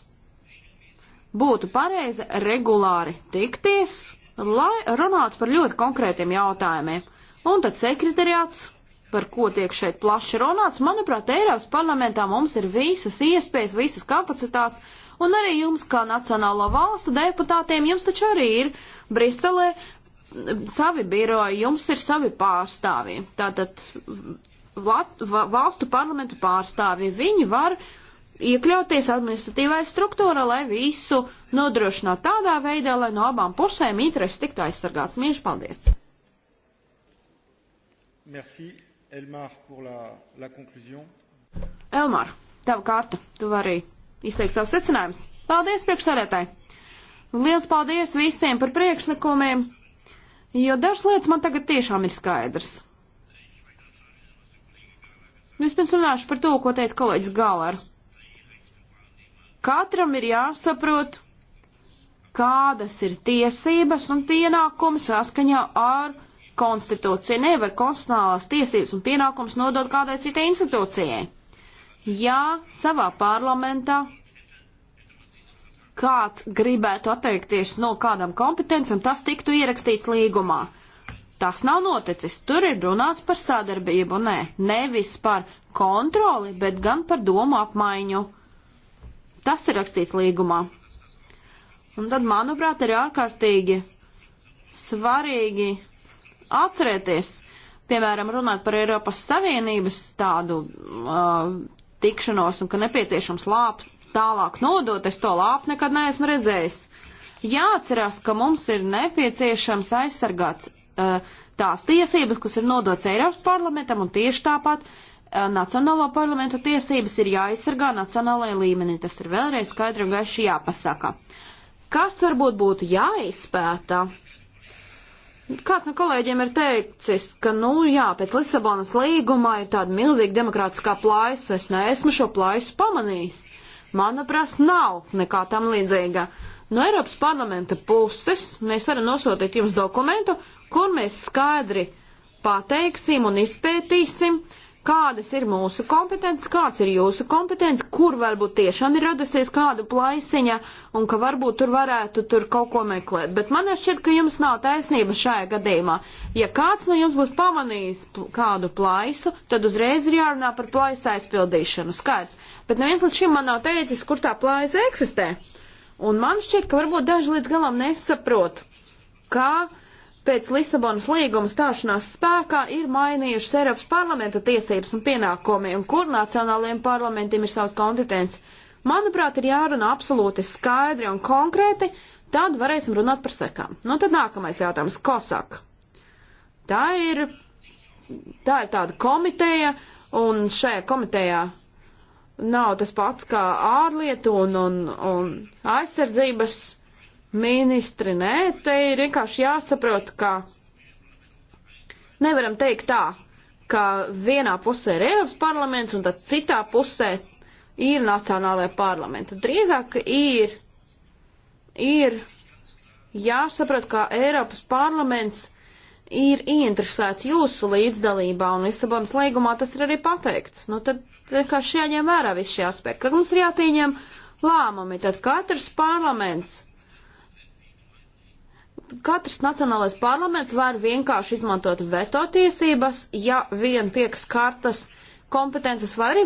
būtu pareizi regulāri tikties lai runātu par ļoti konkrētiem jautājumiem. Un tad sekretariāts, par ko tiek šeit plaši runāts, manuprāt, Eiropas parlamentā mums ir visas iespējas, visas kapacitātes, un arī jums, kā nacionālo valstu deputātiem, jums taču arī ir Briselē savi biroji, jums ir savi pārstāvji. Tātad valstu parlamentu pārstāvji, viņi var uh, iekļauties administratīvai struktūra, lai visu nodrošinātu tādā veidā, lai no abām pusēm intereses tiktu aizsargāts. Mīļš, paldies! Merci, Elmar, pour la, la conclusion. Elmar, tava kārta. Tu vari izteikt savus secinājumus. Paldies, priekšsēdētāji! Liels paldies visiem par priekšlikumiem, jo dažas lietas man tagad tiešām ir skaidrs. Vispirms runāšu par to, ko teica kolēģis Galar. Katram ir jāsaprot, kādas ir tiesības un pienākumi saskaņā ar konstitūciju. Nevar konstitucionālās tiesības un pienākums nodot kādai citai institūcijai. Ja savā parlamentā kāds gribētu atteikties no kādām kompetencijām, tas tiktu ierakstīts līgumā. Tas nav noticis. Tur ir runāts par sadarbību, nē, nevis par kontroli, bet gan par domu apmaiņu. Tas ir rakstīts līgumā. Un tad, manuprāt, ir ārkārtīgi svarīgi atcerēties, piemēram, runāt par Eiropas Savienības tādu uh, tikšanos un ka nepieciešams lāp tālāk nodot, es to lāpu nekad neesmu redzējis. Jāatcerās, ka mums ir nepieciešams aizsargāt uh, tās tiesības, kas ir nodots Eiropas parlamentam un tieši tāpat Eh, nacionālo parlamentu tiesības ir jāaizsargā nacionālajā līmenī. Tas ir vēlreiz skaidri un gaiši jāpasaka. Kas varbūt būtu jāizpēta? Kāds no kolēģiem ir teicis, ka, nu jā, pēc Lisabonas līgumā ir tāda milzīga demokrātiskā plājas, es neesmu šo plājas pamanījis. Manuprāt, nav nekā tam līdzīga. No Eiropas parlamenta puses mēs varam nosūtīt jums dokumentu, kur mēs skaidri pateiksim un izpētīsim, uh, kādas ir mūsu kompetences, kāds ir jūsu kompetence, kur varbūt tiešām ir radusies kāda plaisiņa un ka varbūt tur varētu tur kaut ko meklēt. Bet man šķiet, ka jums nav taisnība šajā gadījumā. Ja kāds no jums būs pamanījis kādu plaisu, tad uzreiz ir jārunā par plaisa aizpildīšanu. Skaidrs. Bet neviens līdz šim man nav teicis, kur tā plaisa eksistē. Un man šķiet, ka varbūt daži līdz galam nesaprot, kā. Ka pēc Lisabonas līguma stāšanās spēkā ir mainījušas Eiropas parlamenta tiesības un pienākumi, un kur nacionālajiem parlamentiem ir savas kompetences. Manuprāt, ir jārunā absolūti skaidri un konkrēti, tad varēsim runāt par sekām. Nu, tad nākamais jautājums - Kosak. Tā ir, tā ir tāda komiteja, un šajā komitejā nav tas pats kā ārlietu un, un, un aizsardzības ministri nē, te ir vienkārši jāsaprot, ka nevaram teikt tā, ka vienā pusē ir Eiropas parlaments un tad citā pusē ir nacionālajā parlamenta. Drīzāk ir, ir jāsaprot, ka Eiropas parlaments ir ieinteresēts jūsu līdzdalībā un Lisabonas līgumā tas ir arī pateikts. Nu tad vienkārši jāņem vērā visi šie aspekti. Tad mums ir jāpieņem lēmumi, tad katrs parlaments katrs nacionālais parlaments var vienkārši izmantot veto tiesības, ja vien tiek skartas kompetences vai arī